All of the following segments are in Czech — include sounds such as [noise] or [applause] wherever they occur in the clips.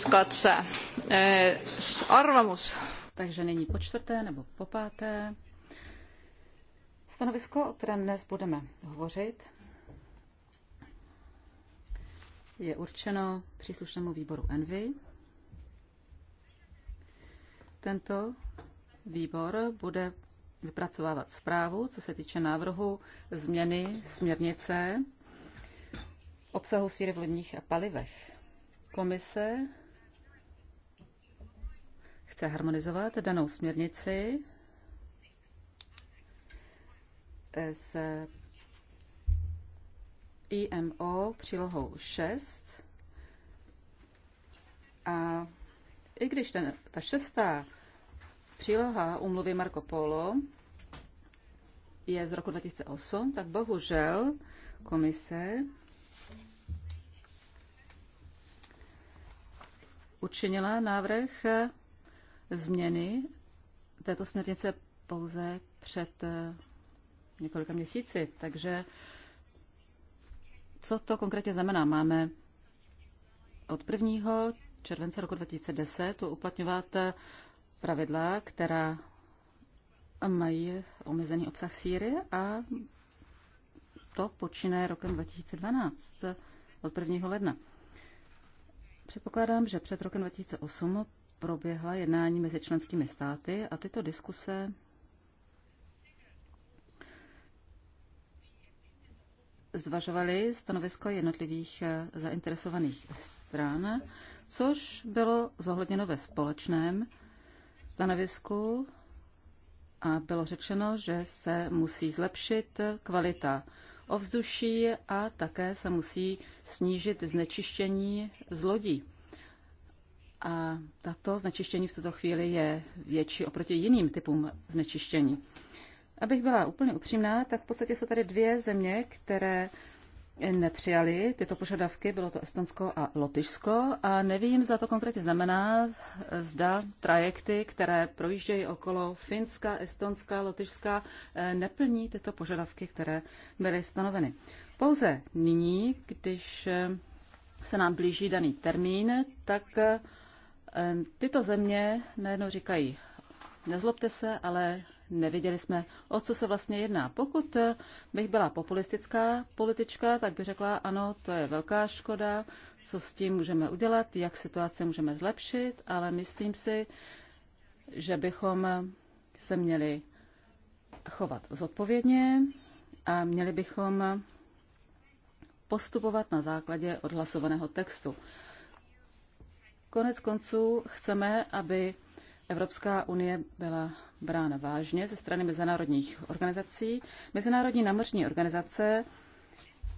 Skatse. Eh, Arvamus. Takže nyní po čtvrté nebo po páté. Stanovisko, o kterém dnes budeme hovořit, je určeno příslušnému výboru Envy. Tento výbor bude vypracovávat zprávu, co se týče návrhu změny směrnice obsahu síry v lodních palivech. Komise chce harmonizovat danou směrnici s IMO přílohou 6. A i když ten, ta šestá příloha umluvy Marco Polo je z roku 2008, tak bohužel komise učinila návrh změny této směrnice pouze před eh, několika měsíci. Takže co to konkrétně znamená? Máme od 1. července roku 2010 tu uplatňovat eh, pravidla, která mají omezený obsah síry a to počíná rokem 2012 od 1. ledna. Předpokládám, že před rokem 2008 proběhla jednání mezi členskými státy a tyto diskuse zvažovaly stanovisko jednotlivých eh, zainteresovaných stran, což bylo zohledněno ve společném stanovisku a bylo řečeno, že se musí zlepšit kvalita ovzduší a také se musí snížit znečištění z lodí. A tato znečištění v tuto chvíli je větší oproti jiným typům znečištění. Abych byla úplně upřímná, tak v podstatě jsou tady dvě země, které nepřijali tyto požadavky, bylo to Estonsko a Lotyšsko a nevím, za to konkrétně znamená, zda trajekty, které projíždějí okolo Finska, Estonska, Lotyšska, eh, neplní tyto požadavky, které byly stanoveny. Pouze nyní, když eh, se nám blíží daný termín, tak eh, Tyto země najednou říkají, nezlobte se, ale nevěděli jsme, o co se vlastně jedná. Pokud eh, bych byla populistická politička, tak by řekla, ano, to je velká škoda, co s tím můžeme udělat, jak situace můžeme zlepšit, ale myslím si, že bychom eh, se měli chovat zodpovědně a měli bychom eh, postupovat na základě odhlasovaného textu. Konec konců chceme, aby Evropská unie byla brána vážně ze strany mezinárodních organizací. Mezinárodní námořní organizace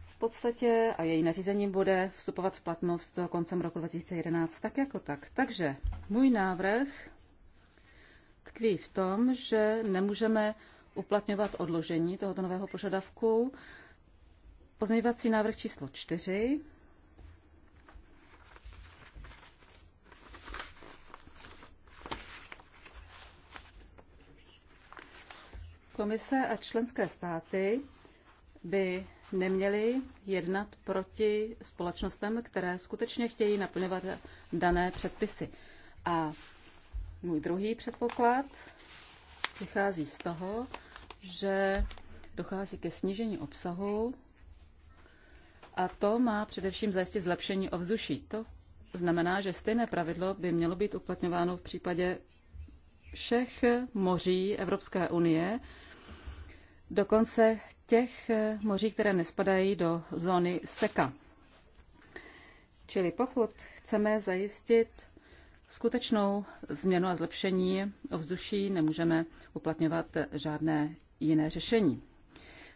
v podstatě a její nařízením bude vstupovat v platnost koncem roku 2011 tak jako tak. Takže můj návrh tkví v tom, že nemůžeme uplatňovat odložení tohoto nového požadavku. Pozměňovací návrh číslo 4 Komise a členské státy by neměly jednat proti společnostem, které skutečně chtějí naplňovat dané předpisy. A můj druhý předpoklad vychází z toho, že dochází ke snížení obsahu a to má především zajistit zlepšení ovzduší. To znamená, že stejné pravidlo by mělo být uplatňováno v případě všech moří Evropské unie, dokonce těch eh, moří, které nespadají do zóny seka. Čili pokud chceme zajistit skutečnou změnu a zlepšení ovzduší, nemůžeme uplatňovat žádné jiné řešení.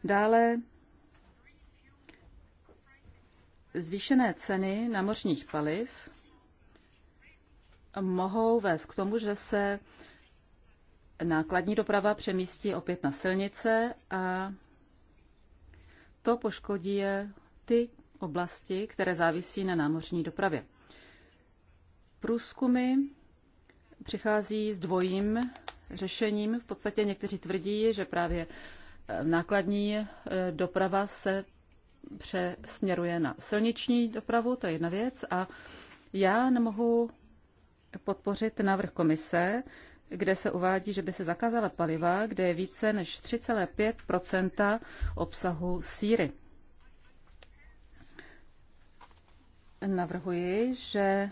Dále zvýšené ceny námořních paliv mohou vést k tomu, že se nákladní doprava přemístí opět na silnice a to poškodí ty oblasti, které závisí na námořní dopravě. Průzkumy přichází s dvojím řešením. V podstatě někteří tvrdí, že právě eh, nákladní eh, doprava se přesměruje na silniční dopravu, to je jedna věc. A já nemohu podpořit návrh komise, kde se uvádí, že by se zakázala paliva, kde je více než 3,5 obsahu síry. Navrhuji, že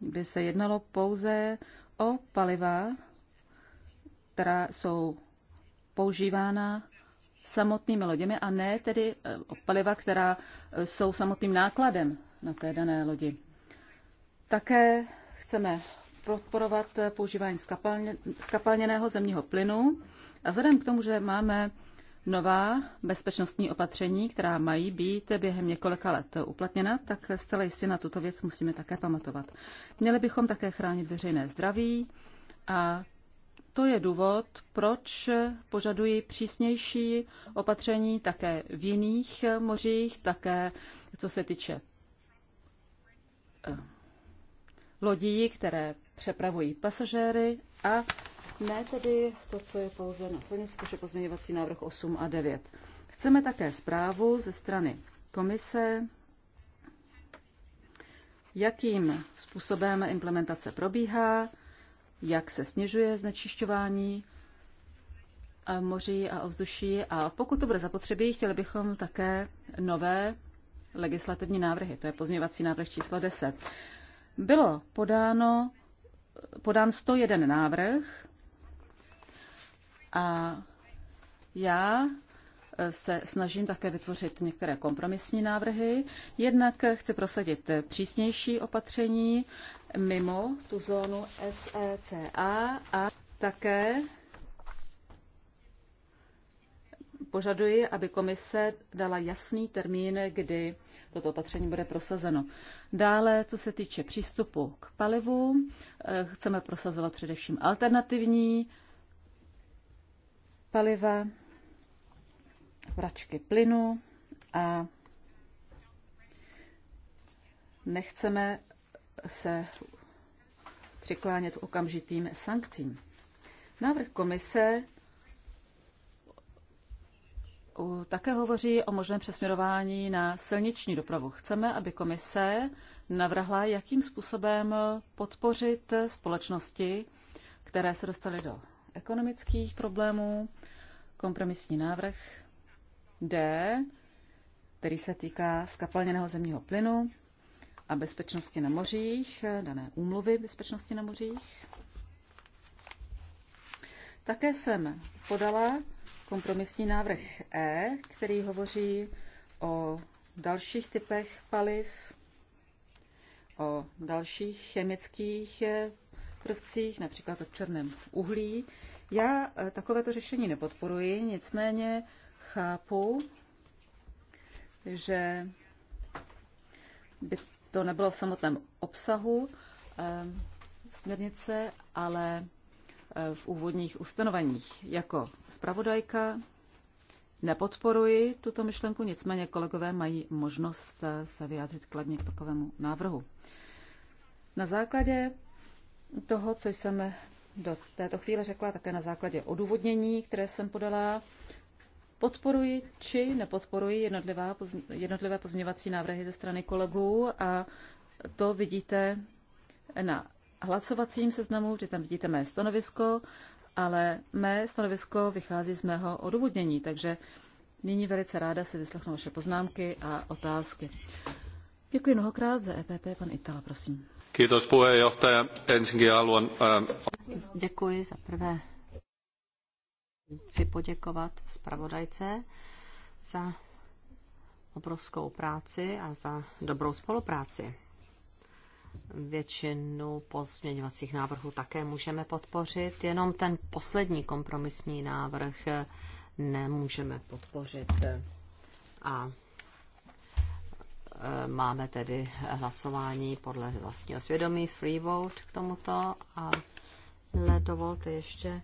by se jednalo pouze o paliva, která jsou používána samotnými loděmi a ne tedy eh, o paliva, která eh, jsou samotným nákladem na té dané lodi. Také chceme podporovat používání skapalněného zemního plynu. A vzhledem k tomu, že máme nová bezpečnostní opatření, která mají být během několika let uplatněna, tak zcela jistě na tuto věc musíme také pamatovat. Měli bychom také chránit veřejné zdraví a to je důvod, proč požaduji přísnější opatření také v jiných mořích, také co se týče eh, lodí, které přepravují pasažéry a ne tedy to, co je pouze na silnici, což je pozměňovací návrh 8 a 9. Chceme také zprávu ze strany komise, jakým způsobem implementace probíhá, jak se snižuje znečišťování a moří a ovzduší a pokud to bude zapotřebí, chtěli bychom také nové legislativní návrhy, to je pozměňovací návrh číslo 10. Bylo podáno podán 101 návrh a já eh, se snažím také vytvořit některé kompromisní návrhy. Jednak chci prosadit přísnější opatření mimo tu zónu SECA a také požaduji, aby komise dala jasný termín, kdy toto opatření bude prosazeno. Dále, co se týče přístupu k palivu, eh, chceme prosazovat především alternativní paliva, vračky plynu a nechceme se přiklánět okamžitým sankcím. Návrh komise také hovoří o možném přesměrování na silniční dopravu. Chceme, aby komise navrhla, jakým způsobem podpořit společnosti, které se dostaly do ekonomických problémů. Kompromisní návrh D, který se týká skapalněného zemního plynu a bezpečnosti na mořích, dané úmluvy bezpečnosti na mořích. Také jsem podala kompromisní návrh E, který hovoří o dalších typech paliv, o dalších chemických eh, prvcích, například o černém uhlí. Já eh, takovéto řešení nepodporuji, nicméně chápu, že by to nebylo v samotném obsahu eh, směrnice, ale v úvodních ustanoveních. Jako zpravodajka nepodporuji tuto myšlenku, nicméně kolegové mají možnost se vyjádřit kladně k takovému návrhu. Na základě toho, co jsem do této chvíle řekla, také na základě odůvodnění, které jsem podala, podporuji či nepodporuji jednotlivá, jednotlivé pozměňovací návrhy ze strany kolegů a to vidíte na hlasovacím seznamu, že tam vidíte mé stanovisko, ale mé stanovisko vychází z mého odůvodnění, takže nyní velice ráda si vyslechnu vaše poznámky a otázky. Děkuji mnohokrát za EPP, pan Itala, prosím. Kiitos äh, Děkuji za prvé. Chci poděkovat zpravodajce za obrovskou práci a za dobrou spolupráci. Většinu pozměňovacích návrhů také můžeme podpořit, jenom ten poslední kompromisní návrh nemůžeme podpořit. A e, máme tedy hlasování podle vlastního svědomí, free vote k tomuto, ale dovolte ještě,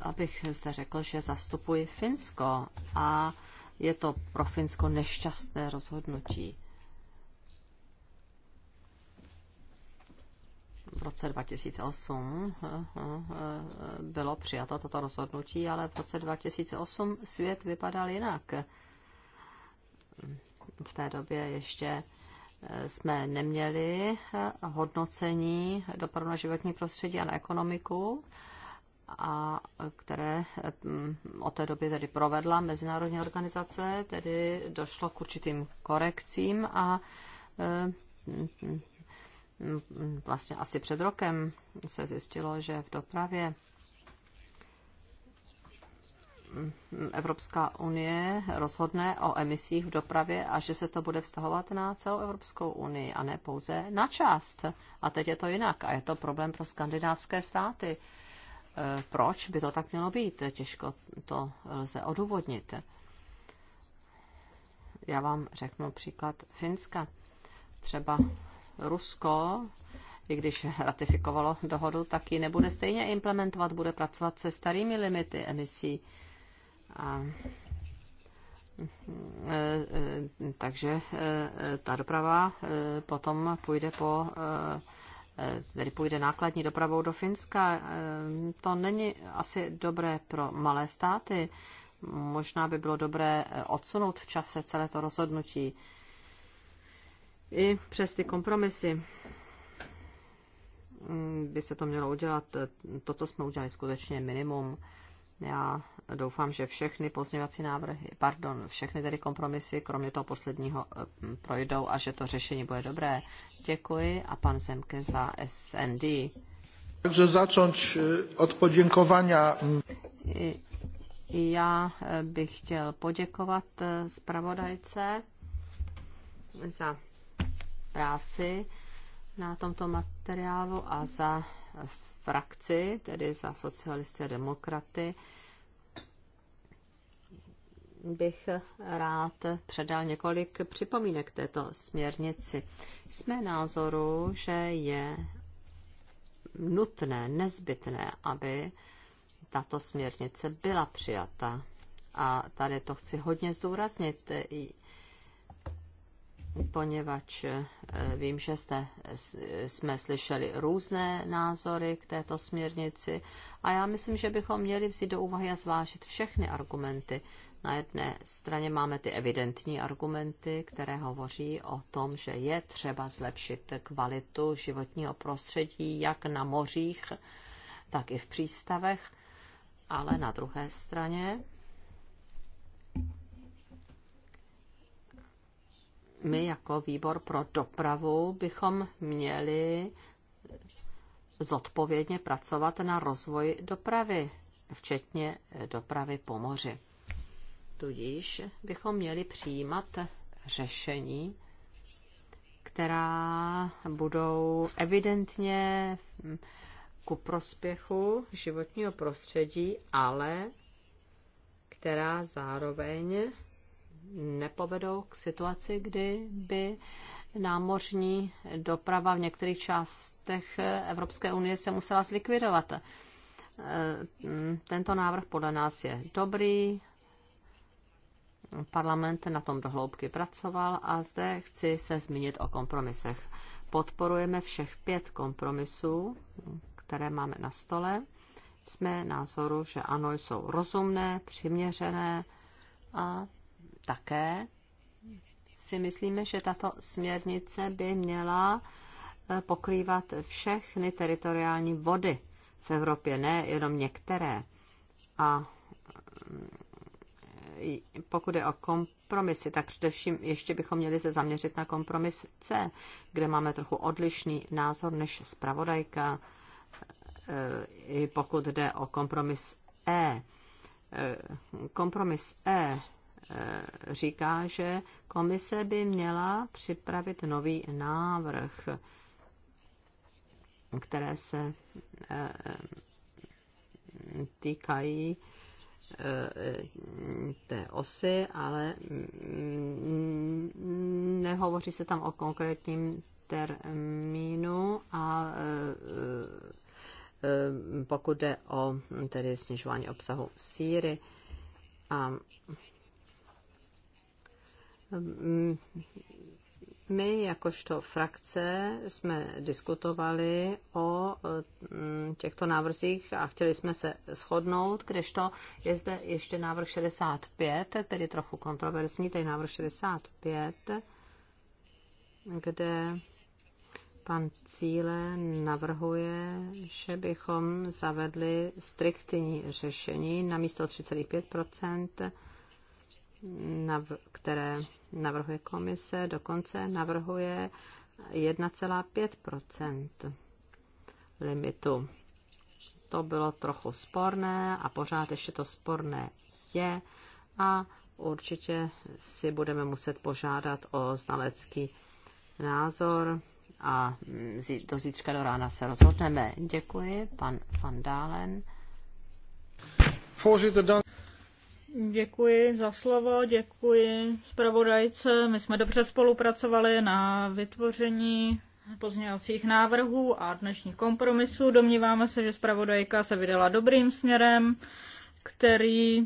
abych zde řekl, že zastupuji Finsko a je to pro Finsko nešťastné rozhodnutí. v roce 2008 eh, eh, bylo přijato toto rozhodnutí, ale v roce 2008 svět vypadal jinak. V té době ještě eh, jsme neměli hodnocení dopadu na životní prostředí a na ekonomiku, a které od té doby tedy provedla mezinárodní organizace, tedy došlo k určitým korekcím a vlastně asi před rokem se zjistilo, že v dopravě Evropská unie rozhodne o emisích v dopravě a že se to bude vztahovat na celou Evropskou unii a ne pouze na část. A teď je to jinak a je to problém pro skandinávské státy. E, proč by to tak mělo být? Těžko to lze odůvodnit. Já vám řeknu příklad Finska. Třeba Rusko, i když ratifikovalo dohodu, tak ji nebude stejně implementovat, bude pracovat se starými limity emisí. A e, e, takže e, ta doprava potom půjde po tedy půjde nákladní dopravou do Finska. To není asi dobré pro malé státy. Možná by bylo dobré odsunout v čase celé to rozhodnutí. I přes ty kompromisy by se to mělo udělat. To, co jsme udělali, skutečně minimum. Já doufám, že všechny pozměňovací návrhy, pardon, všechny tedy kompromisy, kromě toho posledního, eh, projdou a že to řešení bude dobré. Děkuji a pan Zemke za SND. Takže začít e, od poděkování. Já e, bych chtěl poděkovat e, zpravodajce za práci na tomto materiálu a za frakci, tedy za socialisty a demokraty, bych rád předal několik připomínek této směrnici. Jsme názoru, že je nutné, nezbytné, aby tato směrnice byla přijata. A tady to chci hodně zdůraznit poněvadž eh, vím, že jste, jsme slyšeli různé názory k této směrnici a já myslím, že bychom měli vzít do úvahy a zvážit všechny argumenty. Na jedné straně máme ty evidentní argumenty, které hovoří o tom, že je třeba zlepšit kvalitu životního prostředí jak na mořích, tak i v přístavech, ale na druhé straně my jako výbor pro dopravu bychom měli zodpovědně pracovat na rozvoji dopravy, včetně dopravy po moři. Tudíž bychom měli přijímat řešení, která budou evidentně ku prospěchu životního prostředí, ale která zároveň nepovedou k situaci, kdy by námořní doprava v některých částech Evropské unie se musela zlikvidovat. E, tento návrh podle nás je dobrý, parlament na tom dohloubky pracoval a zde chci se zmínit o kompromisech. Podporujeme všech pět kompromisů, které máme na stole. Jsme názoru, že ano, jsou rozumné, přiměřené a také si myslíme, že tato směrnice by měla eh, pokrývat všechny teritoriální vody v Evropě, ne jenom některé. A mm, pokud je o kompromisy, tak především ještě bychom měli se zaměřit na kompromis C, kde máme trochu odlišný názor než zpravodajka, eh, i pokud jde o kompromis E. Eh, kompromis E Eh, říká, že komise by měla připravit nový návrh, které se eh, týkají eh, té osy, ale mm, nehovoří se tam o konkrétním termínu a pokud jde o tedy snižování obsahu síry a Mm, my jakožto frakce jsme diskutovali o mm, těchto návrzích a chtěli jsme se shodnout, kdežto je zde ještě návrh 65, tedy trochu kontroverzní, tedy návrh 65, kde pan Cíle navrhuje, že bychom zavedli striktní řešení na místo 3,5%, které navrhuje komise, dokonce navrhuje 1,5 limitu. To bylo trochu sporné a pořád ještě to sporné je a určitě si budeme muset požádat o znalecký názor a do zítřka do rána se rozhodneme. Děkuji, pan Van Dalen. Voorzitter, dank. Děkuji za slovo, děkuji zpravodajce. My jsme dobře spolupracovali na vytvoření pozměňovacích návrhů a dnešních kompromisů. Domníváme se, že zpravodajka se vydala dobrým směrem, který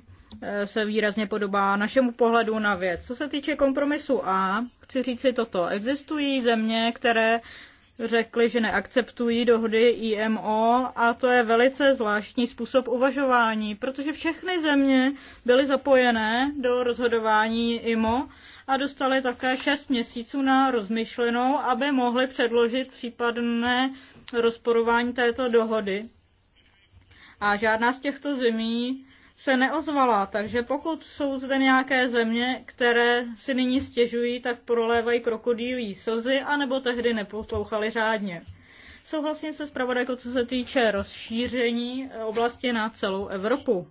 eh, se výrazně podobá našemu pohledu na věc. Co se týče kompromisu A, chci říct si toto. Existují země, které řekli, že neakceptují dohody IMO a to je velice zvláštní způsob uvažování, protože všechny země byly zapojené do rozhodování IMO a dostali také 6 měsíců na rozmyšlenou, aby mohli předložit případné rozporování této dohody. A žádná z těchto zemí se neozvala, takže pokud jsou zde nějaké země, které si nyní stěžují, tak prolévají krokodýlí slzy, anebo tehdy neposlouchali řádně. Souhlasím se s pravodajkou, co se týče rozšíření eh, oblasti na celou Evropu.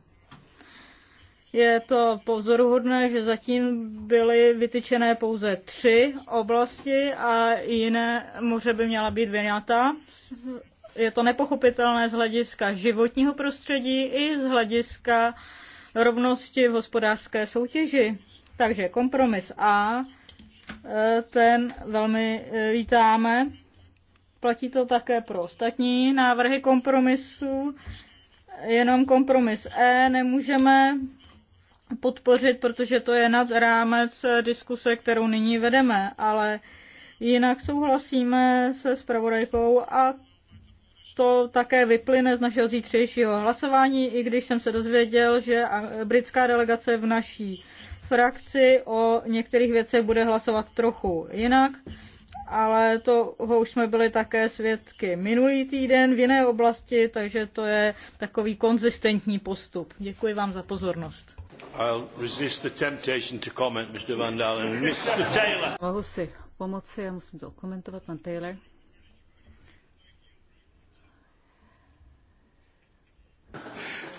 Je to pozoruhodné, že zatím byly vytyčené pouze tři oblasti a jiné moře by měla být vyňata je to nepochopitelné z hlediska životního prostředí i z hlediska rovnosti v hospodářské soutěži. Takže kompromis A, e, ten velmi e, vítáme. Platí to také pro ostatní návrhy kompromisu. Jenom kompromis E nemůžeme podpořit, protože to je nad rámec e, diskuse, kterou nyní vedeme, ale jinak souhlasíme se spravodajkou a to také vyplyne z našeho zítřejšího hlasování, i když jsem se dozvěděl, že britská delegace v naší frakci o některých věcech bude hlasovat trochu jinak, ale toho už jsme byli také svědky minulý týden v jiné oblasti, takže to je takový konzistentní postup. Děkuji vám za pozornost. Mohu si pomoci, já musím to komentovat, pan Taylor.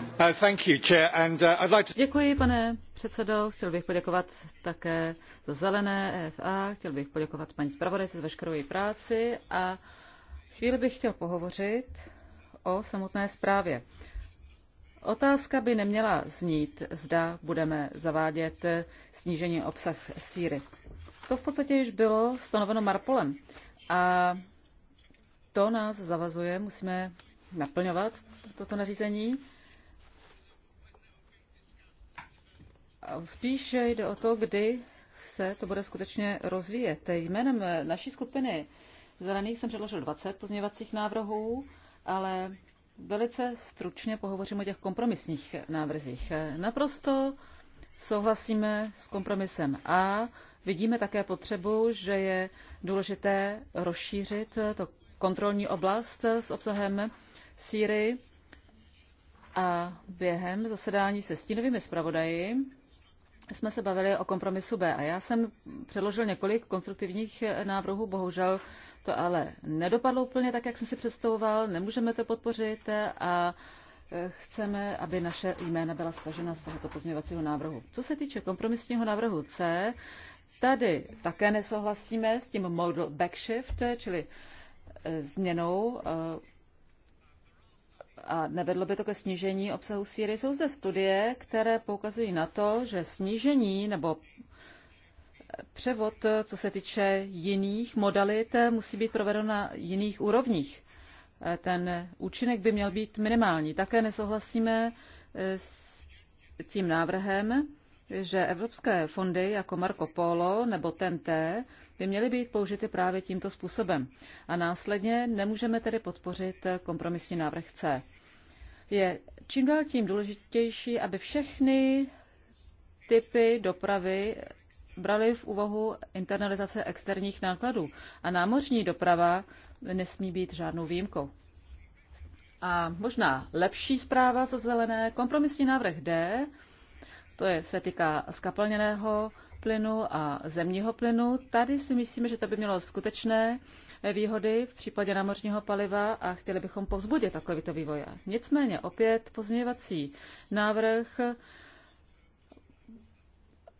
Uh, uh, Děkuji, pane předsedo. Chtěl bych poděkovat také za zelené EFA, chtěl bych poděkovat paní zpravodajce za veškerou její práci a chvíli bych chtěl pohovořit o samotné zprávě. Otázka by neměla znít, zda budeme zavádět snížení obsah síry. To v podstatě již bylo stanoveno Marpolem a to nás zavazuje, musíme naplňovat toto nařízení. Spíše jde o to, kdy se to bude skutečně rozvíjet. Jménem naší skupiny Zelených jsem předložil 20 pozměvacích návrhů, ale velice stručně pohovořím o těch kompromisních návrzích. Naprosto souhlasíme s kompromisem A. Vidíme také potřebu, že je důležité rozšířit to kontrolní oblast s obsahem síry a během zasedání se stínovými zpravodaji jsme se bavili o kompromisu B a já jsem předložil několik konstruktivních eh, návrhů, bohužel to ale nedopadlo úplně tak, jak jsem si představoval, nemůžeme to podpořit eh, a eh, chceme, aby naše jména byla stažena z tohoto pozměňovacího návrhu. Co se týče kompromisního návrhu C, tady také nesouhlasíme s tím model backshift, čili změnou a nevedlo by to ke snížení obsahu síry. Jsou zde studie, které poukazují na to, že snížení nebo převod, co se týče jiných modalit, musí být proveden na jiných úrovních. Ten účinek by měl být minimální. Také nesouhlasíme s tím návrhem, že evropské fondy jako Marco Polo nebo TNT by měly být použity právě tímto způsobem. A následně nemůžeme tedy podpořit kompromisní návrh C je čím dál tím důležitější, aby všechny typy dopravy brali v úvahu internalizace externích nákladů. A námořní doprava nesmí být žádnou výjimkou. A možná lepší zpráva za zelené, kompromisní návrh D, to je, se týká skapalněného plynu a zemního plynu. Tady si myslíme, že to by mělo skutečné uh, výhody v případě námořního paliva a chtěli bychom povzbudit takovýto vývoj. Nicméně opět pozměňovací návrh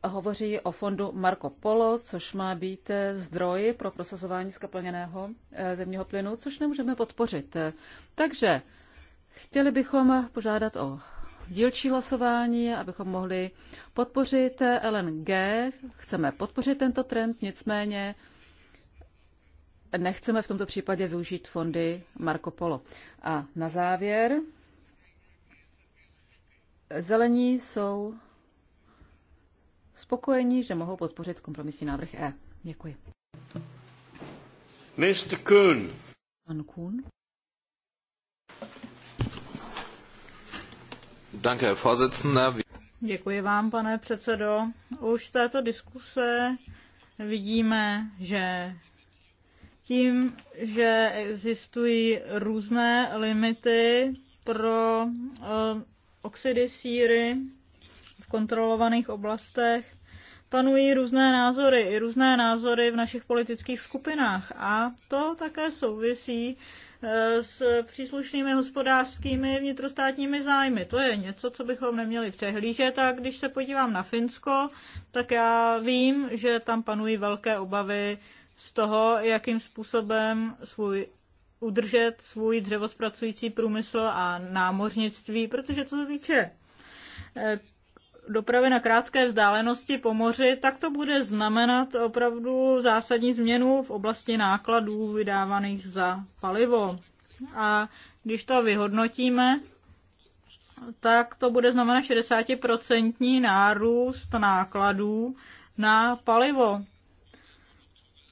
hovoří o fondu Marco Polo, což má být zdroj pro prosazování skaplněného eh, zemního plynu, což nemůžeme podpořit. Takže chtěli bychom požádat o dílčí hlasování, abychom mohli podpořit LNG. Chceme podpořit tento trend, nicméně nechceme v tomto případě využít fondy Marco Polo. A na závěr, zelení jsou spokojení, že mohou podpořit kompromisní návrh E. Děkuji. Mr. Kuhn. Pan Kuhn. Danke, Děkuji vám, pane předsedo. Už z této diskuse vidíme, že tím, že existují různé limity pro eh, oxidy síry v kontrolovaných oblastech, panují různé názory, i různé názory v našich politických skupinách. A to také souvisí eh, s příslušnými hospodářskými vnitrostátními zájmy. To je něco, co bychom neměli přehlížet a když se podívám na Finsko, tak já vím, že tam panují velké obavy z toho, jakým způsobem svůj udržet svůj dřevospracující průmysl a námořnictví, protože co se týče eh, dopravy na krátké vzdálenosti po moři, tak to bude znamenat opravdu zásadní změnu v oblasti nákladů vydávaných za palivo. A když to vyhodnotíme, tak to bude znamenat 60% nárůst nákladů na palivo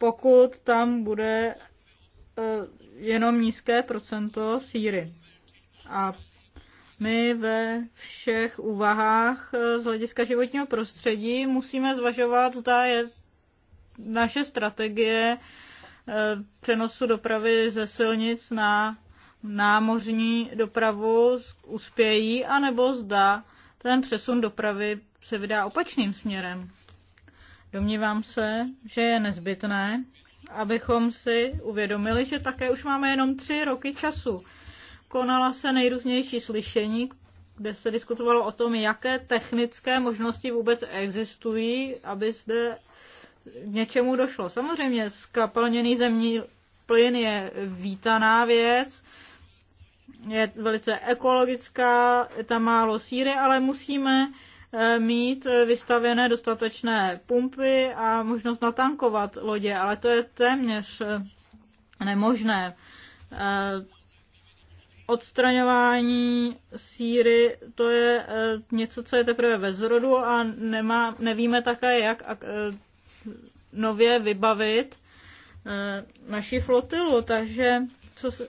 pokud tam bude eh, jenom nízké procento síry. A my ve všech úvahách eh, z hlediska životního prostředí musíme zvažovat, zda je naše strategie eh, přenosu dopravy ze silnic na námořní dopravu uspějí, anebo zda ten přesun dopravy se vydá opačným směrem. Domnívám se, že je nezbytné, abychom si uvědomili, že také už máme jenom tři roky času. Konala se nejrůznější slyšení, kde se diskutovalo o tom, jaké technické možnosti vůbec existují, aby zde něčemu došlo. Samozřejmě skapalněný zemní plyn je vítaná věc, je velice ekologická, je tam málo síry, ale musíme Eh, mít eh, vystavěné dostatečné pumpy a možnost natankovat lodě, ale to je téměř eh, nemožné. Odstraňování síry, to je něco, co je teprve ve zrodu a nemá, nevíme také, jak nově vybavit naši flotilu, takže co se,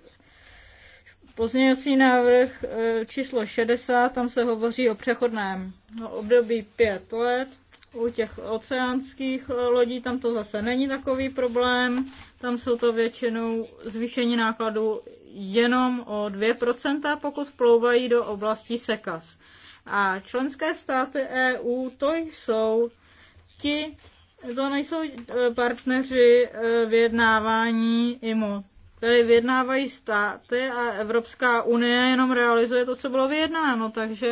Pozměňovací návrh e, číslo 60, tam se hovoří o přechodném období 5 let. U těch oceánských e, lodí tam to zase není takový problém. Tam jsou to většinou zvýšení nákladů jenom o 2%, pokud plouvají do oblasti sekas. A členské státy EU to jsou ti, to nejsou e, partneři vyjednávání IMO tady vyjednávají státy a Evropská unie jenom realizuje to, co bylo vyjednáno, takže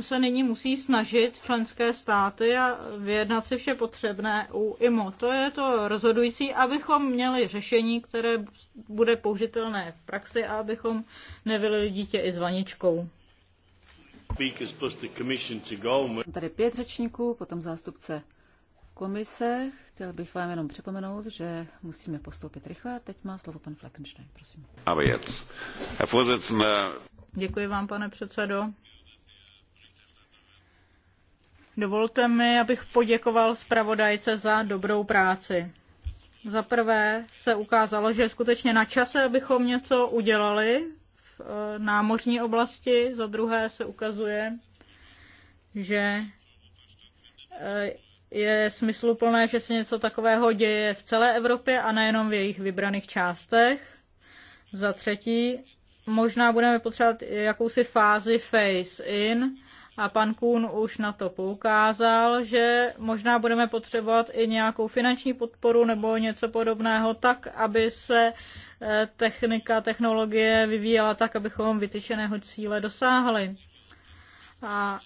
se nyní musí snažit členské státy a vyjednat si vše potřebné u IMO. To je to rozhodující, abychom měli řešení, které bude použitelné v praxi a abychom nevylili dítě i s vaničkou. Tady pět řečníků, potom zástupce komise. Chtěl bych vám jenom připomenout, že musíme postoupit rychle. Teď má slovo pan Fleckenstein, prosím. Děkuji vám, pane předsedo. Dovolte mi, abych poděkoval zpravodajce za dobrou práci. Za prvé se ukázalo, že je skutečně na čase, abychom něco udělali v eh, námořní oblasti. Za druhé se ukazuje, že eh, je smysluplné, že se něco takového děje v celé Evropě a nejenom v jejich vybraných částech. Za třetí, možná budeme potřebovat jakousi fázi face-in a pan Kuhn už na to poukázal, že možná budeme potřebovat i nějakou finanční podporu nebo něco podobného tak, aby se eh, technika, technologie vyvíjela tak, abychom vytyčeného cíle dosáhli. A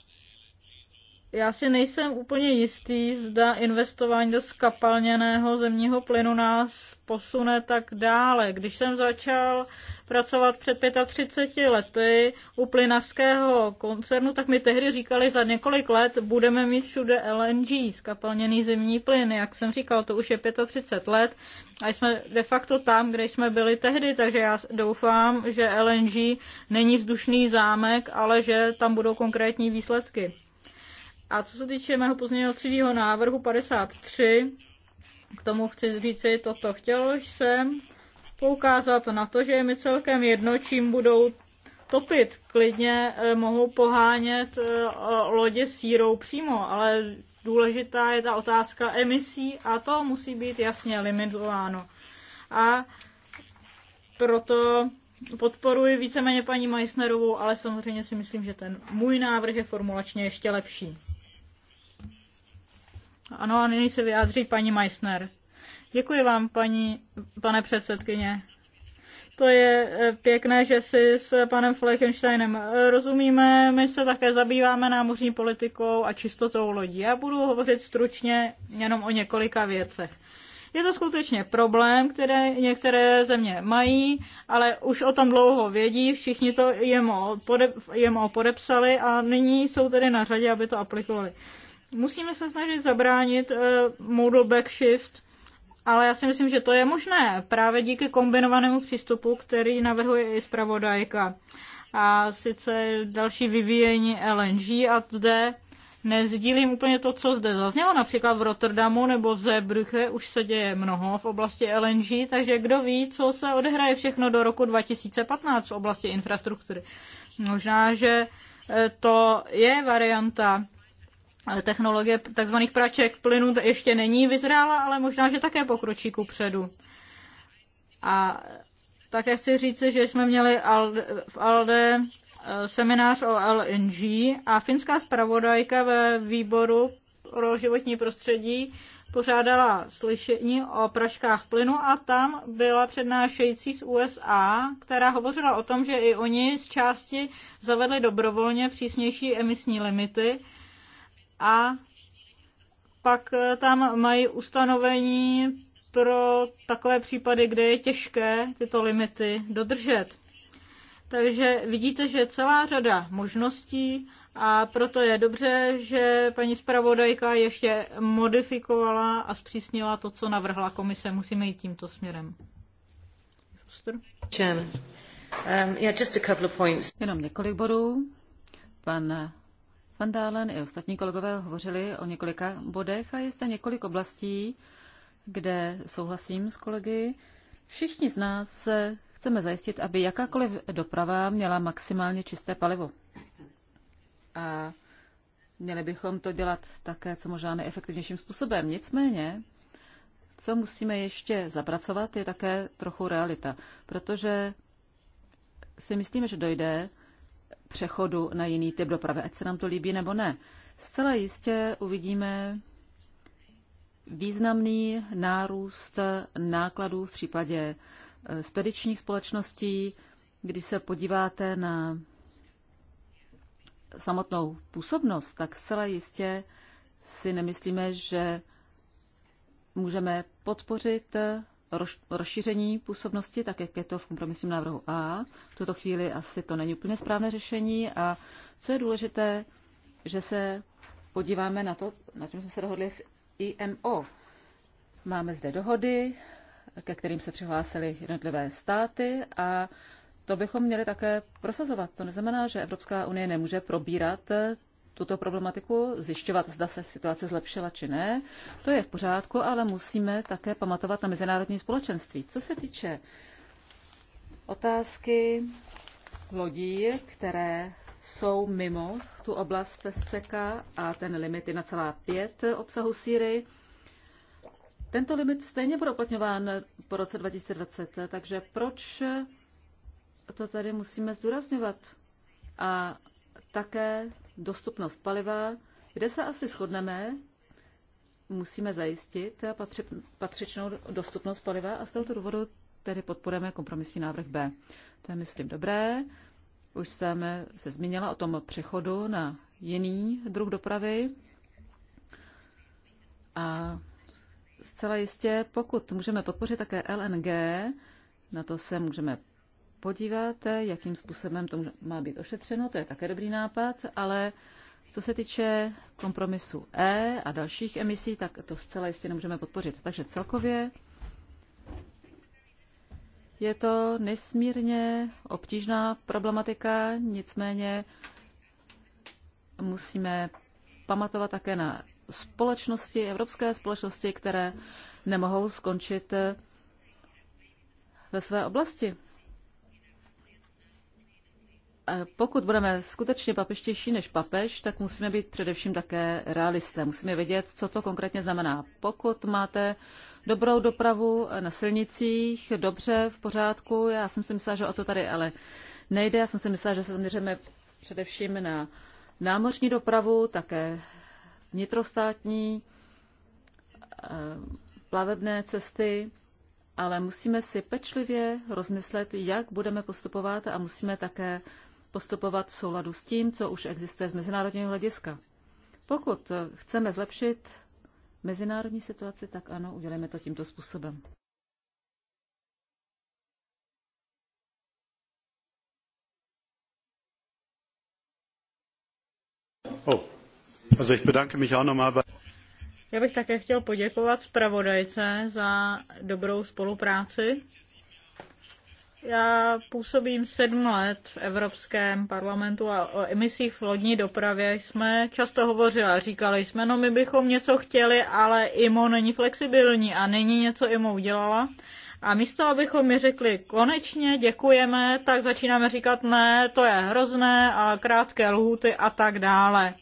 já si nejsem úplně jistý, zda investování do skapalněného zemního plynu nás posune tak dále. Když jsem začal pracovat před 35 lety u plynařského koncernu, tak mi tehdy říkali, za několik let budeme mít všude LNG, skapalněný zemní plyn. Jak jsem říkal, to už je 35 let a jsme de facto tam, kde jsme byli tehdy, takže já doufám, že LNG není vzdušný zámek, ale že tam budou konkrétní výsledky. A co se týče mého pozměňovacího návrhu 53, k tomu chci říci toto. Chtěl jsem poukázat na to, že je mi celkem jedno, čím budou topit. Klidně eh, mohou pohánět eh, lodě sírou přímo, ale důležitá je ta otázka emisí a to musí být jasně limitováno. A proto podporuji víceméně paní Meissnerovou, ale samozřejmě si myslím, že ten můj návrh je formulačně ještě lepší. Ano, a nyní se vyjádří paní Meissner. Děkuji vám, paní, pane předsedkyně. To je eh, pěkné, že si s panem Fleckensteinem eh, rozumíme. My se také zabýváme námořní politikou a čistotou lodí. Já budu hovořit stručně jenom o několika věcech. Je to skutečně problém, který některé země mají, ale už o tom dlouho vědí, všichni to jemo, pode, podepsali a nyní jsou tedy na řadě, aby to aplikovali. Musíme se snažit zabránit eh, modal backshift, ale já si myslím, že to je možné právě díky kombinovanému přístupu, který navrhuje i zpravodajka. A sice další vyvíjení LNG a zde nezdílím úplně to, co zde zaznělo. Například v Rotterdamu nebo v Zeebrüche už se děje mnoho v oblasti LNG, takže kdo ví, co se odehraje všechno do roku 2015 v oblasti infrastruktury. Možná, že eh, to je varianta, technologie tzv. praček plynu ještě není vyzrála, ale možná, že také pokročí ku předu. A také chci říct, že jsme měli v ALDE eh, seminář o LNG a finská zpravodajka ve výboru pro životní prostředí pořádala slyšení o praškách plynu a tam byla přednášející z USA, která hovořila o tom, že i oni z části zavedli dobrovolně přísnější emisní limity a pak eh, tam mají ustanovení pro takové případy, kde je těžké tyto limity dodržet. Takže vidíte, že je celá řada možností a proto je dobře, že paní zpravodajka ještě modifikovala a zpřísnila to, co navrhla komise. Musíme jít tímto směrem. Um, Jenom několik bodů. Pan Van Dalen i ostatní kolegové hovořili o několika bodech a je zde několik oblastí, kde souhlasím s kolegy. Všichni z nás chceme zajistit, aby jakákoliv doprava měla maximálně čisté palivo. A měli bychom to dělat také co možná nejefektivnějším způsobem. Nicméně, co musíme ještě zapracovat, je také trochu realita, protože si myslíme, že dojde přechodu na jiný typ dopravy, ať se nám to líbí nebo ne. Zcela jistě uvidíme významný nárůst nákladů v případě eh, spedičních společností. Když se podíváte na samotnou působnost, tak zcela jistě si nemyslíme, že můžeme podpořit rozšíření působnosti, tak jak je to v kompromisním návrhu A. V tuto chvíli asi to není úplně správné řešení a co je důležité, že se podíváme na to, na čem jsme se dohodli v IMO. Máme zde dohody, ke kterým se přihlásily jednotlivé státy a to bychom měli také prosazovat. To neznamená, že Evropská unie nemůže probírat tuto problematiku, zjišťovat, zda se situace zlepšila či ne. To je v pořádku, ale musíme také pamatovat na mezinárodní společenství. Co se týče otázky lodí, které jsou mimo tu oblast seka a ten limit 1,5 obsahu síry, tento limit stejně bude uplatňován po roce 2020, takže proč to tady musíme zdůrazňovat? A také dostupnost paliva, kde se asi shodneme, musíme zajistit patřičnou dostupnost paliva a z tohoto důvodu tedy podporujeme kompromisní návrh B. To je, myslím, dobré. Už jsem se zmínila o tom přechodu na jiný druh dopravy. A zcela jistě, pokud můžeme podpořit také LNG, na to se můžeme podíváte, jakým způsobem to má být ošetřeno, to je také dobrý nápad, ale co se týče kompromisu E a dalších emisí, tak to zcela jistě nemůžeme podpořit. Takže celkově je to nesmírně obtížná problematika, nicméně musíme pamatovat také na společnosti, evropské společnosti, které nemohou skončit ve své oblasti pokud budeme skutečně papeštější než papež, tak musíme být především také realisté. Musíme vědět, co to konkrétně znamená. Pokud máte dobrou dopravu na silnicích, dobře, v pořádku, já jsem si myslela, že o to tady ale nejde. Já jsem si myslela, že se zaměříme především na námořní dopravu, také vnitrostátní, eh, plavebné cesty, ale musíme si pečlivě rozmyslet, jak budeme postupovat a musíme také postupovat v souladu s tím, co už existuje z mezinárodního hlediska. Pokud chceme zlepšit mezinárodní situaci, tak ano, udělejme to tímto způsobem. Oh. Also ich bedanke mich auch nochmal já bych také chtěl poděkovat zpravodajce za dobrou spolupráci. Já působím sedm let v Evropském parlamentu a o emisích v lodní dopravě jsme často hovořili a říkali jsme, no my bychom něco chtěli, ale IMO není flexibilní a není něco IMO udělala. A místo, abychom mi řekli konečně děkujeme, tak začínáme říkat ne, to je hrozné a krátké lhůty a tak dále.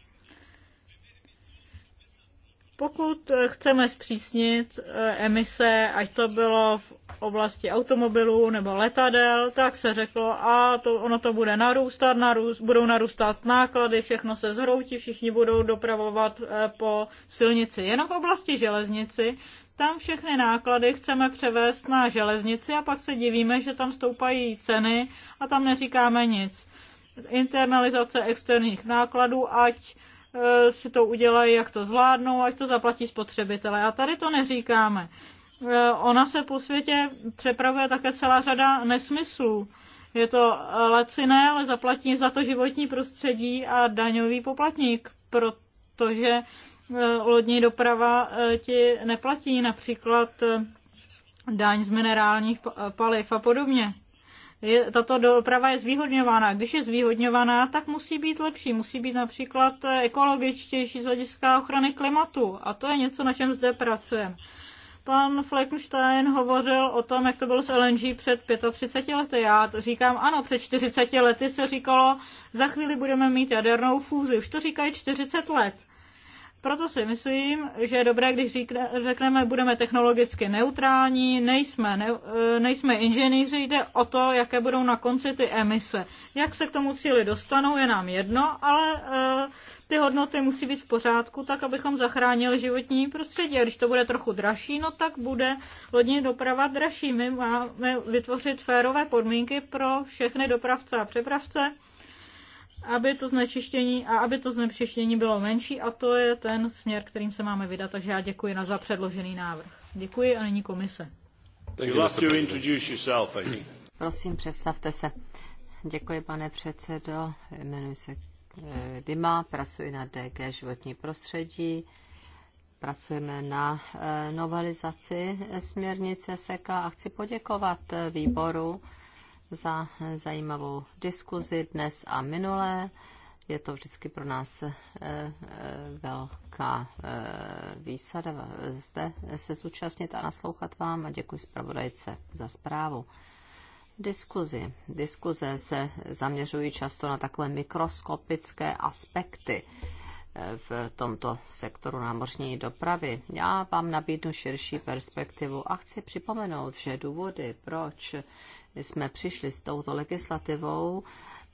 Pokud eh, chceme zpřísnit eh, emise, ať to bylo v oblasti automobilů nebo letadel, tak se řeklo, a to, ono to bude narůstat, narůst, budou narůstat náklady, všechno se zhroutí, všichni budou dopravovat eh, po silnici. Jenom v oblasti železnici, tam všechny náklady chceme převést na železnici a pak se divíme, že tam stoupají ceny a tam neříkáme nic. Internalizace externích nákladů, ať Eh, si to udělají, jak to zvládnou, ať to zaplatí spotřebitele. A tady to neříkáme. Eh, ona se po světě přepravuje také celá řada nesmyslů. Je to eh, laciné, ale zaplatí za to životní prostředí a daňový poplatník, protože lodní doprava ti neplatí například daň z minerálních paliv a podobně je, tato doprava je zvýhodňována. Když je zvýhodňovaná, tak musí být lepší. Musí být například ekologičtější z hlediska ochrany klimatu. A to je něco, na čem zde pracujeme. Pan Fleckenstein hovořil o tom, jak to bylo s LNG před 35 lety. Já to říkám, ano, před 40 lety se říkalo, za chvíli budeme mít jadernou fúzi. Už to říkají 40 let. Proto si myslím, že je dobré, když říkne, řekneme, budeme technologicky neutrální, nejsme, ne, e, nejsme inženýři, jde o to, jaké budou na konci ty emise. Jak se k tomu cíli dostanou, je nám jedno, ale uh, ty hodnoty musí být v pořádku, tak abychom zachránili životní prostředí. A když to bude trochu dražší, no tak bude lodní doprava dražší. My máme vytvořit férové podmínky pro všechny dopravce a přepravce aby to znečištění a aby to znečištění bylo menší a to je ten směr, kterým se máme vydat, takže já děkuji na za předložený návrh. Děkuji a nyní komise. Prosím, představte se. Děkuji, pane předsedo. Jmenuji se eh, Dima, pracuji na DG životní prostředí. Pracujeme na eh, novelizaci směrnice SEKA a chci poděkovat eh, výboru za zajímavou diskuzi dnes a minulé. Je to vždycky pro nás eh, eh, velká eh, výsada zde se zúčastnit a naslouchat vám a děkuji zpravodajce za zprávu. Diskuzi. Diskuze se zaměřují často na takové mikroskopické aspekty v tomto sektoru námořní dopravy. Já vám nabídnu širší perspektivu a chci připomenout, že důvody, proč my jsme přišli s touto legislativou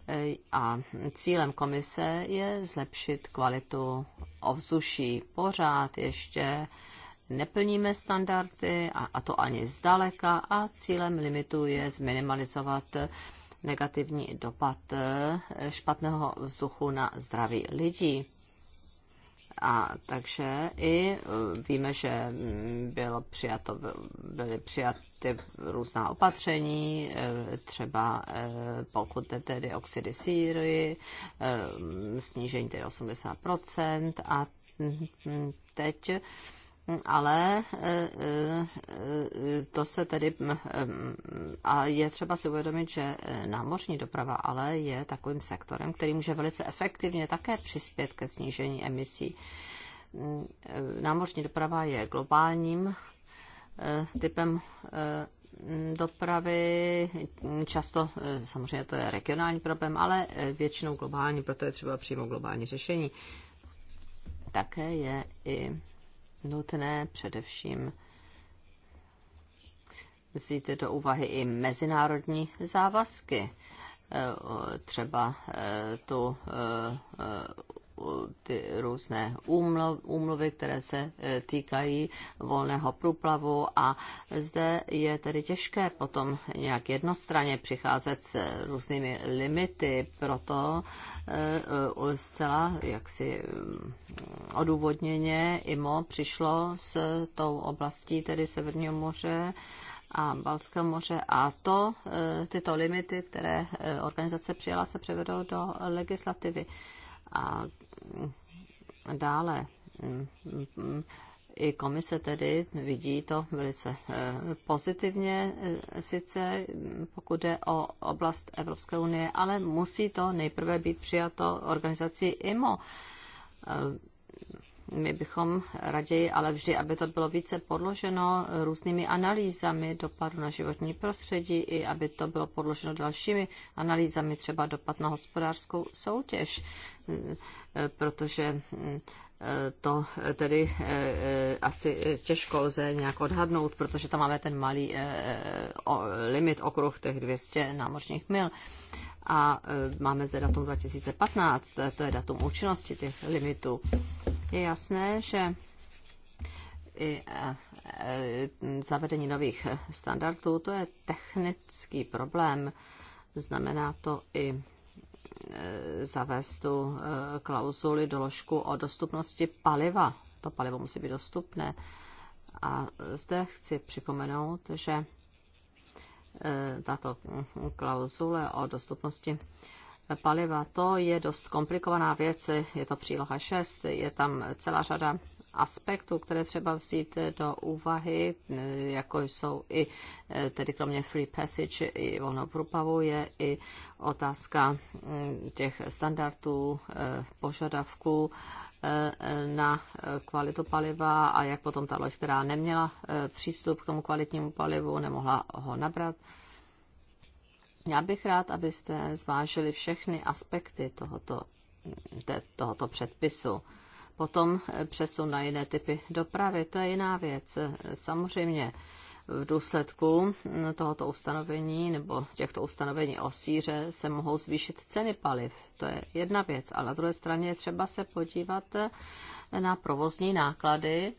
eh, a cílem komise je zlepšit kvalitu ovzduší. Pořád ještě neplníme standardy, a, a to ani zdaleka, a cílem limitu je zminimalizovat negativní dopad eh, špatného vzduchu na zdraví lidí. A takže i e, víme, že mm, bylo přijato, byly přijaty různá opatření, e, třeba e, pokud jde tedy oxidy síry, snížení tedy 80% a teď ale e, e, e, to se tedy a je třeba si uvědomit, že námořní doprava ale je takovým sektorem, který může velice efektivně také přispět ke snížení emisí. Námořní doprava je globálním typem dopravy. Často samozřejmě to je regionální problém, ale většinou globální, proto je třeba přímo globální řešení. Také je i nutné především vzít do úvahy i mezinárodní závazky, e, třeba e, tu e, ty různé úmluvy, které se e, týkají volného průplavu a zde je tedy těžké potom nějak jednostranně přicházet s různými limity, proto e, zcela jaksi mm, odůvodněně IMO přišlo s tou oblastí tedy Severního moře a Balckého moře a to, e, tyto limity, které organizace přijala, se převedou do legislativy. A dále i komise tedy vidí to velice eh, pozitivně, eh, sice pokud jde o oblast Evropské unie, ale musí to nejprve být přijato organizací IMO eh, my bychom raději, ale vždy, aby to bylo více podloženo různými analýzami dopadu na životní prostředí i aby to bylo podloženo dalšími analýzami, třeba dopad na hospodářskou soutěž, protože mm, to tedy eh, eh, asi těžko lze nějak odhadnout, protože tam máme ten malý eh, limit okruh těch 200 námořních mil a e, máme zde datum 2015, e, to je datum účinnosti těch limitů. Je jasné, že i e, zavedení nových standardů, to je technický problém. Znamená to i zavést tu klauzuli, doložku o dostupnosti paliva. To palivo musí být dostupné. A zde chci připomenout, že Eh, tato klauzule o dostupnosti paliva, to je dost komplikovaná věc, je to příloha 6, je tam celá řada aspektů, které třeba vzít do úvahy, eh, jako jsou i, eh, tedy kromě free passage i volnou průpavu, je i otázka těch standardů, požadavků na kvalitu paliva a jak potom ta loď, která neměla eh, přístup k tomu kvalitnímu palivu, nemohla ho nabrat. Já bych rád, abyste zvážili všechny aspekty tohoto, te, tohoto předpisu. Potom eh, přesun na jiné typy dopravy, to je jiná věc. Samozřejmě v důsledku tohoto ustanovení nebo těchto ustanovení o síře se mohou zvýšit ceny paliv. To je jedna věc. A na druhé straně je třeba se podívat na provozní náklady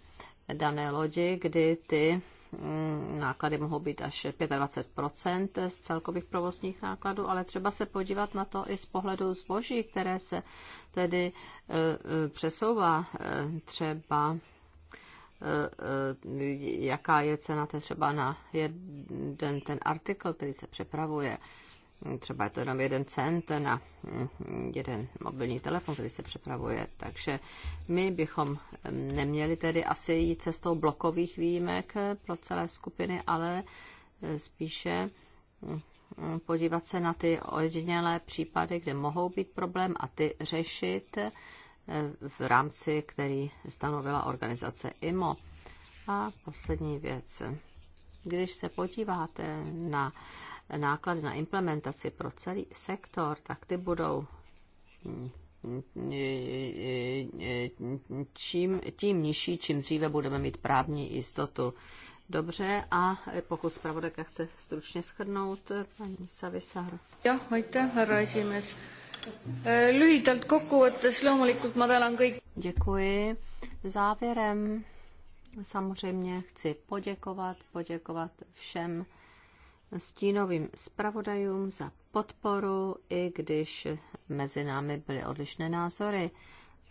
dané lodi, kdy ty mm, náklady mohou být až 25 z celkových provozních nákladů, ale třeba se podívat na to i z pohledu zboží, které se tedy e, e, přesouvá e, třeba Eh, eh, jaká je cena ten třeba na jeden ten artikl, který se přepravuje. Třeba je to jenom jeden cent na mm, jeden mobilní telefon, který se přepravuje. Takže my bychom neměli tedy asi jít cestou blokových výjimek eh, pro celé skupiny, ale spíše mm, podívat se na ty ojedinělé případy, kde mohou být problém a ty řešit v rámci, který stanovila organizace IMO. A poslední věc. Když se podíváte na náklady na implementaci pro celý sektor, tak ty budou čím, tím nižší, čím dříve budeme mít právní jistotu. Dobře, a pokud zpravodajka chce stručně schrnout, paní Savisar. Jo, hojte, herra Eh, lühidalt kokkuvõttes loomulikult ma tänan kõik. Děkuji. Závěrem samozřejmě chci poděkovat, poděkovat všem stínovým zpravodajům za podporu, i když mezi námi byly odlišné názory.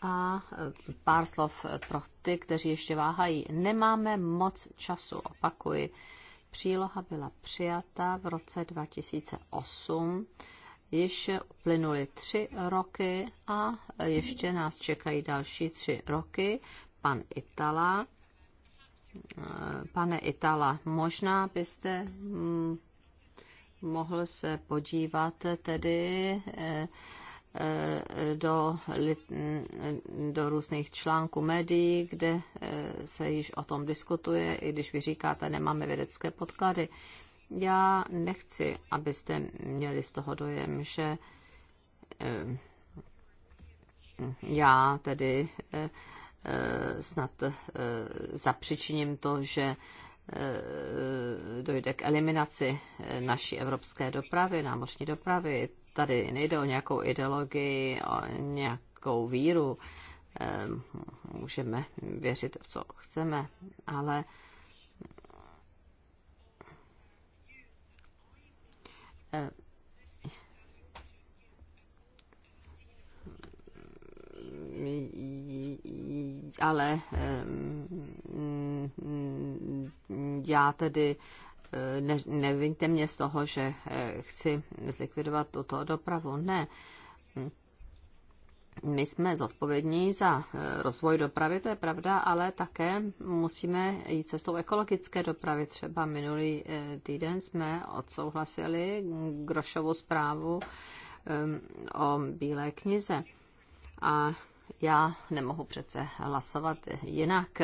A eh, pár slov pro ty, kteří ještě váhají. Nemáme moc času, opakuji. Příloha byla přijata v roce 2008 již uplynuly tři roky a ještě nás čekají další tři roky. Pan Itala, eh, pane Itala, možná byste hm, mohl se podívat tedy eh, eh, do, hm, do různých článků médií, kde se již o tom diskutuje, i když vy říkáte, nemáme vědecké podklady. Já nechci, abyste měli z toho dojem, že eh, já tedy eh, snad eh, zapřičiním to, že dojde k eliminaci naší evropské dopravy, námořní dopravy. Tady nejde o nějakou ideologii, o nějakou víru. Můžeme věřit, co chceme, ale Eh, ale eh, já tedy eh, ne, nevíte mě z toho, že chci zlikvidovat tuto dopravu. Ne my jsme zodpovědní za e, rozvoj dopravy, to je pravda, ale také musíme jít cestou ekologické dopravy. Třeba minulý e, týden jsme odsouhlasili Grošovou zprávu o Bílé knize. A já nemohu přece hlasovat jinak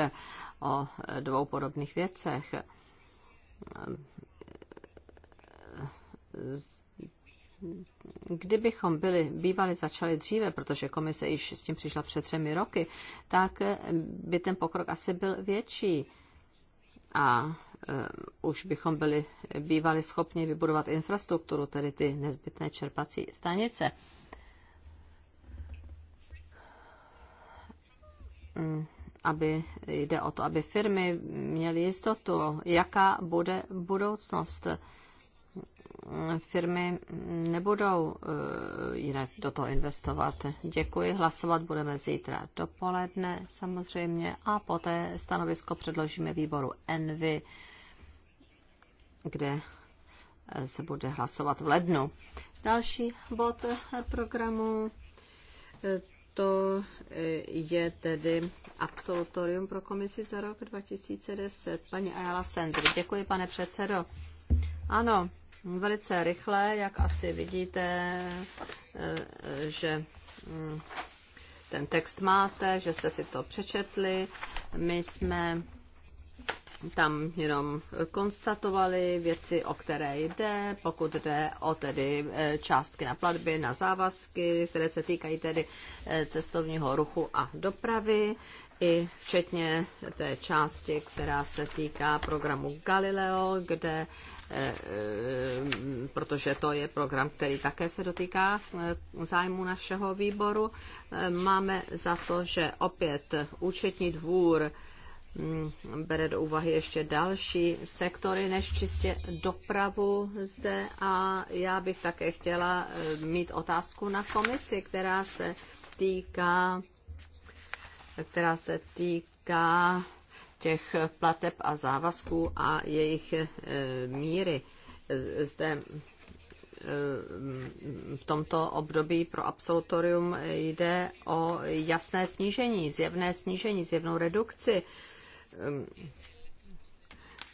o e, dvou podobných věcech kdybychom byli bývali začali dříve, protože komise již s tím přišla před třemi roky, tak eh, by ten pokrok asi byl větší. A eh, už bychom byli bývali schopni vybudovat infrastrukturu, tedy ty nezbytné čerpací stanice. Mm, aby jde o to, aby firmy měly jistotu, jaká bude budoucnost firmy nebudou eh, jinak do toho investovat. Děkuji, hlasovat budeme zítra dopoledne samozřejmě a poté stanovisko předložíme výboru Envy, kde eh, se bude hlasovat v lednu. Další bod eh, programu to je tedy absolutorium pro komisi za rok 2010. Paní Ayala Sendry, děkuji, pane předsedo. Ano, velice rychle, jak asi vidíte, eh, že hm, ten text máte, že jste si to přečetli. My jsme tam jenom konstatovali věci, o které jde, pokud jde o tedy eh, částky na platby, na závazky, které se týkají tedy eh, cestovního ruchu a dopravy, i včetně té části, která se týká programu Galileo, kde Eh, eh, protože to je program, který také se dotýká eh, zájmu našeho výboru. Máme za to, že opět účetní dvůr mm, bere do úvahy ještě další sektory než čistě dopravu zde a já bych také chtěla mít otázku na komisi, která se týká která se týká těch plateb a závazků a jejich eh, míry. Zde eh, v tomto období pro absolutorium jde o jasné snížení, zjevné snížení, zjevnou redukci.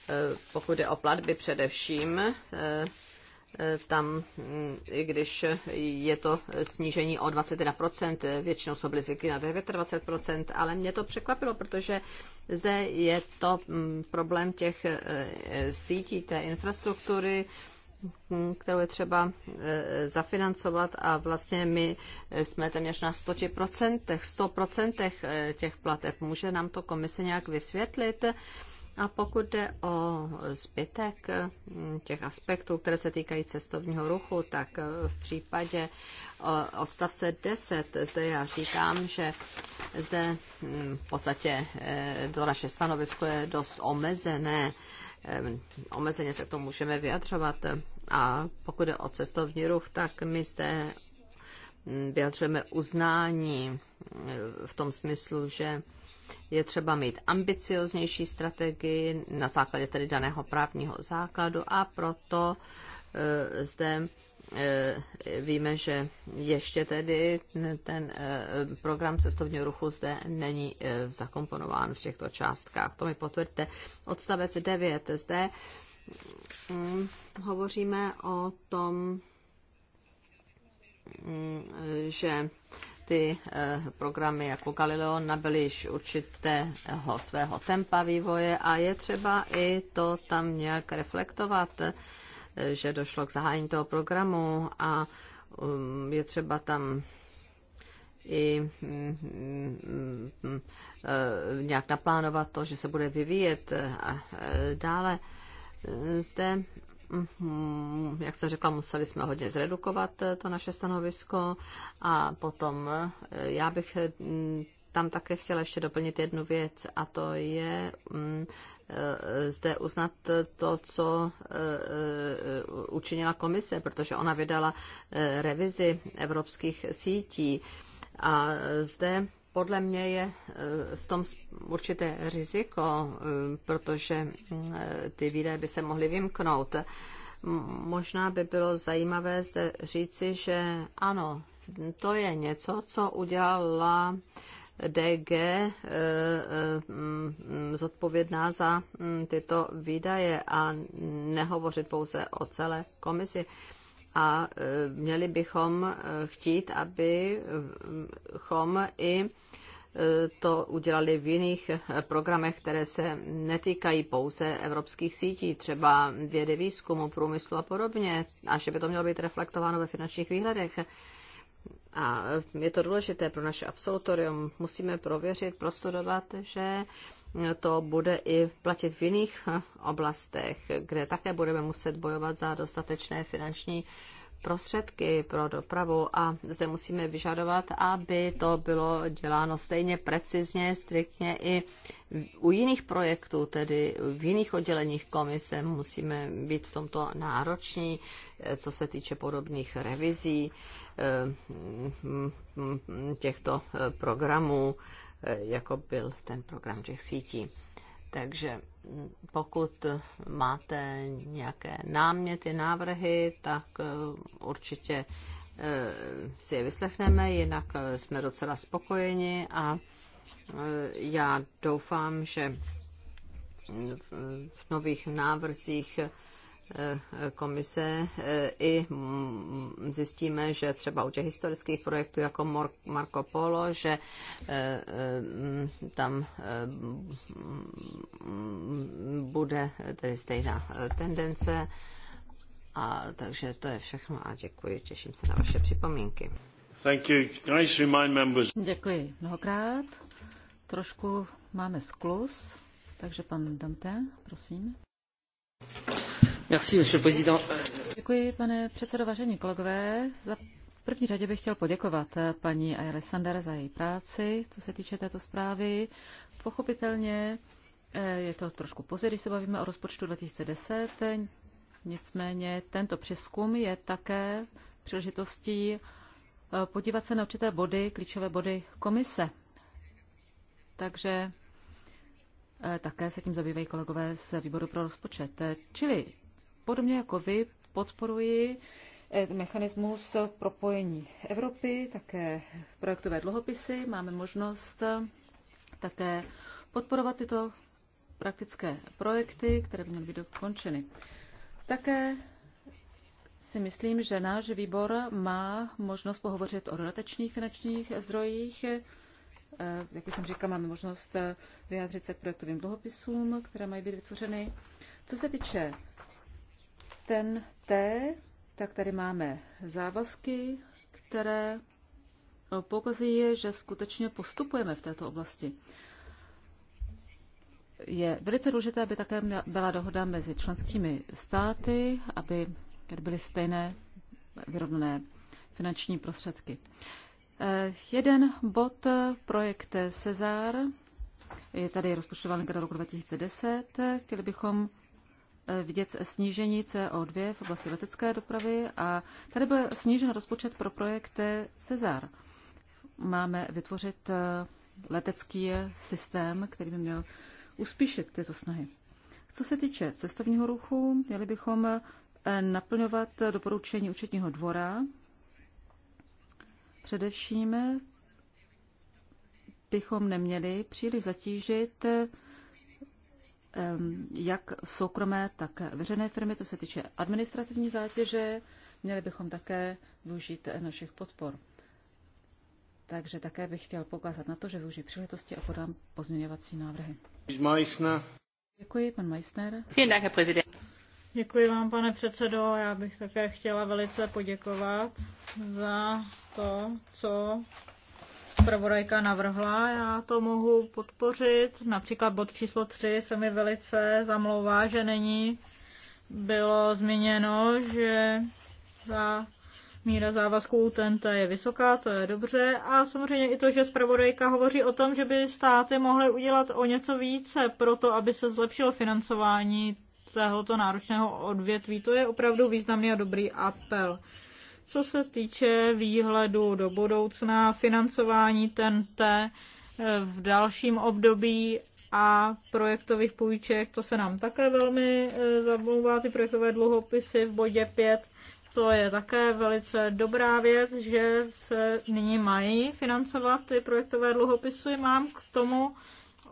Eh, pokud je o platby především, tam, mm, i když je to snížení o 21%, většinou jsme byli zvyklí na 29%, ale mě to překvapilo, protože zde je to mm, problém těch e, sítí, té infrastruktury, mm, kterou je třeba e, zafinancovat a vlastně my jsme téměř na 100%, 100% e, těch plateb. Může nám to komise nějak vysvětlit? A pokud jde o zbytek mm, těch aspektů, které se týkají cestovního ruchu, tak e, v případě odstavce 10 zde já říkám, že zde mm, v podstatě e, to naše stanovisko je dost omezené. E, omezeně se k tomu můžeme vyjadřovat. A pokud jde o cestovní ruch, tak my zde mm, vyjadřujeme uznání v tom smyslu, že je třeba mít ambicioznější strategii na základě tedy daného právního základu a proto eh, zde eh, víme, že ještě tedy ten eh, program cestovního ruchu zde není zakomponován v těchto částkách. To mi potvrďte. Odstavec 9. Zde mm, hovoříme o tom, mm, že ty eh, programy jako Galileo nabyly již určitého svého tempa vývoje a je třeba i to tam nějak reflektovat, eh, že došlo k zahájení toho programu a mm, je třeba tam i mm, mm, eh, nějak naplánovat to, že se bude vyvíjet a dále. Zde Mhm. jak jsem řekla, museli jsme hodně zredukovat eh, to naše stanovisko a potom eh, já bych mm, tam také chtěla ještě doplnit jednu věc a to je mm, eh, zde uznat to, co učinila komise, protože ona vydala revizi evropských sítí a zde podle mě je eh, v tom určité riziko, eh, protože eh, ty výdaje by se mohly vymknout. Možná by bylo zajímavé zde říci, že ano, to je něco, co udělala DG zodpovědná za tyto výdaje a nehovořit pouze o celé komisi a e, měli bychom e, chtít, abychom i e, to udělali v jiných programech, které se netýkají pouze evropských sítí, třeba vědy, výzkumu, průmyslu a podobně, a že by to mělo být reflektováno ve finančních výhledech. A je to důležité pro naše absolutorium. Musíme prověřit, prostudovat, že to bude i platit v jiných [laughs] oblastech, kde také budeme muset bojovat za dostatečné finanční prostředky pro dopravu a zde musíme vyžadovat, aby to bylo děláno stejně precizně, striktně i u jiných projektů, tedy v jiných odděleních komise musíme být v tomto nároční, co se týče podobných revizí eh, těchto eh, programů jako byl ten program těch sítí. Takže pokud máte nějaké náměty, návrhy, tak eh, určitě eh, si je vyslechneme, jinak eh, jsme docela spokojeni a já doufám, že mm, v nových návrzích Eh, komise eh, i mm, zjistíme, že třeba u těch historických projektů jako Marco Polo, že eh, tam bude tedy stejná tendence. A, takže to je všechno a děkuji, těším se na vaše připomínky. Thank you. Can I remind members? Děkuji mnohokrát. Trošku máme sklus, takže pan Dante, prosím. Děkuji, pane předsedo, vážení kolegové. Za první řadě bych chtěl poděkovat eh, paní Alessandra za její práci, co se týče této zprávy. Pochopitelně eh, je to trošku pozdě, když se bavíme o rozpočtu 2010, nicméně tento přeskum je také příležitostí eh, podívat se na určité body, klíčové body komise. Takže také se tím zabývají kolegové z výboru pro rozpočet. Čili Podobně jako vy podporuji eh, mechanismus propojení Evropy, také projektové dluhopisy. Máme možnost eh, také podporovat tyto praktické projekty, které by měly být dokončeny. Také si myslím, že náš výbor má možnost pohovořit o dodatečných finančních zdrojích. Eh, jak už jsem říkal, máme možnost vyjádřit se k projektovým dluhopisům, které mají být vytvořeny. Co se týče ten T, tak tady máme závazky, které poukazují, že skutečně postupujeme v této oblasti. Je velice důležité, aby také byla dohoda mezi členskými státy, aby byly stejné vyrovnané finanční prostředky. Eh, jeden bod projekt Cezar je tady rozpočtován k roku 2010. Chtěli bychom Eh, vidět snížení CO2 v oblasti letecké dopravy a tady byl snížen rozpočet pro projekt eh, Cezar. Máme vytvořit eh, letecký systém, který by měl uspíšit tyto snahy. Co se týče cestovního ruchu, měli bychom naplňovat doporučení účetního dvora. Především bychom neměli příliš zatížit jak soukromé, tak veřejné firmy, To se týče administrativní zátěže. Měli bychom také využít našich podpor. Takže také bych chtěl poukázat na to, že využijí příležitosti a podám pozměňovací návrhy. Děkuji, pan Meissner. Děkuji vám, pane předsedo. Já bych také chtěla velice poděkovat za to, co zpravodajka navrhla, já to mohu podpořit. Například bod číslo 3 se mi velice zamlouvá, že není. Bylo zmíněno, že ta míra závazků TNT je vysoká, to je dobře. A samozřejmě i to, že zpravodajka hovoří o tom, že by státy mohly udělat o něco více pro to, aby se zlepšilo financování tohoto náročného odvětví, to je opravdu významný a dobrý apel. Co se týče výhledu do budoucna, financování TNT eh, v dalším období a projektových půjček, to se nám také velmi eh, zamlouvá, ty projektové dluhopisy v bodě 5. To je také velice dobrá věc, že se nyní mají financovat ty projektové dluhopisy. Mám k tomu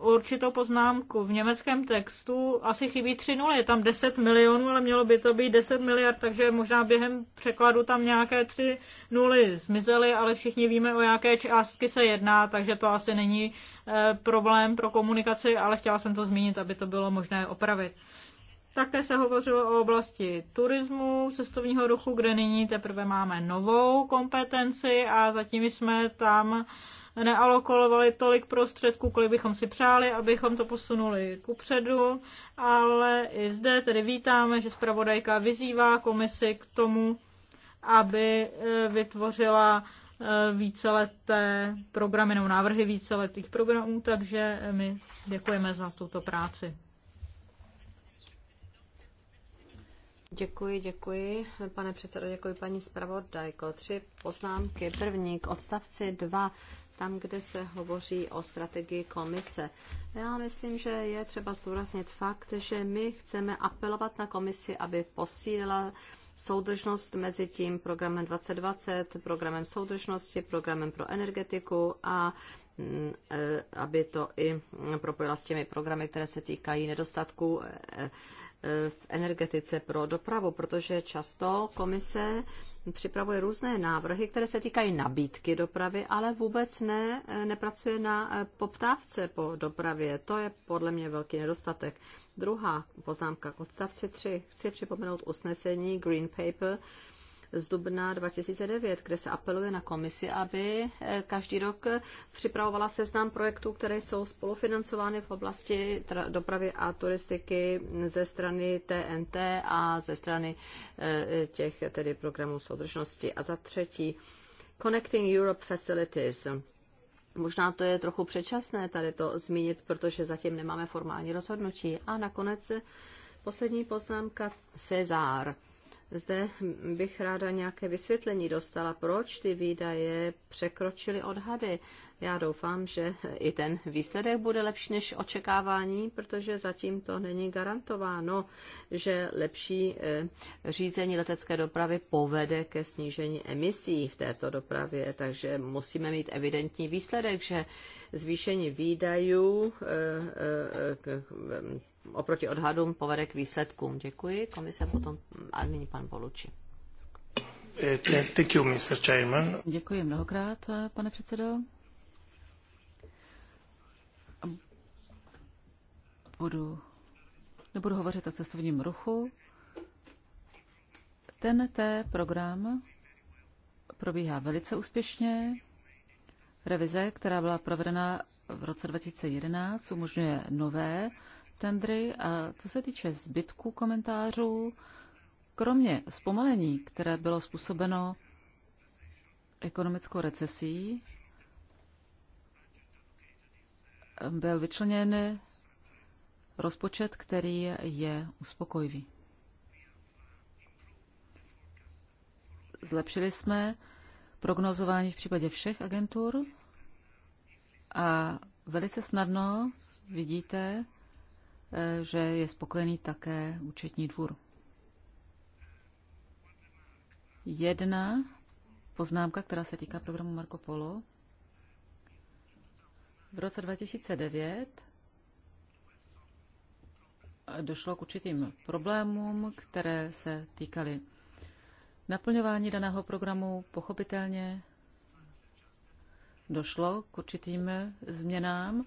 určitou poznámku. V německém textu asi chybí tři nuly, je tam 10 milionů, ale mělo by to být 10 miliard, takže možná během překladu tam nějaké tři nuly zmizely, ale všichni víme, o jaké částky se jedná, takže to asi není eh, problém pro komunikaci, ale chtěla jsem to zmínit, aby to bylo možné opravit. Také se hovořilo o oblasti turismu, cestovního ruchu, kde nyní teprve máme novou kompetenci a zatím jsme tam nealokovali tolik prostředků, kolik bychom si přáli, abychom to posunuli kupředu, ale i zde tedy vítáme, že zpravodajka vyzývá komisi k tomu, aby e, vytvořila e, víceleté programy nebo návrhy víceletých programů, takže my děkujeme za tuto práci. Děkuji, děkuji. Pane předsedo, děkuji paní zpravodajko. Tři poznámky. První k odstavci dva tam, kde se hovoří o strategii komise. Já myslím, že je třeba zdůraznit fakt, že my chceme apelovat na komisi, aby posílila soudržnost mezi tím programem 2020, programem soudržnosti, programem pro energetiku a mm, e, aby to i propojila s těmi programy, které se týkají nedostatků e, e, v energetice pro dopravu, protože často komise připravuje různé návrhy, které se týkají nabídky dopravy, ale vůbec ne, nepracuje na eh, poptávce po dopravě. To je podle mě velký nedostatek. Druhá poznámka k odstavci 3. Chci připomenout usnesení Green Paper, z dubna 2009, kde se apeluje na komisi, aby eh, každý rok eh, připravovala seznam projektů, které jsou spolufinancovány v oblasti dopravy a turistiky ze strany TNT a ze strany eh, těch tedy programů soudržnosti. A za třetí, Connecting Europe Facilities. Možná to je trochu předčasné tady to zmínit, protože zatím nemáme formální rozhodnutí. A nakonec poslední poznámka Cezár. Zde bych ráda nějaké vysvětlení dostala, proč ty výdaje překročily odhady. Já doufám, že i ten výsledek bude lepší než očekávání, protože zatím to není garantováno, že lepší eh, řízení letecké dopravy povede ke snížení emisí v této dopravě. Takže musíme mít evidentní výsledek, že zvýšení výdajů eh, eh, oproti odhadům povede k výsledkům. Děkuji. Komise potom a nyní pan Voluči. Eh, thank you, Mr. Chairman. Děkuji mnohokrát, eh, pane předsedo. Budu, nebudu hovořit o cestovním ruchu. Ten program probíhá velice úspěšně. Revize, která byla provedena v roce 2011, umožňuje nové tendry. A co se týče zbytku komentářů, kromě zpomalení, které bylo způsobeno ekonomickou recesí, byl vyčleněn rozpočet, který je uspokojivý. Zlepšili jsme prognozování v případě všech agentur a velice snadno vidíte, Eh, že je spokojený také účetní dvůr. Jedna poznámka, která se týká programu Marco Polo. V roce 2009 došlo k určitým problémům, které se týkaly naplňování daného programu. Pochopitelně došlo k určitým změnám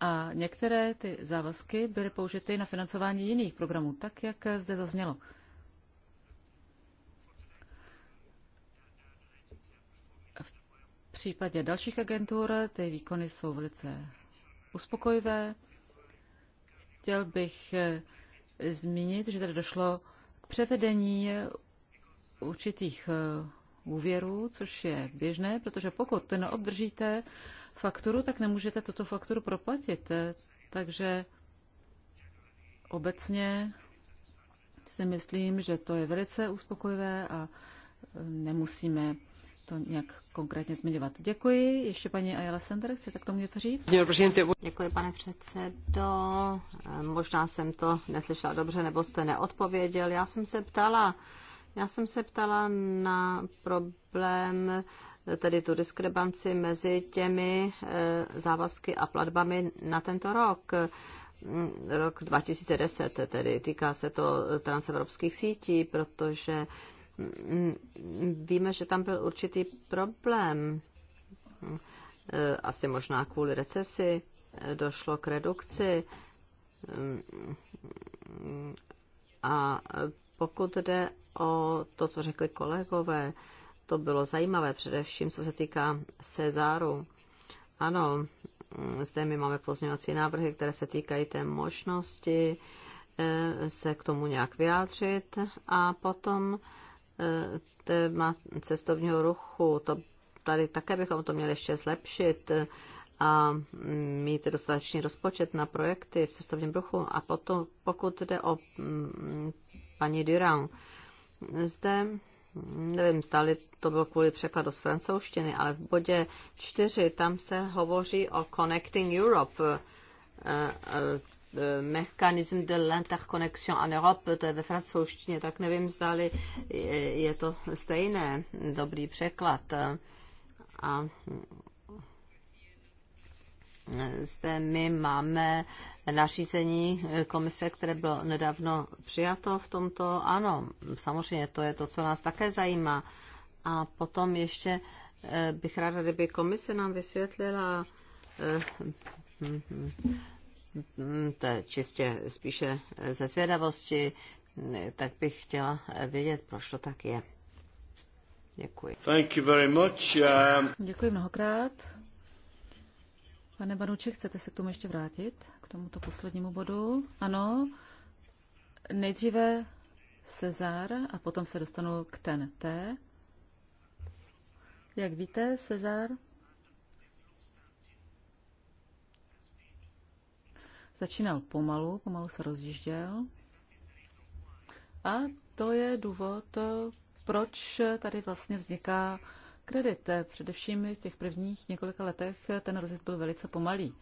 a některé ty závazky byly použity na financování jiných programů, tak jak zde zaznělo. V případě dalších agentur ty výkony jsou velice uspokojivé. Chtěl bych eh, zmínit, že tady došlo k převedení určitých eh, úvěrů, což je běžné, protože pokud neobdržíte fakturu, tak nemůžete tuto fakturu proplatit. Takže obecně si myslím, že to je velice uspokojivé a e, nemusíme to nějak konkrétně zmiňovat. Děkuji. Ještě paní Ayala Sender, chcete k tomu něco říct? Děkuji, pane předsedo. E, možná jsem to neslyšela dobře, nebo jste neodpověděl. Já jsem se ptala, já jsem se ptala na problém tedy tu diskrepanci mezi těmi eh, závazky a platbami na tento rok. Mm, rok 2010 tedy týká se to transevropských sítí, protože mm, víme, že tam byl určitý problém. Eh, asi možná kvůli recesi eh, došlo k redukci. Mm, a pokud jde o to, co řekli kolegové, to bylo zajímavé, především co se týká Cezáru. Ano, mm, zde my máme pozměňovací návrhy, které se týkají té možnosti eh, se k tomu nějak vyjádřit a potom eh, téma cestovního ruchu, to tady také bychom to měli ještě zlepšit a mít dostatečný rozpočet na projekty v cestovním ruchu. A potom, pokud jde o mm, paní Durand, zde nevím, zdali to bylo kvůli překladu z francouzštiny, ale v bodě čtyři tam se hovoří o Connecting Europe, eh, eh, mechanism de l'interconnexion en Europe, to je ve francouzštině, tak nevím, zdali je to stejné, dobrý překlad. A zde my máme nařízení komise, které bylo nedávno přijato v tomto. Ano, samozřejmě to je to, co nás také zajímá. A potom ještě eh, bych ráda, kdyby komise nám vysvětlila, eh, to je čistě spíše ze zvědavosti, tak bych chtěla vědět, proč to tak je. Děkuji. Thank you very much. Um, Děkuji mnohokrát. Pane Banuče, chcete se k tomu ještě vrátit? K tomuto poslednímu bodu? Ano. Nejdříve Cezar a potom se dostanu k ten T. Jak víte, Cezar začínal pomalu, pomalu se rozjížděl. A to je důvod, proč tady vlastně vzniká kredit. Především v těch prvních několika letech ten rozjezd byl velice pomalý.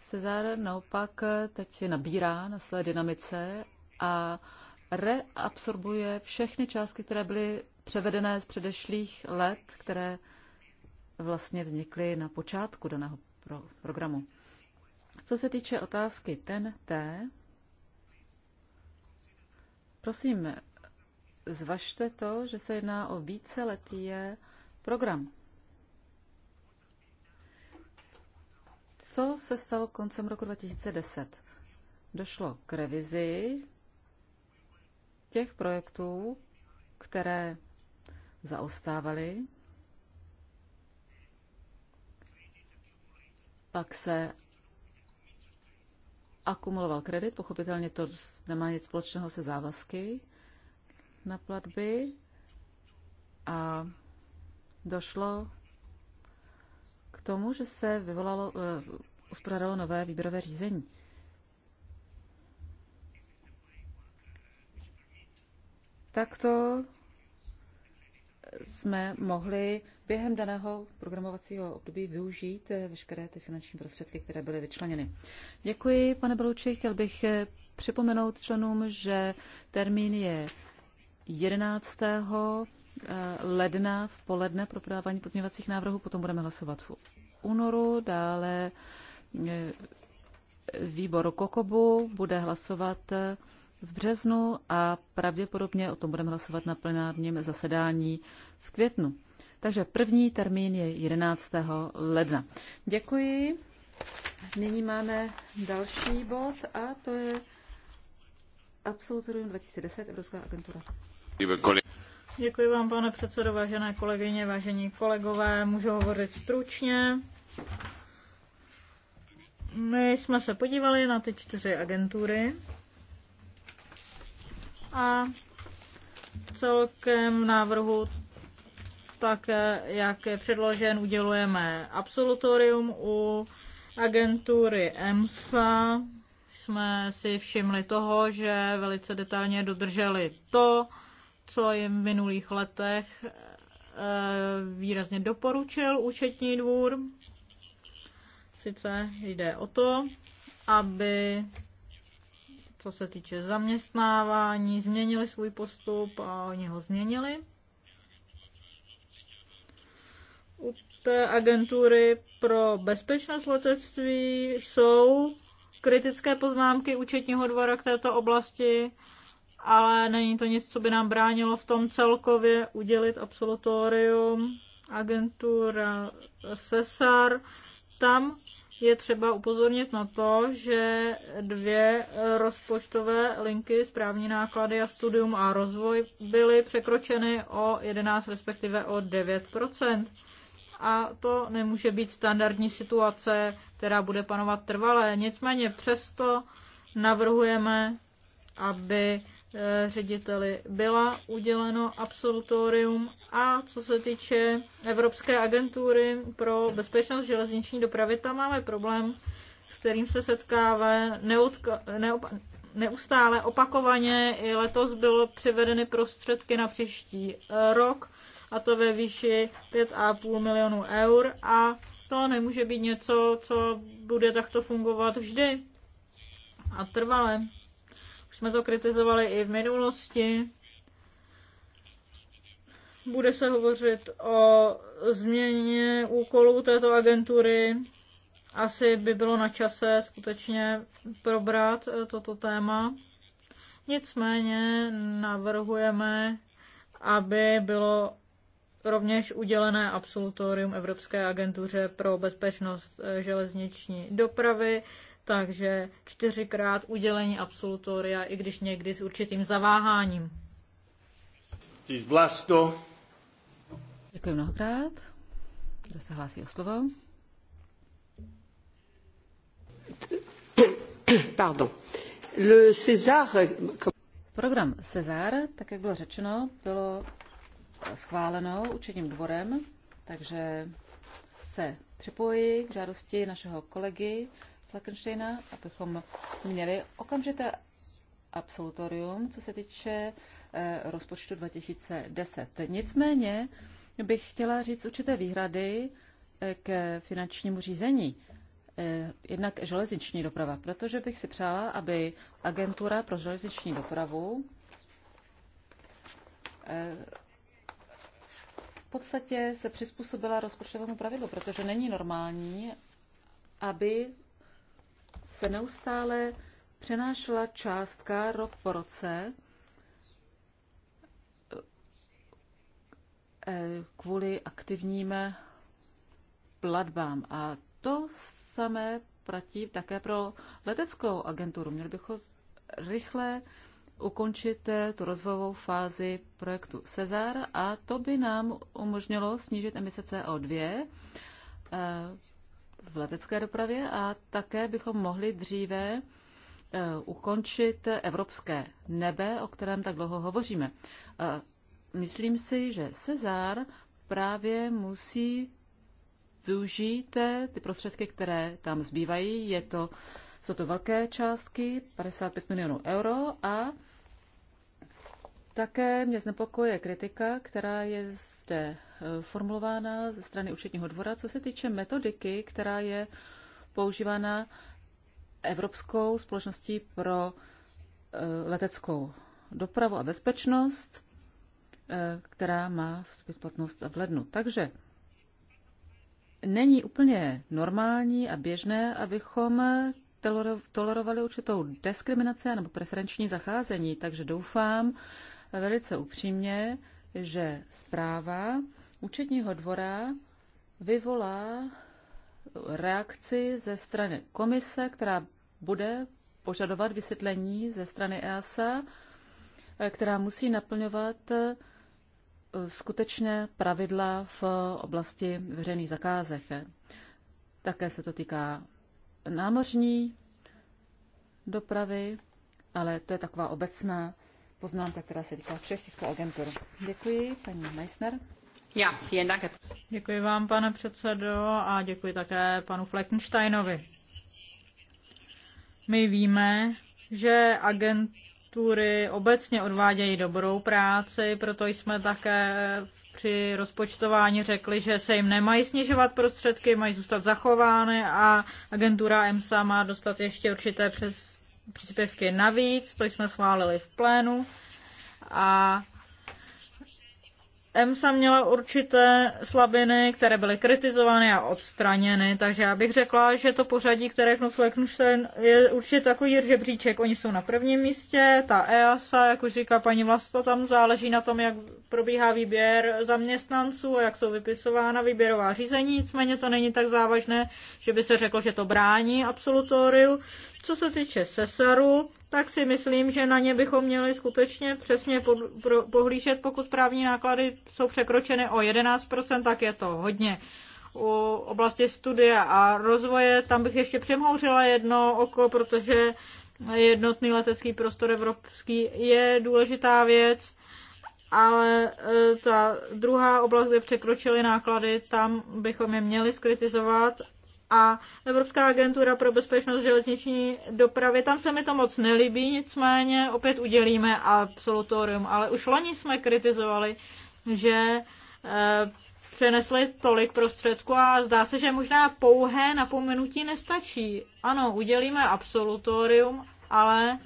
Cezar naopak teď nabírá na své dynamice a reabsorbuje všechny částky, které byly převedené z předešlých let, které vlastně vznikly na počátku daného pro- programu. Co se týče otázky ten T, prosím, zvažte to, že se jedná o víceleté program. Co se stalo koncem roku 2010? Došlo k revizi těch projektů, které zaostávaly. Pak se akumuloval kredit, pochopitelně to nemá nic společného se závazky na platby a došlo k tomu, že se vyvolalo, uh, uspořádalo nové výběrové řízení. Takto jsme mohli během daného programovacího období využít eh, veškeré ty finanční prostředky, které byly vyčleněny. Děkuji, pane Belouči. Chtěl bych eh, připomenout členům, že termín je 11. Eh, ledna v poledne pro podávání pozměňovacích návrhů, potom budeme hlasovat v únoru, dále eh, výbor Kokobu bude hlasovat eh, v březnu a pravděpodobně o tom budeme hlasovat na plenárním zasedání v květnu. Takže první termín je 11. ledna. Děkuji. Nyní máme další bod a to je Absolutorium 2010 Evropská agentura. Děkuji vám, pane předsedo, vážené kolegyně, vážení kolegové. Můžu hovořit stručně. My jsme se podívali na ty čtyři agentury a celkem návrhu tak, jak je předložen, udělujeme absolutorium u agentury EMSA. Jsme si všimli toho, že velice detailně dodrželi to, co jim v minulých letech eh, výrazně doporučil účetní dvůr. Sice jde o to, aby co se týče zaměstnávání, změnili svůj postup a oni ho změnili. U té agentury pro bezpečnost letectví jsou kritické poznámky účetního dvora k této oblasti ale není to nic, co by nám bránilo v tom celkově udělit absolutorium agentura SESAR. Tam je třeba upozornit na to, že dvě rozpočtové linky správní náklady a studium a rozvoj byly překročeny o 11, respektive o 9 a to nemůže být standardní situace, která bude panovat trvalé. Nicméně přesto navrhujeme, aby Eh, řediteli byla uděleno absolutorium a co se týče Evropské agentury pro bezpečnost železniční dopravy, tam máme problém, s kterým se setkává neopa, neustále opakovaně. I letos bylo přivedeny prostředky na příští eh, rok a to ve výši 5,5 milionů eur a to nemůže být něco, co bude takto fungovat vždy a trvale už jsme to kritizovali i v minulosti. Bude se hovořit o změně úkolů této agentury. Asi by bylo na čase skutečně probrat eh, toto téma. Nicméně navrhujeme, aby bylo rovněž udělené absolutorium Evropské agentuře pro bezpečnost eh, železniční dopravy takže čtyřikrát udělení absolutoria, i když někdy s určitým zaváháním. Tis blasto. Děkuji mnohokrát. Kdo se hlásí o slovo? Pardon. Le César... Program César, tak jak bylo řečeno, bylo schváleno účetním dvorem, takže se připojí k žádosti našeho kolegy Fleckensteina, abychom měli okamžité absolutorium, co se týče eh, rozpočtu 2010. Nicméně bych chtěla říct určité výhrady eh, k finančnímu řízení. Eh, jednak železniční doprava, protože bych si přála, aby agentura pro železniční dopravu v podstatě se přizpůsobila rozpočtovému pravidlu, protože není normální, aby se neustále přenášela částka rok po roce eh, kvůli aktivním platbám. A to samé platí také pro leteckou agenturu. Měli bychom rychle ukončit eh, tu rozvojovou fázi projektu Cezar a to by nám umožnilo snížit emise CO2 v letecké dopravě a také bychom mohli dříve eh, ukončit evropské nebe, o kterém tak dlouho hovoříme. Myslím si, že Cezar právě musí využít eh, ty prostředky, které tam zbývají. Je to, jsou to velké částky, 55 milionů euro a také mě znepokoje kritika, která je zde Eh, formulována ze strany účetního dvora, co se týče metodiky, která je používána Evropskou společností pro eh, leteckou dopravu a bezpečnost, eh, která má vstupit platnost v lednu. Takže není úplně normální a běžné, abychom tolerovali určitou diskriminaci nebo preferenční zacházení, takže doufám velice upřímně, že zpráva účetního dvora vyvolá reakci ze strany komise, která bude požadovat vysvětlení ze strany EASA, která musí naplňovat eh, skutečné pravidla v oblasti veřejných zakázek. Také se to týká námořní dopravy, ale to je taková obecná poznámka, která se týká všech těchto agentur. Děkuji, paní Meissner. Ja, vielen Dank. Děkuji vám, pane předsedo, a děkuji také panu Fleckensteinovi. My víme, že agentury obecně odvádějí dobrou práci, proto jsme také při rozpočtování řekli, že se jim nemají snižovat prostředky, mají zůstat zachovány a agentura EMSA má dostat ještě určité přes příspěvky navíc, to jsme schválili v plénu a EMSA měla určité slabiny, které byly kritizovány a odstraněny, takže já bych řekla, že to pořadí, které Knut Leknušen je určitě takový žebříček. Oni jsou na prvním místě, ta EASA, jak už říká paní Vlasta, tam záleží na tom, jak probíhá výběr zaměstnanců a jak jsou vypisována výběrová řízení, nicméně to není tak závažné, že by se řeklo, že to brání absolutoriu. Co se týče sesaru, tak si myslím, že na ně bychom měli skutečně přesně pohlížet, pokud právní náklady jsou překročeny o 11%, tak je to hodně. U oblasti studia a rozvoje tam bych ještě přemhouřila jedno oko, protože jednotný letecký prostor evropský je důležitá věc, ale e, ta druhá oblast, kde překročily náklady, tam bychom je měli skritizovat a Evropská agentura pro bezpečnost železniční dopravy. Tam se mi to moc nelíbí, nicméně opět udělíme absolutorium. Ale už loni jsme kritizovali, že e, přenesli tolik prostředků a zdá se, že možná pouhé napomenutí nestačí. Ano, udělíme absolutorium, ale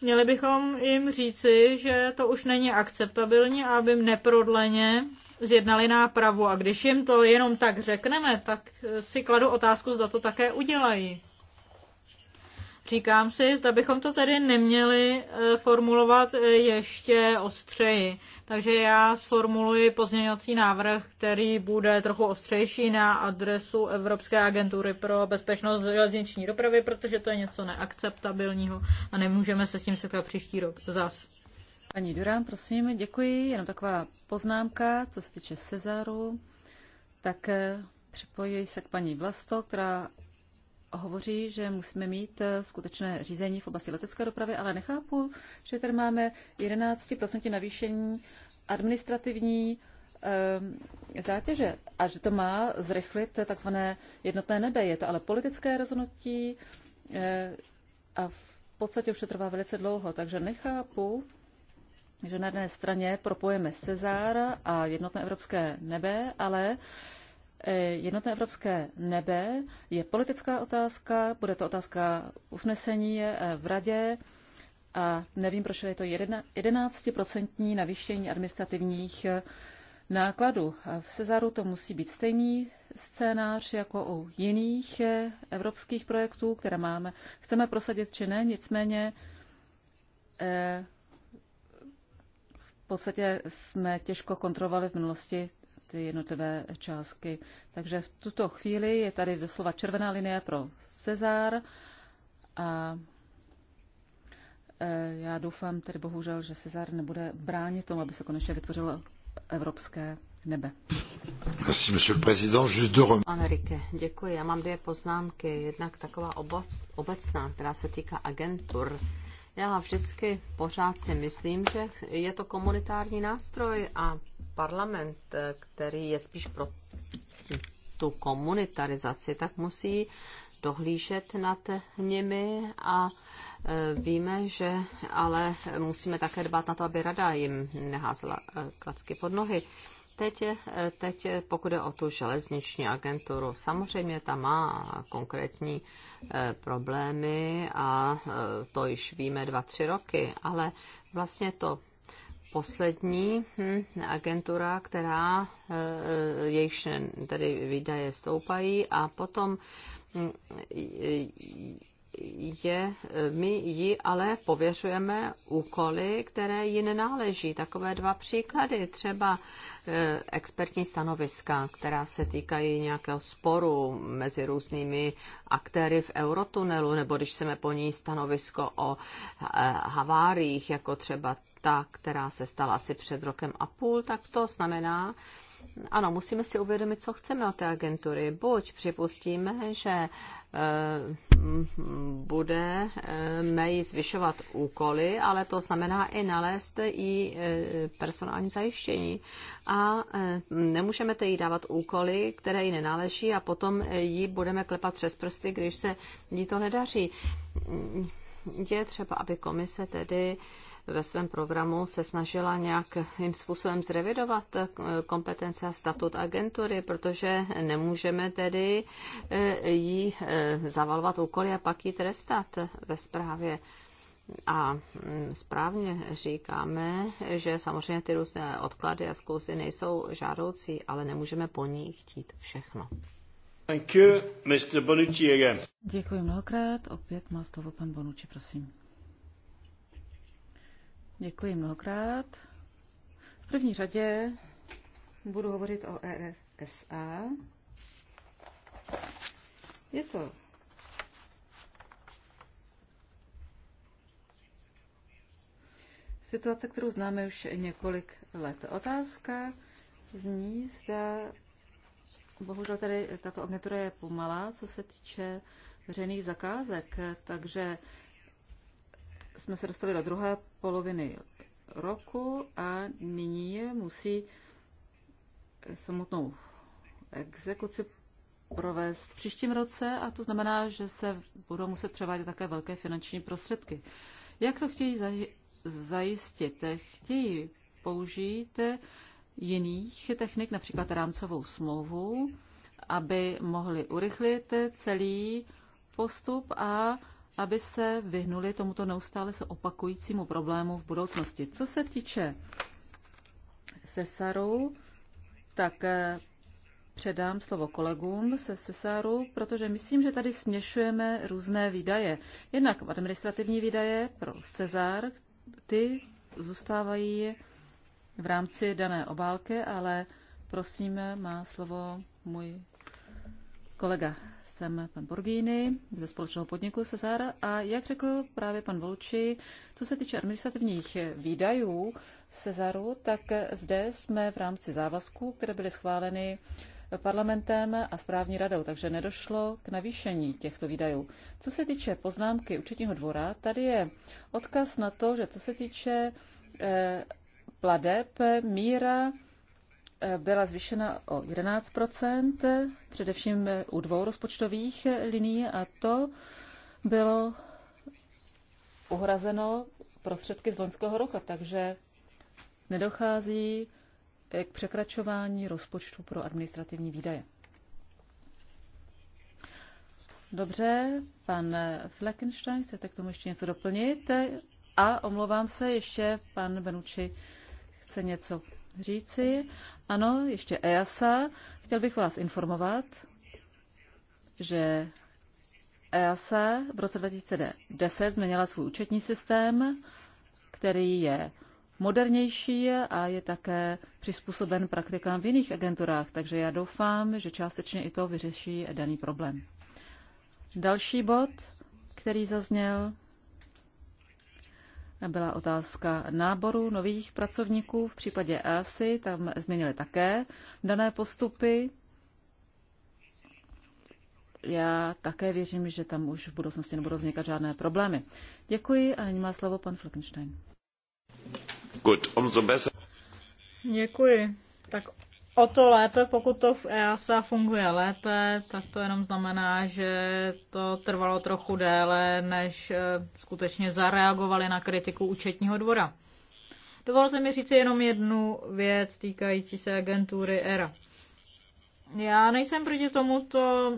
měli bychom jim říci, že to už není akceptabilní, aby neprodleně zjednali nápravu. A když jim to jenom tak řekneme, tak eh, si kladu otázku, zda to také udělají. Říkám si, zda bychom to tedy neměli eh, formulovat eh, ještě ostřeji. Takže já sformuluji pozměňovací návrh, který bude trochu ostřejší na adresu Evropské agentury pro bezpečnost železniční dopravy, protože to je něco neakceptabilního a nemůžeme se s tím setkat příští rok zas. Paní Durán, prosím, děkuji. Jenom taková poznámka, co se týče Cezaru. Tak eh, připojuji se k paní Vlasto, která hovoří, že musíme mít eh, skutečné řízení v oblasti letecké dopravy, ale nechápu, že tady máme 11% navýšení administrativní eh, zátěže a že to má zrychlit takzvané jednotné nebe. Je to ale politické rozhodnutí a v podstatě už to trvá velice dlouho, takže nechápu, že na jedné straně propojeme Cezár a jednotné evropské nebe, ale eh, jednotné evropské nebe je politická otázka, bude to otázka usnesení eh, v radě a nevím, proč je to 11% navýšení administrativních eh, nákladů. V Cezáru to musí být stejný scénář jako u jiných evropských projektů, které máme, chceme prosadit či ne, nicméně v podstatě jsme těžko kontrolovali v minulosti ty jednotlivé částky. Takže v tuto chvíli je tady doslova červená linie pro Cezár a e, já doufám tedy bohužel, že Cezár nebude bránit tomu, aby se konečně vytvořilo evropské nebe. Merci, monsieur le président. Juste deux Enrique, děkuji. Já mám dvě poznámky. Jednak taková obo, obecná, která se týká agentur. Já vždycky pořád si myslím, že je to komunitární nástroj a parlament, který je spíš pro tu komunitarizaci, tak musí dohlížet nad nimi a e, víme, že ale musíme také dbát na to, aby rada jim neházela e, klacky pod nohy. Teď, eh, teď pokud je o tu železniční agenturu, samozřejmě ta má konkrétní eh, problémy a eh, to již víme dva, tři roky, ale vlastně to poslední hm, agentura, která jejíž tedy výdaje stoupají a potom hm, je, my ji ale pověřujeme úkoly, které ji nenáleží. Takové dva příklady, třeba eh, expertní stanoviska, která se týkají nějakého sporu mezi různými aktéry v Eurotunelu, nebo když chceme po ní stanovisko o eh, haváriích, jako třeba ta, která se stala asi před rokem a půl, tak to znamená, ano, musíme si uvědomit, co chceme od té agentury. Buď připustíme, že Eh, bude eh, mají zvyšovat úkoly, ale to znamená i nalézt i eh, personální zajištění. A nemůžeme tedy jí dávat úkoly, které jí nenáleží a potom ji budeme klepat přes prsty, když se jí to nedaří. Je třeba, aby komise tedy uh, ve svém programu se snažila nějakým způsobem zrevidovat eh, kompetence a statut agentury, protože nemůžeme tedy eh, jí eh, zavalovat úkoly a pak ji trestat ve zprávě. A mm, správně říkáme, že samozřejmě ty různé odklady a zkusy nejsou žádoucí, ale nemůžeme po ní chtít všechno. Thank you, Mr. Bonucci again. Děkuji mnohokrát. Opět má slovo pan Bonucci, prosím. Děkuji mnohokrát. V první řadě budu hovořit o Rsa. Je to situace, kterou známe už několik let. Otázka zní, zda bohužel tady tato agentura je pomalá, co se týče veřejných zakázek, takže jsme se dostali do druhé poloviny roku a nyní je musí samotnou exekuci provést v příštím roce a to znamená, že se budou muset převádět také velké finanční prostředky. Jak to chtějí zajistit? Chtějí použít jiných technik, například rámcovou smlouvu, aby mohli urychlit celý postup a aby se vyhnuli tomuto neustále se opakujícímu problému v budoucnosti. Co se týče Cesaru, tak eh, předám slovo kolegům se Cesaru, protože myslím, že tady směšujeme různé výdaje. Jednak administrativní výdaje pro Cezar, ty zůstávají v rámci dané obálky, ale prosím, má slovo můj kolega jsem pan Borgini ze společného podniku Cezar a jak řekl právě pan Volči, co se týče administrativních výdajů Cezaru, tak zde jsme v rámci závazků, které byly schváleny parlamentem a správní radou, takže nedošlo k navýšení těchto výdajů. Co se týče poznámky účetního dvora, tady je odkaz na to, že co se týče eh, pladeb, míra byla zvýšena o 11 především u dvou rozpočtových liní, a to bylo uhrazeno prostředky z loňského roku, takže nedochází k překračování rozpočtu pro administrativní výdaje. Dobře, pan Fleckenstein, chcete k tomu ještě něco doplnit? A omlouvám se, ještě pan Benuči chce něco říci. Ano, ještě EASA. Chtěl bych vás informovat, že EASA v roce 2010 změnila svůj účetní systém, který je modernější a je také přizpůsoben praktikám v jiných agenturách, takže já doufám, že částečně i to vyřeší daný problém. Další bod, který zazněl, byla otázka náboru nových pracovníků. V případě ASI. tam změnili také dané postupy. Já také věřím, že tam už v budoucnosti nebudou vznikat žádné problémy. Děkuji a nyní má slovo pan Flickenstein. Gut, Děkuji. Tak o to lépe, pokud to v EASA funguje lépe, tak to jenom znamená, že to trvalo trochu déle, než eh, skutečně zareagovali na kritiku účetního dvora. Dovolte mi říct jenom jednu věc týkající se agentury ERA. Já nejsem proti tomuto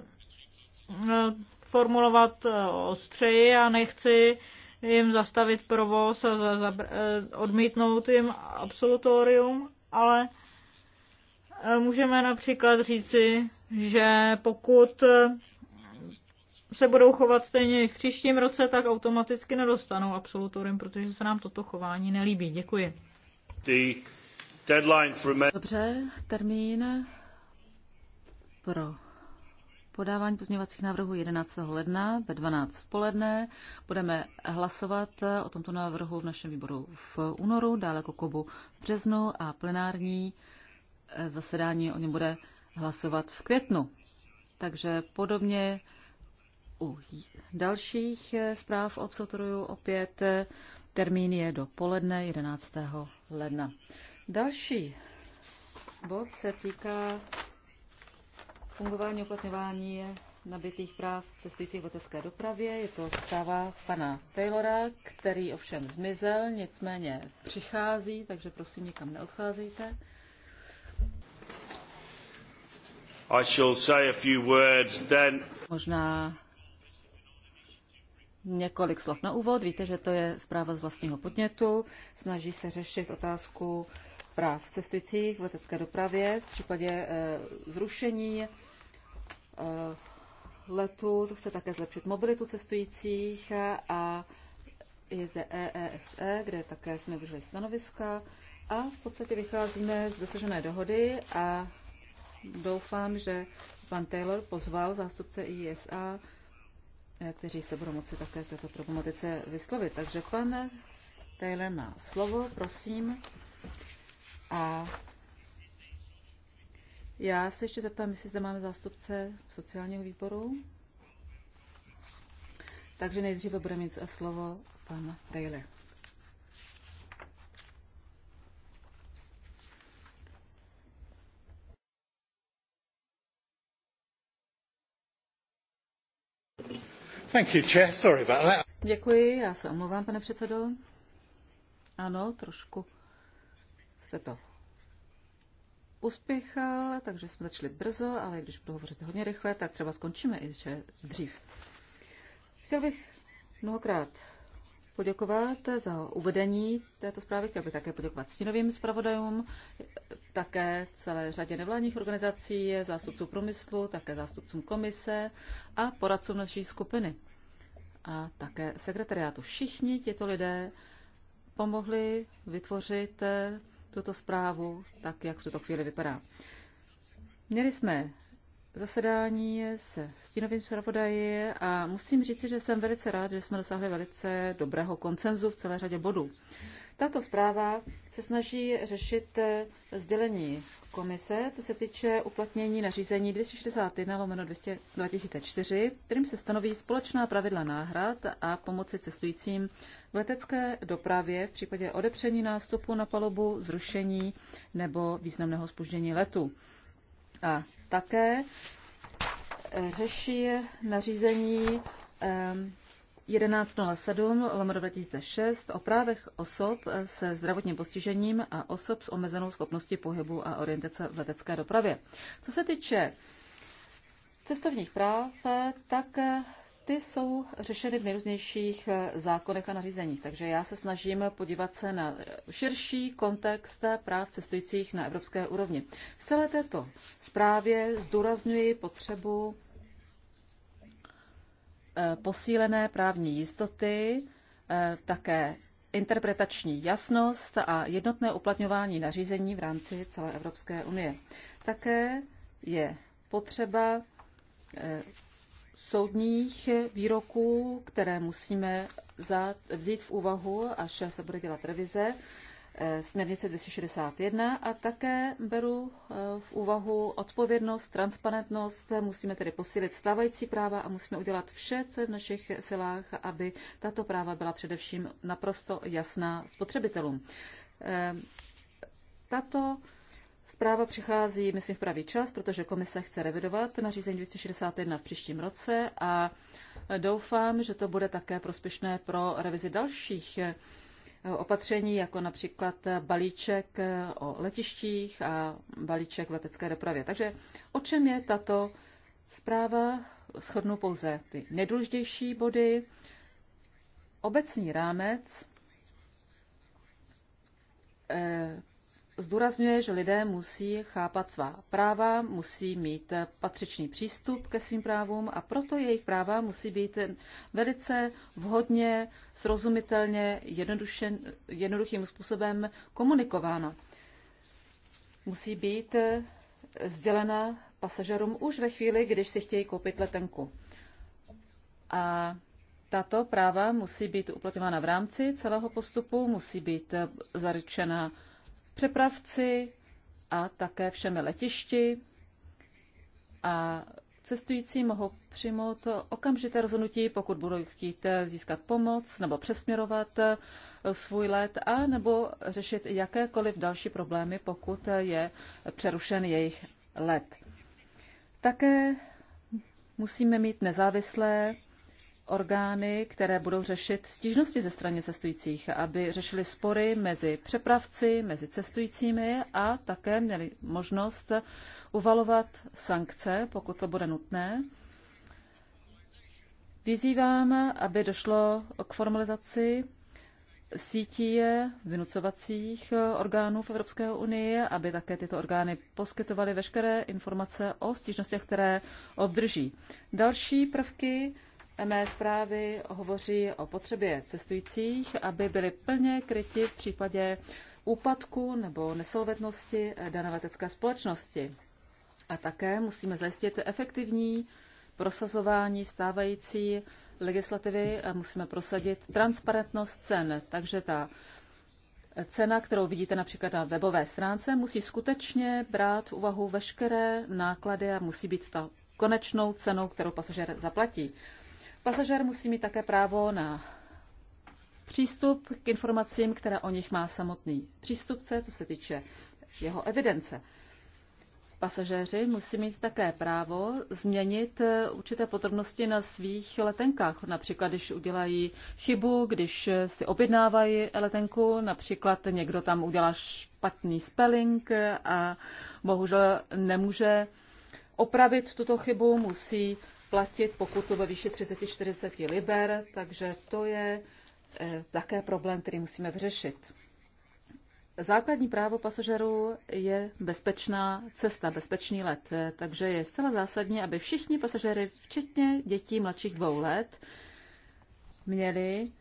eh, formulovat eh, ostřeji a nechci jim zastavit provoz a odmítnout jim absolutorium, ale Můžeme například říci, že pokud se budou chovat stejně v příštím roce, tak automaticky nedostanou absolutorium, protože se nám toto chování nelíbí. Děkuji. Dobře, termín pro podávání pozměňovacích návrhů 11. ledna ve 12. poledne. Budeme hlasovat o tomto návrhu v našem výboru v únoru, dále Kokobu jako v březnu a plenární zasedání o něm bude hlasovat v květnu. Takže podobně u dalších zpráv obsotruju opět termín je do poledne 11. ledna. Další bod se týká fungování uplatňování nabitých práv cestujících v letecké dopravě. Je to zpráva pana Taylora, který ovšem zmizel, nicméně přichází, takže prosím, nikam neodcházejte. Možná několik slov na úvod. Víte, že to je zpráva z vlastního podnětu. Snaží se řešit otázku práv cestujících v letecké dopravě v případě e, zrušení e, letu. Chce také zlepšit mobilitu cestujících a je zde EESE, e e, kde také jsme vyžili stanoviska a v podstatě vycházíme z dosažené dohody a doufám, že pan Taylor pozval zástupce ISA, eh, kteří se budou moci také této problematice vyslovit. Takže pan Taylor má slovo, prosím. A já se ještě zeptám, jestli zde máme zástupce sociálního výboru. Takže nejdříve bude mít slovo pan Taylor. Děkuji, já se omlouvám, pane předsedo. Ano, trošku se to uspěchal, takže jsme začali brzo, ale když budu hovořit hodně rychle, tak třeba skončíme i dřív. Chtěl bych mnohokrát poděkovat za uvedení této zprávy. Chtěl bych také poděkovat stínovým zpravodajům, také celé řadě nevládních organizací, zástupců průmyslu, také zástupcům komise a poradcům naší skupiny. A také sekretariátu. Všichni těto lidé pomohli vytvořit tuto zprávu tak, jak v tuto chvíli vypadá. Měli jsme zasedání se stínovým zpravodaji a musím říct, že jsem velice rád, že jsme dosáhli velice dobrého koncenzu v celé řadě bodů. Tato zpráva se snaží řešit eh, sdělení komise, co se týče uplatnění nařízení 261 lomeno 2004, kterým se stanoví společná pravidla náhrad a pomoci cestujícím v letecké dopravě v případě odepření nástupu na palubu, zrušení nebo významného spoždění letu. A také eh, řeší nařízení 1107 ehm, lomeno 2006 o právech osob se zdravotním postižením a osob s omezenou schopností pohybu a orientace v letecké dopravě. Co se týče cestovních práv, tak ty jsou řešeny v nejrůznějších eh, zákonech a nařízeních. Takže já se snažím podívat se na širší kontext práv cestujících na evropské úrovni. V celé této zprávě zdůrazňuji potřebu eh, posílené právní jistoty, eh, také interpretační jasnost a jednotné uplatňování nařízení v rámci celé Evropské unie. Také je potřeba soudních výroků, které musíme vzít v úvahu, až se bude dělat revize eh, směrnice 261 a také beru eh, v úvahu odpovědnost, transparentnost. Musíme tedy posílit stávající práva a musíme udělat vše, co je v našich silách, aby tato práva byla především naprosto jasná spotřebitelům. Eh, tato Zpráva přichází, myslím, v pravý čas, protože komise chce revidovat nařízení 261 v příštím roce a doufám, že to bude také prospěšné pro revizi dalších eh, opatření, jako například balíček eh, o letištích a balíček v letecké dopravě. Takže o čem je tato zpráva? Shodnu pouze ty nejdůležitější body. obecní rámec eh, zdůrazňuje, že lidé musí chápat svá práva, musí mít patřičný přístup ke svým právům a proto jejich práva musí být velice vhodně, srozumitelně, jednoduchým způsobem komunikována. Musí být sdělena pasažerům už ve chvíli, když si chtějí koupit letenku. A tato práva musí být uplatňována v rámci celého postupu, musí být zaručena přepravci a také všemi letišti a cestující mohou přijmout okamžité rozhodnutí, pokud budou chtít získat pomoc nebo přesměrovat svůj let a nebo řešit jakékoliv další problémy, pokud je přerušen jejich let. Také musíme mít nezávislé orgány, které budou řešit stížnosti ze strany cestujících, aby řešili spory mezi přepravci, mezi cestujícími a také měli možnost uvalovat sankce, pokud to bude nutné. Vyzývám, aby došlo k formalizaci sítí vynucovacích orgánů v Evropské unii, aby také tyto orgány poskytovaly veškeré informace o stížnostech, které obdrží. Další prvky mé zprávy hovoří o potřebě cestujících, aby byli plně kryti v případě úpadku nebo nesolvetnosti dané letecké společnosti. A také musíme zajistit efektivní prosazování stávající legislativy a musíme prosadit transparentnost cen. Takže ta cena, kterou vidíte například na webové stránce, musí skutečně brát v úvahu veškeré náklady a musí být ta konečnou cenou, kterou pasažér zaplatí. Pasažér musí mít také právo na přístup k informacím, které o nich má samotný přístupce, co se týče jeho evidence. Pasažéři musí mít také právo změnit určité podrobnosti na svých letenkách. Například, když udělají chybu, když si objednávají letenku, například někdo tam udělá špatný spelling a bohužel nemůže opravit tuto chybu, musí platit pokutu ve výši 30-40 liber, takže to je eh, také problém, který musíme vyřešit. Základní právo pasažerů je bezpečná cesta, bezpečný let, eh, takže je zcela zásadní, aby všichni pasažéři, včetně dětí mladších dvou let, měli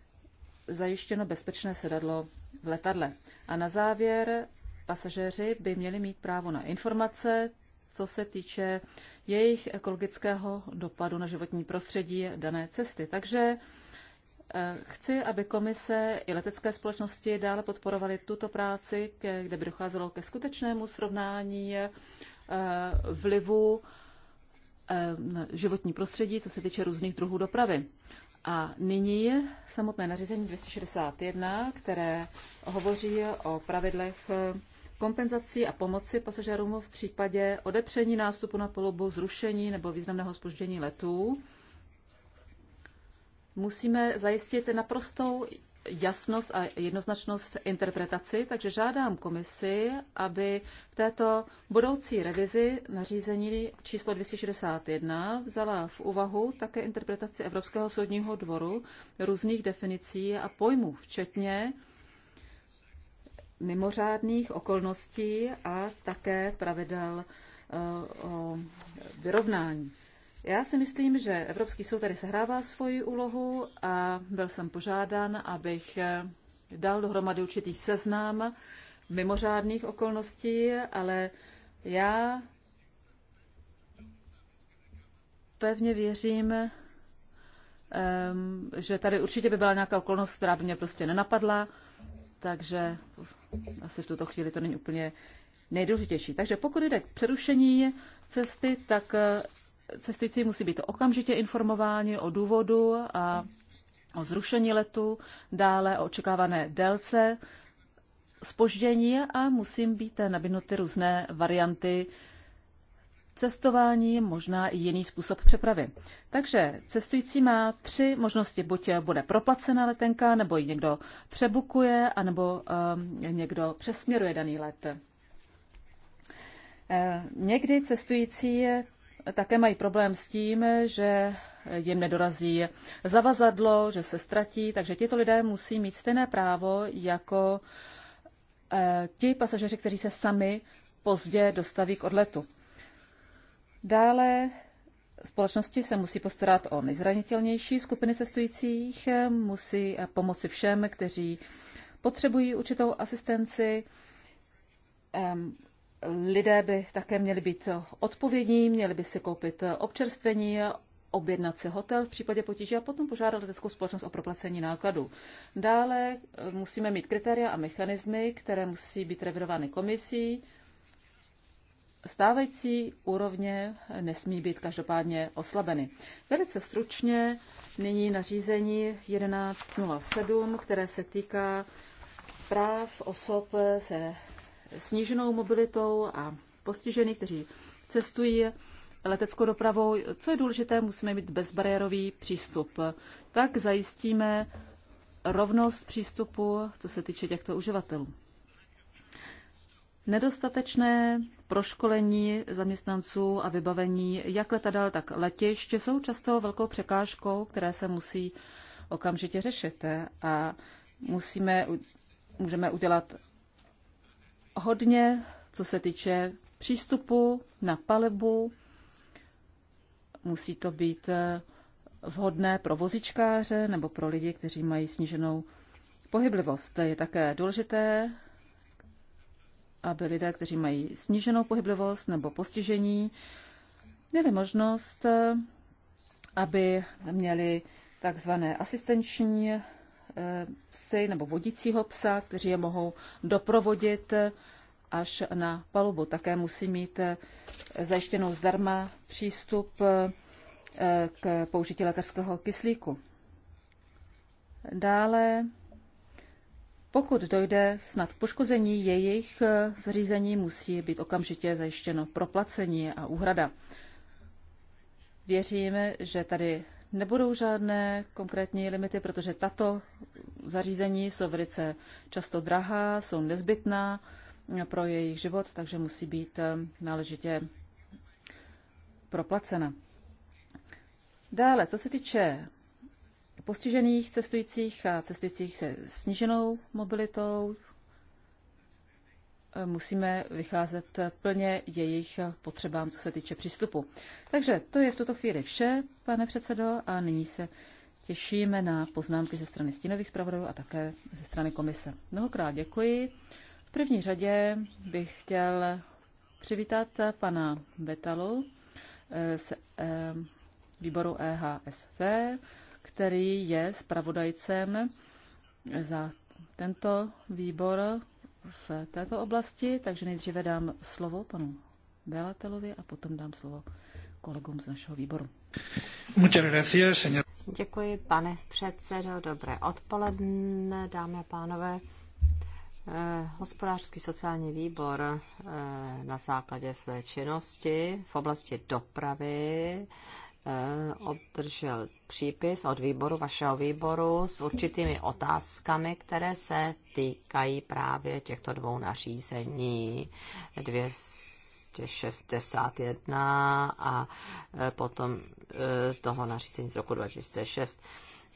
zajištěno bezpečné sedadlo v letadle. A na závěr pasažéři by měli mít právo na informace, co se týče jejich ekologického dopadu na životní prostředí dané cesty. Takže eh, Chci, aby komise i letecké společnosti dále podporovaly tuto práci, kde by docházelo ke skutečnému srovnání eh, vlivu eh, životní prostředí, co se týče různých druhů dopravy. A nyní samotné nařízení 261, které hovoří o pravidlech kompenzací a pomoci pasažérům v případě odepření nástupu na polobu, zrušení nebo významného spoždění letů. Musíme zajistit naprostou jasnost a jednoznačnost v interpretaci, takže žádám komisi, aby v této budoucí revizi nařízení číslo 261 vzala v úvahu také interpretaci Evropského soudního dvoru různých definicí a pojmů, včetně mimořádných okolností a také pravidel eh, o vyrovnání. Já si myslím, že Evropský soud tady sehrává svoji úlohu a byl jsem požádán, abych eh, dal dohromady určitý seznam mimořádných okolností, ale já pevně věřím, eh, že tady určitě by byla nějaká okolnost, která by mě prostě nenapadla takže asi v tuto chvíli to není úplně nejdůležitější. Takže pokud jde k přerušení cesty, tak eh, cestující musí být okamžitě informováni o důvodu a o zrušení letu, dále o očekávané délce spoždění a musím být nabídnuty různé varianty cestování, možná i jiný způsob přepravy. Takže cestující má tři možnosti. Buď bude proplacena letenka, nebo ji někdo přebukuje, anebo uh, někdo přesměruje daný let. Eh, někdy cestující také mají problém s tím, že jim nedorazí zavazadlo, že se ztratí, takže tito lidé musí mít stejné právo jako eh, ti pasažeři, kteří se sami pozdě dostaví k odletu. Dále společnosti se musí postarat o nejzranitelnější skupiny cestujících, musí pomoci všem, kteří potřebují určitou asistenci. Lidé by také měli být odpovědní, měli by si koupit občerstvení, objednat si hotel v případě potíže a potom požádat leteckou společnost o proplacení nákladů. Dále eh, musíme mít kritéria a mechanismy, které musí být revidovány komisí, stávající úrovně nesmí být každopádně oslabeny. Velice stručně nyní nařízení 1107, které se týká práv osob se sníženou mobilitou a postižených, kteří cestují leteckou dopravou. Co je důležité, musíme mít bezbariérový přístup. Tak zajistíme rovnost přístupu, co se týče těchto uživatelů. Nedostatečné proškolení zaměstnanců a vybavení jak letadel, tak letiště jsou často velkou překážkou, které se musí okamžitě řešit. A musíme, můžeme udělat hodně, co se týče přístupu na palebu, Musí to být eh, vhodné pro vozičkáře nebo pro lidi, kteří mají sníženou pohyblivost. Je také důležité aby lidé, kteří mají sníženou pohyblivost nebo postižení, měli možnost, eh, aby měli takzvané asistenční eh, psy nebo vodícího psa, kteří je mohou doprovodit eh, až na palubu. Také musí mít zajištěnou zdarma přístup k použití lékařského kyslíku. Dále pokud dojde snad k poškození jejich eh, zřízení, musí být okamžitě zajištěno proplacení a úhrada. Věříme, že tady nebudou žádné konkrétní limity, protože tato zařízení jsou velice často drahá, jsou nezbytná eh, pro jejich život, takže musí být eh, náležitě proplacena. Dále, co se týče postižených cestujících a cestujících se sníženou mobilitou. Musíme vycházet plně jejich potřebám, co se týče přístupu. Takže to je v tuto chvíli vše, pane předsedo, a nyní se těšíme na poznámky ze strany stínových zpravodajů a také ze strany komise. Mnohokrát děkuji. V první řadě bych chtěl přivítat pana Betalu z eh, výboru EHSV který je spravodajcem za tento výbor v této oblasti, takže nejdříve dám slovo panu Belatelovi a potom dám slovo kolegům z našeho výboru. Děkuji, pane předsedo. Dobré odpoledne, dámy a pánové. Eh, hospodářský sociální výbor eh, na základě své činnosti v oblasti dopravy Eh, obdržel přípis od výboru, vašeho výboru, s určitými otázkami, které se týkají právě těchto dvou nařízení 261 a eh, potom eh, toho nařízení z roku 2006.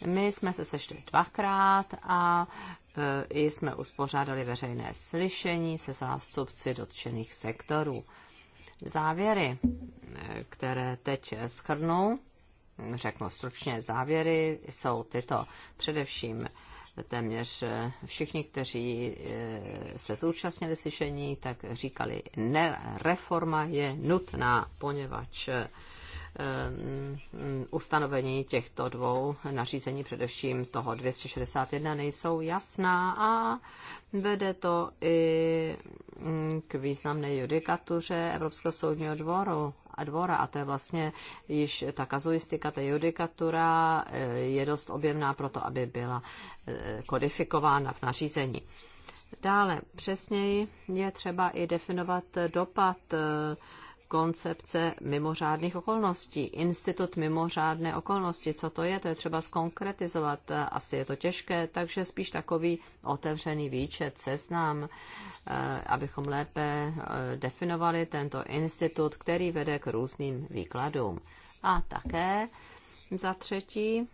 My jsme se sešli dvakrát a i jsme uspořádali veřejné slyšení se zástupci dotčených sektorů závěry, eh, které teď schrnu, řeknu stručně závěry, jsou tyto především téměř eh, všichni, kteří eh, se zúčastnili slyšení, tak říkali, ne, reforma je nutná, poněvadž eh, mm, ustanovení těchto dvou nařízení, především toho 261, nejsou jasná a vede to i mm, k významné judikatuře Evropského soudního dvoru a dvora a to je vlastně již ta kazuistika, ta judikatura eh, je dost objemná pro to, aby byla eh, kodifikována v nařízení. Dále přesněji je třeba i definovat dopad eh, koncepce mimořádných okolností. Institut mimořádné okolnosti, co to je, to je třeba zkonkretizovat. Asi je to těžké, takže spíš takový otevřený výčet, seznam, eh, abychom lépe eh, definovali tento institut, který vede k různým výkladům. A také za třetí,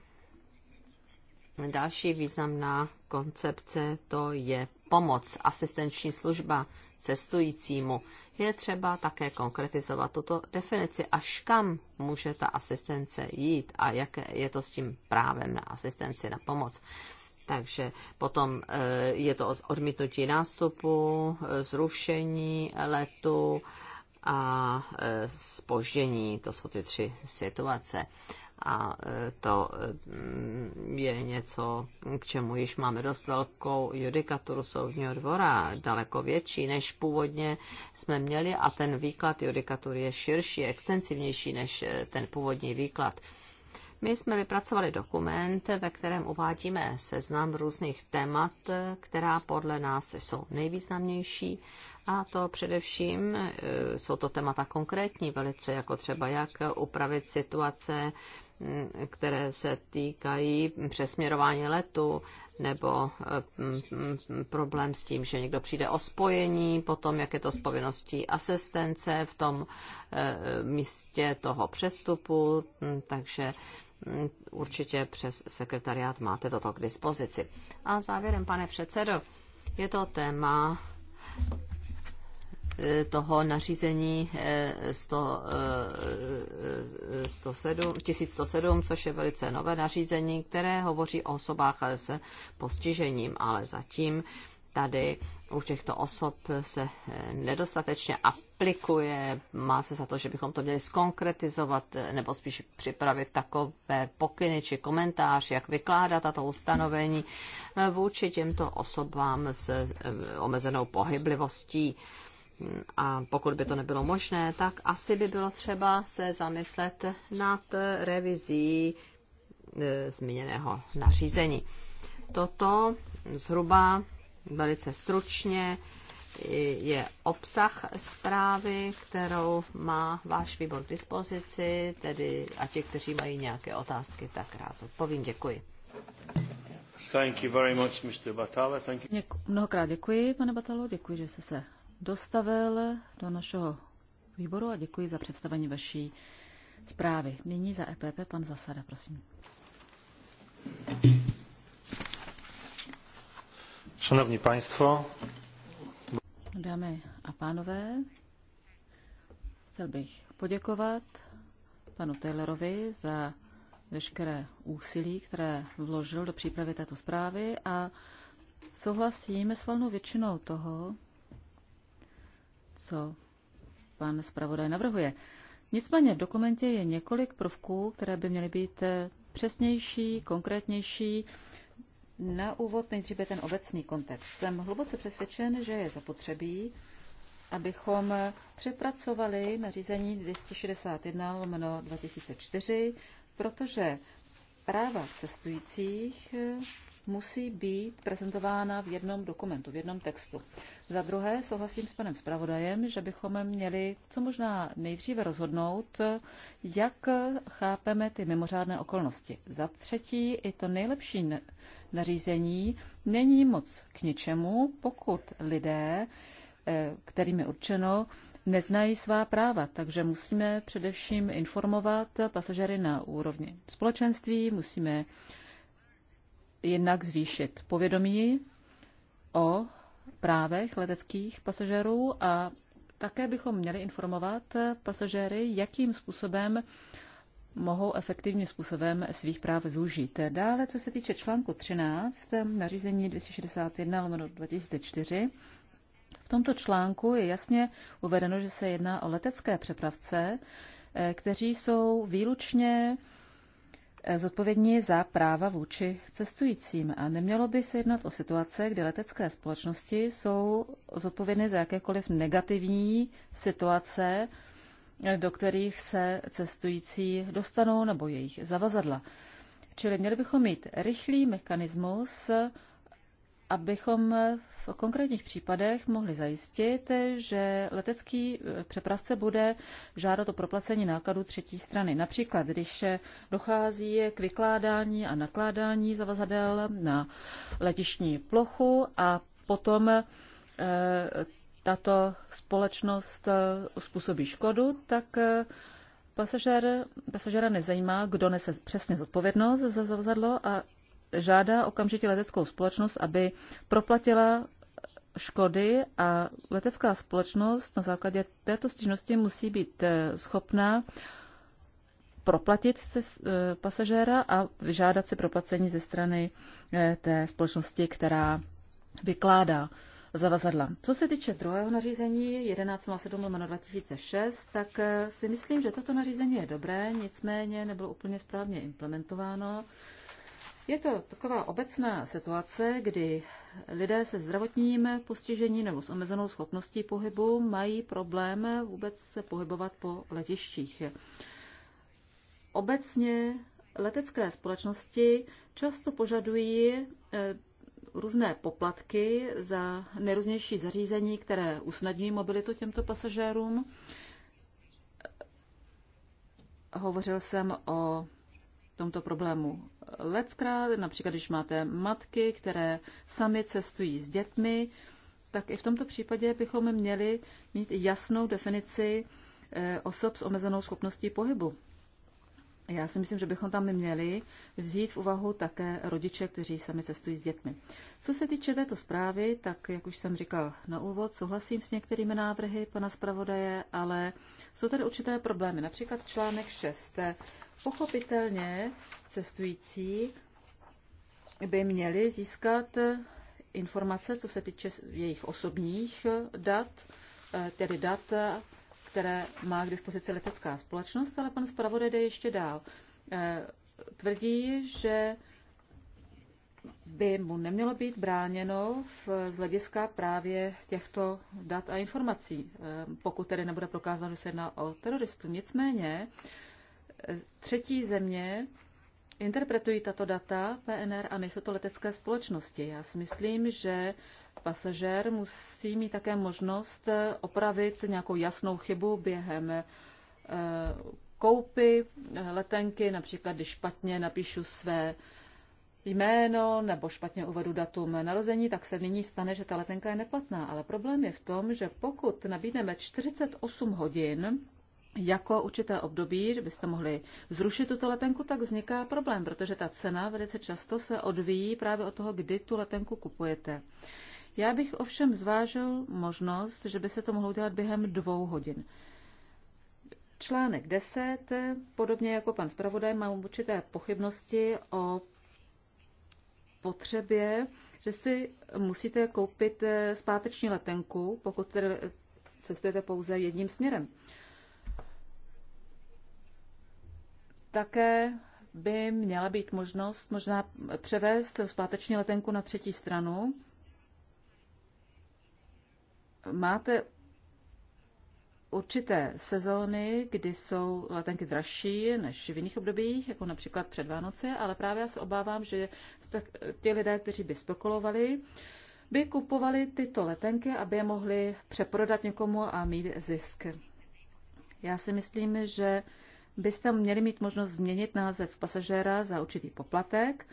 další významná koncepce, to je pomoc, asistenční služba cestujícímu. Je třeba také konkretizovat tuto definici, až kam může ta asistence jít a jak je to s tím právem na asistenci, na pomoc. Takže potom eh, je to odmítnutí nástupu, eh, zrušení letu a spoždění. Eh, to jsou ty tři situace a e, to e, je něco, k čemu již máme dost velkou judikaturu soudního dvora, daleko větší, než původně jsme měli a ten výklad judikatury je širší, extensivnější než e, ten původní výklad. My jsme vypracovali dokument, ve kterém uvádíme seznam různých témat, která podle nás jsou nejvýznamnější. A to především jsou to témata konkrétní velice, jako třeba jak upravit situace Mm, které se týkají přesměrování letu nebo mm, mm, problém s tím, že někdo přijde o spojení, potom jak je to s povinností asistence v tom eh, místě toho přestupu, takže určitě přes sekretariát máte toto k dispozici. A závěrem, pane předsedo, je to téma, Eh, toho nařízení 100, 107, 1107, což je velice nové nařízení, které hovoří o osobách s postižením, ale zatím tady u těchto osob se eh, nedostatečně aplikuje. Má se za to, že bychom to měli skonkretizovat eh, nebo spíš připravit takové pokyny či komentář, jak vykládat tato ustanovení vůči těmto osobám s omezenou pohyblivostí a pokud by to nebylo možné, tak asi by bylo třeba se zamyslet nad revizí e, zmíněného nařízení. Toto zhruba velice stručně je obsah zprávy, kterou má váš výbor k dispozici, tedy a ti, kteří mají nějaké otázky, tak rád odpovím. Děkuji. Thank you very much, Mr. Batale. Thank you. Mnohokrát děkuji, pane Batalo, děkuji, že jste se dostavil do našeho výboru a děkuji za představení vaší zprávy. Nyní za EPP pan Zasada, prosím. Szanowni Państwo. Dámy a pánové, chtěl bych poděkovat panu Taylorovi za veškeré úsilí, které vložil do přípravy této zprávy a souhlasím s volnou většinou toho, co pan zpravodaj navrhuje. Nicméně v dokumentě je několik prvků, které by měly být eh, přesnější, konkrétnější. Na úvod nejdříve ten obecný kontext. Jsem hluboce přesvědčen, že je zapotřebí, abychom přepracovali nařízení 261 lomeno 2004, protože práva cestujících eh, musí být prezentována v jednom dokumentu, v jednom textu. Za druhé souhlasím s panem zpravodajem, že bychom měli co možná nejdříve rozhodnout, jak chápeme ty mimořádné okolnosti. Za třetí i to nejlepší nařízení není moc k ničemu, pokud lidé, eh, kterým je určeno, neznají svá práva, takže musíme především informovat pasažery na úrovni společenství, musíme jednak zvýšit povědomí o právech leteckých pasažérů a také bychom měli informovat pasažéry, jakým způsobem mohou efektivním způsobem svých práv využít. Dále, co se týče článku 13 nařízení 261 2004, v tomto článku je jasně uvedeno, že se jedná o letecké přepravce, eh, kteří jsou výlučně zodpovědní za práva vůči cestujícím a nemělo by se jednat o situace, kdy letecké společnosti jsou zodpovědné za jakékoliv negativní situace, do kterých se cestující dostanou nebo jejich zavazadla. Čili měli bychom mít rychlý mechanismus, abychom v konkrétních případech mohli zajistit, že letecký eh, přepravce bude žádat o proplacení nákladů třetí strany. Například, když dochází k vykládání a nakládání zavazadel na letišní plochu a potom eh, tato společnost eh, způsobí škodu, tak pasažér, pasažéra nezajímá, kdo nese přesně zodpovědnost za zavazadlo a žádá okamžitě leteckou společnost, aby proplatila škody a letecká společnost na základě této stížnosti musí být eh, schopná proplatit eh, pasažéra a vyžádat si proplacení ze strany eh, té společnosti, která vykládá zavazadla. Co se týče druhého nařízení 1107 2006, tak si myslím, že toto nařízení je dobré, nicméně nebylo úplně správně implementováno. Je to taková obecná situace, kdy lidé se zdravotním postižením nebo s omezenou schopností pohybu mají problém vůbec se pohybovat po letištích. Obecně letecké společnosti často požadují eh, různé poplatky za nejrůznější zařízení, které usnadňují mobilitu těmto pasažérům. Hovořil jsem o tomto problému leckrát, například když máte matky, které sami cestují s dětmi, tak i v tomto případě bychom měli mít jasnou definici eh, osob s omezenou schopností pohybu. Já si myslím, že bychom tam měli vzít v úvahu také rodiče, kteří sami cestují s dětmi. Co se týče této zprávy, tak jak už jsem říkal na úvod, souhlasím s některými návrhy pana zpravodaje, ale jsou tady určité problémy. Například článek 6. Pochopitelně cestující by měli získat informace, co se týče jejich osobních dat, eh, tedy dat které má k dispozici letecká společnost, ale pan zpravodaj jde ještě dál. Eh, tvrdí, že by mu nemělo být bráněno v, z hlediska právě těchto dat a informací, eh, pokud tedy nebude prokázáno, že se jedná o teroristu. Nicméně eh, třetí země interpretují tato data PNR a nejsou to letecké společnosti. Já si myslím, že Pasažér musí mít také možnost eh, opravit nějakou jasnou chybu během eh, koupy eh, letenky, například když špatně napíšu své jméno nebo špatně uvedu datum narození, tak se nyní stane, že ta letenka je neplatná. Ale problém je v tom, že pokud nabídneme 48 hodin jako určité období, že byste mohli zrušit tuto letenku, tak vzniká problém, protože ta cena velice často se odvíjí právě od toho, kdy tu letenku kupujete. Já bych ovšem zvážil možnost, že by se to mohlo dělat během dvou hodin. Článek 10, podobně jako pan zpravodaj, mám určité pochybnosti o potřebě, že si musíte koupit eh, zpáteční letenku, pokud cestujete pouze jedním směrem. Také by měla být možnost možná převést zpáteční letenku na třetí stranu, máte určité sezóny, kdy jsou letenky dražší než v jiných obdobích, jako například před Vánoce, ale právě já se obávám, že ti lidé, kteří by spekulovali, by kupovali tyto letenky, aby je mohli přeprodat někomu a mít zisk. Já si myslím, že byste měli mít možnost změnit název pasažéra za určitý poplatek.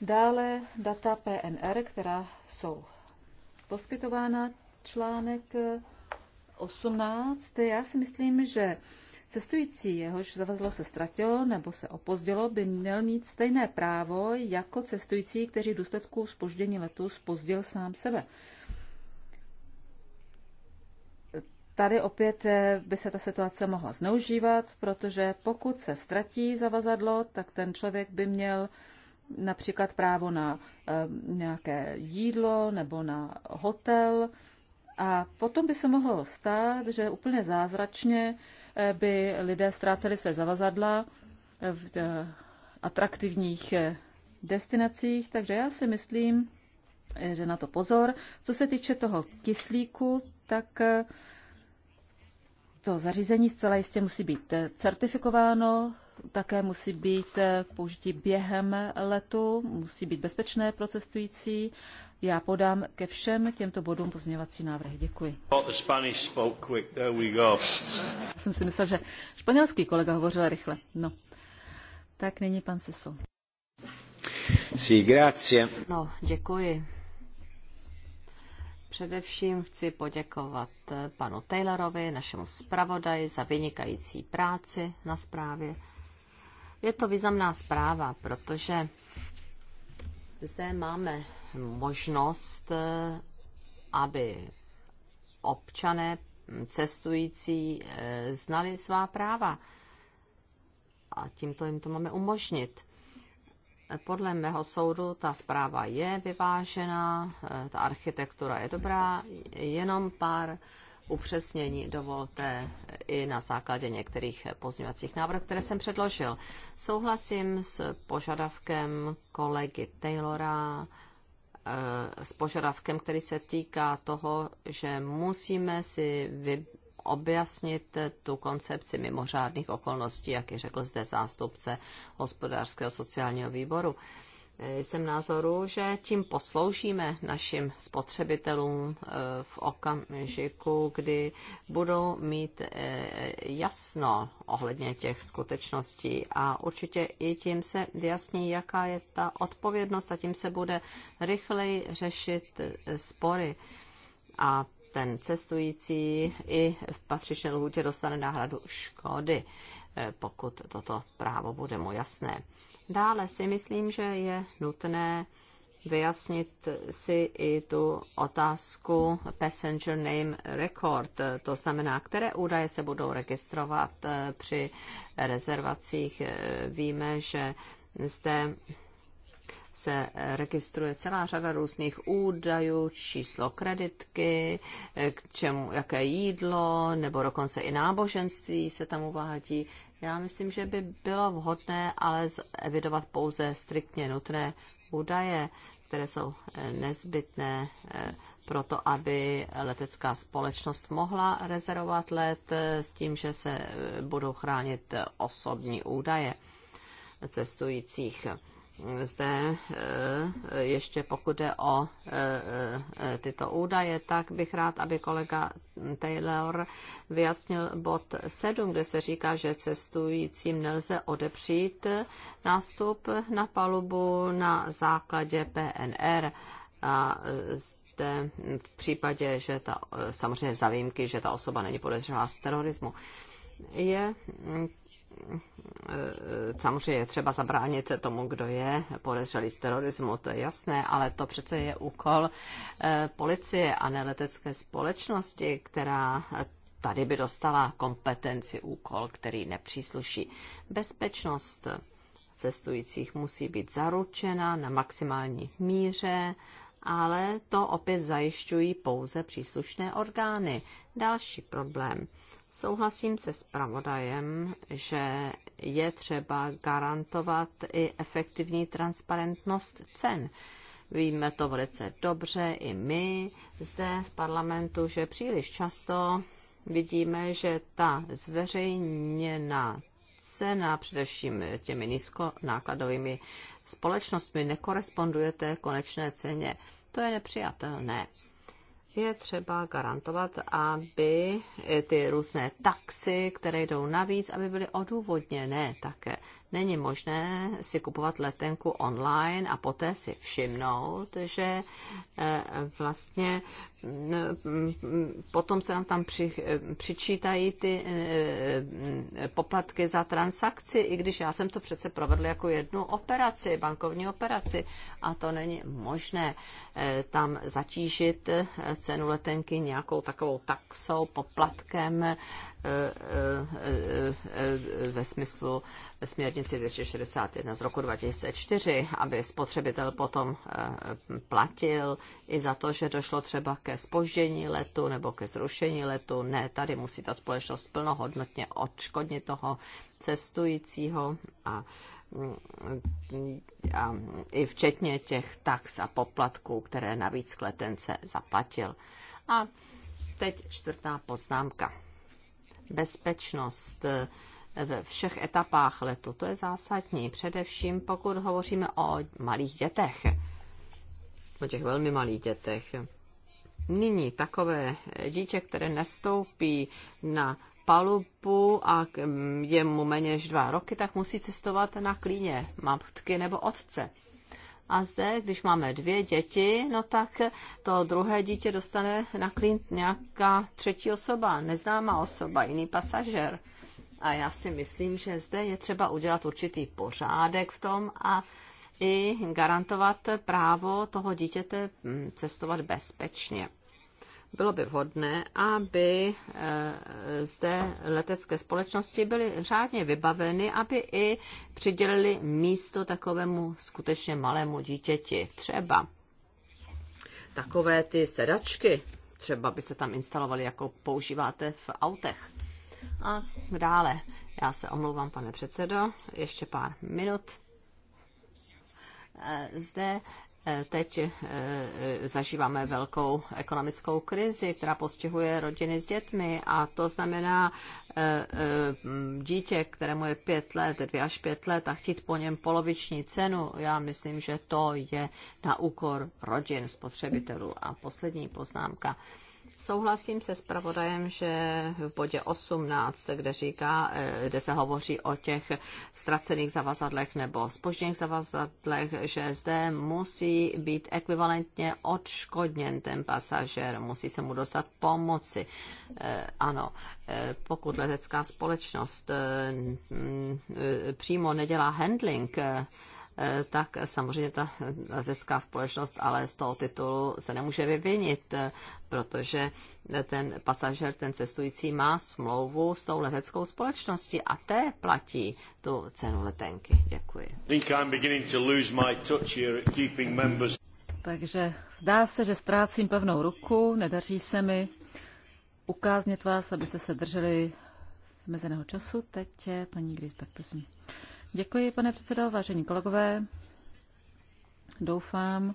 Dále data PNR, která jsou poskytována, Článek 18. Eh, Já si myslím, že cestující, jehož zavazadlo se ztratilo nebo se opozdilo, by měl mít stejné právo jako cestující, kteří v důsledku spoždění letu spozdil sám sebe. Tady opět eh, by se ta situace mohla zneužívat, protože pokud se ztratí zavazadlo, tak ten člověk by měl například právo na eh, nějaké jídlo nebo na hotel, a potom by se mohlo stát, že úplně zázračně eh, by lidé ztráceli své zavazadla v eh, atraktivních eh, destinacích, takže já si myslím, že na to pozor. Co se týče toho kyslíku, tak to zařízení zcela jistě musí být certifikováno, také musí být použití během letu, musí být bezpečné pro cestující já podám ke všem těmto bodům pozměňovací návrhy. Děkuji. Já jsem si myslel, že španělský kolega hovořil rychle. No. Tak nyní pan Sisu. Sí, grazie. No, děkuji. Především chci poděkovat panu Taylorovi, našemu zpravodaji, za vynikající práci na zprávě. Je to významná zpráva, protože zde máme možnost, eh, aby občané cestující eh, znali svá práva. A tímto jim to máme umožnit. Podle mého soudu ta zpráva je vyvážená, eh, ta architektura je dobrá, jenom pár upřesnění dovolte i na základě některých pozměňovacích návrhů, které jsem předložil. Souhlasím s požadavkem kolegy Taylora Eh, s požadavkem, který se týká toho, že musíme si vy, objasnit tu koncepci mimořádných okolností, jak je řekl zde zástupce hospodářského sociálního výboru. Uh, jsem názoru, že tím posloužíme našim spotřebitelům eh, v okamžiku, kdy budou mít eh, jasno ohledně těch skutečností a určitě i tím se vyjasní, jaká je ta odpovědnost a tím se bude rychleji řešit eh, spory. A ten cestující i v patřičné lhůtě dostane náhradu škody, pokud toto právo bude mu jasné. Dále si myslím, že je nutné vyjasnit si i tu otázku passenger name record, to znamená, které údaje se budou registrovat eh, při rezervacích. Eh, víme, že zde se registruje celá řada různých údajů, číslo kreditky, eh, k čemu, jaké jídlo, nebo dokonce i náboženství se tam uvádí. Já myslím, že by bylo vhodné ale evidovat pouze striktně nutné údaje, které jsou eh, nezbytné eh, pro to, aby letecká společnost mohla rezervovat let eh, s tím, že se budou chránit osobní údaje cestujících zde e, ještě pokud jde o e, e, tyto údaje, tak bych rád, aby kolega Taylor vyjasnil bod 7, kde se říká, že cestujícím nelze odepřít nástup na palubu na základě PNR. A zde v případě, že ta, samozřejmě za výjimky, že ta osoba není podezřelá z terorismu, je Eh, samozřejmě je třeba zabránit tomu, kdo je podezřelý z terorismu, to je jasné, ale to přece je úkol eh, policie a neletecké společnosti, která tady by dostala kompetenci úkol, který nepřísluší. Bezpečnost cestujících musí být zaručena na maximální míře, ale to opět zajišťují pouze příslušné orgány. Další problém. Souhlasím se s pravodajem, že je třeba garantovat i efektivní transparentnost cen. Víme to velice dobře i my zde v parlamentu, že příliš často vidíme, že ta zveřejněná cena především těmi nízkonákladovými společnostmi nekoresponduje té konečné ceně. To je nepřijatelné je třeba garantovat, aby ty různé taxy, které jdou navíc, aby byly odůvodněné také není možné si kupovat letenku online a poté si všimnout, že eh, vlastně mm, mm, potom se nám tam při, přičítají ty eh, mm, poplatky za transakci, i když já jsem to přece provedl jako jednu operaci, bankovní operaci a to není možné eh, tam zatížit cenu letenky nějakou takovou taxou, poplatkem, ve smyslu směrnice 261 z roku 2004, aby spotřebitel potom eh, platil i za to, že došlo třeba ke spoždění letu nebo ke zrušení letu. Ne, tady musí ta společnost plnohodnotně odškodnit toho cestujícího a mm, a i včetně těch tax a poplatků, které navíc k letence zaplatil. A teď čtvrtá poznámka bezpečnost eh, ve všech etapách letu. To je zásadní, především pokud hovoříme o malých dětech, o těch velmi malých dětech. Nyní takové dítě, které nestoupí na palubu a je mu méně než dva roky, tak musí cestovat na klíně matky nebo otce. A zde, když máme dvě děti, no tak to druhé dítě dostane na klín nějaká třetí osoba, neznámá osoba, jiný pasažer. A já si myslím, že zde je třeba udělat určitý pořádek v tom a i garantovat právo toho dítěte mm, cestovat bezpečně bylo by vhodné, aby eh, zde letecké společnosti byly řádně vybaveny, aby i přidělili místo takovému skutečně malému dítěti. Třeba takové ty sedačky, třeba by se tam instalovaly, jako používáte v autech. A dále, já se omlouvám, pane předsedo, ještě pár minut. Eh, zde teď eh, zažíváme velkou ekonomickou krizi, která postihuje rodiny s dětmi a to znamená eh, eh, dítě, kterému je pět let, dvě až pět let a chtít po něm poloviční cenu, já myslím, že to je na úkor rodin, spotřebitelů. A poslední poznámka. Souhlasím se zpravodajem, že v bodě 18, kde říká, eh, kde se hovoří o těch ztracených zavazadlech nebo spožděných zavazadlech, že zde musí být ekvivalentně odškodněn ten pasažér, musí se mu dostat pomoci. Eh, ano, eh, pokud letecká společnost přímo nedělá handling, Eh, tak samozřejmě ta letecká společnost ale z toho titulu se nemůže vyvinit, eh, protože ten pasažer, ten cestující má smlouvu s tou leteckou společností a té platí tu cenu letenky. Děkuji. Takže zdá se, že ztrácím pevnou ruku, nedaří se mi ukáznit vás, abyste se drželi mezeného času. Teď je paní Grisberg, prosím. Děkuji, pane předsedo, vážení kolegové. Doufám,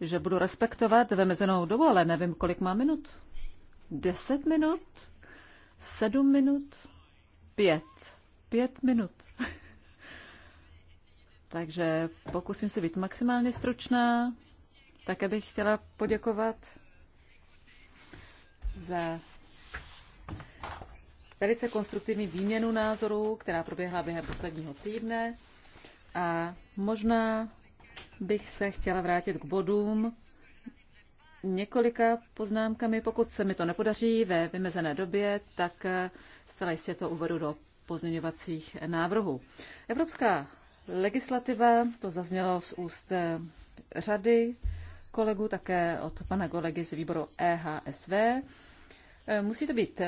že budu respektovat vemezenou dobu, ale nevím, kolik má minut. Deset minut? Sedm minut? Pět. Pět minut. [laughs] Takže pokusím se být maximálně stručná. Také bych chtěla poděkovat za velice konstruktivní výměnu názorů, která proběhla během posledního týdne. A možná bych se chtěla vrátit k bodům několika poznámkami. Pokud se mi to nepodaří ve vymezené době, tak zcela jistě to uvedu do pozměňovacích návrhů. Evropská legislativa, to zaznělo z úst eh, řady kolegů, také od pana kolegy z výboru e EHSV. Musí to být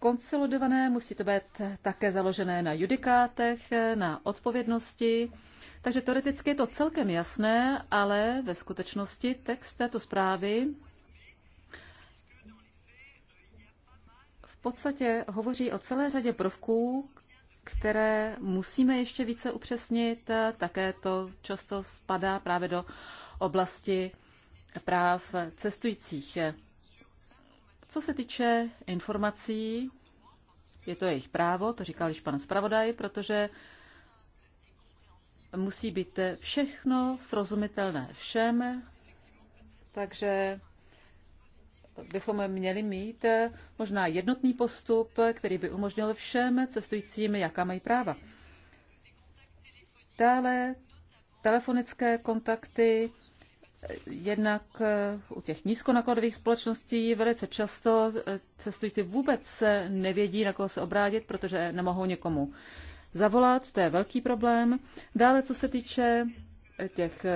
konsolidované, musí to být také založené na judikátech, na odpovědnosti. Takže teoreticky je to celkem jasné, ale ve skutečnosti text této zprávy v podstatě hovoří o celé řadě prvků, které musíme ještě více upřesnit. Také to často spadá právě do oblasti práv cestujících. Co se týče informací, je to jejich právo, to říkal již pan zpravodaj, protože musí být všechno srozumitelné všem, takže bychom měli mít možná jednotný postup, který by umožnil všem cestujícím, jaká mají práva. Dále telefonické kontakty Jednak eh, u těch nízkonakladových společností velice často eh, cestující vůbec nevědí, na koho se obrátit, protože nemohou někomu zavolat, to je velký problém. Dále, co se týče eh, těch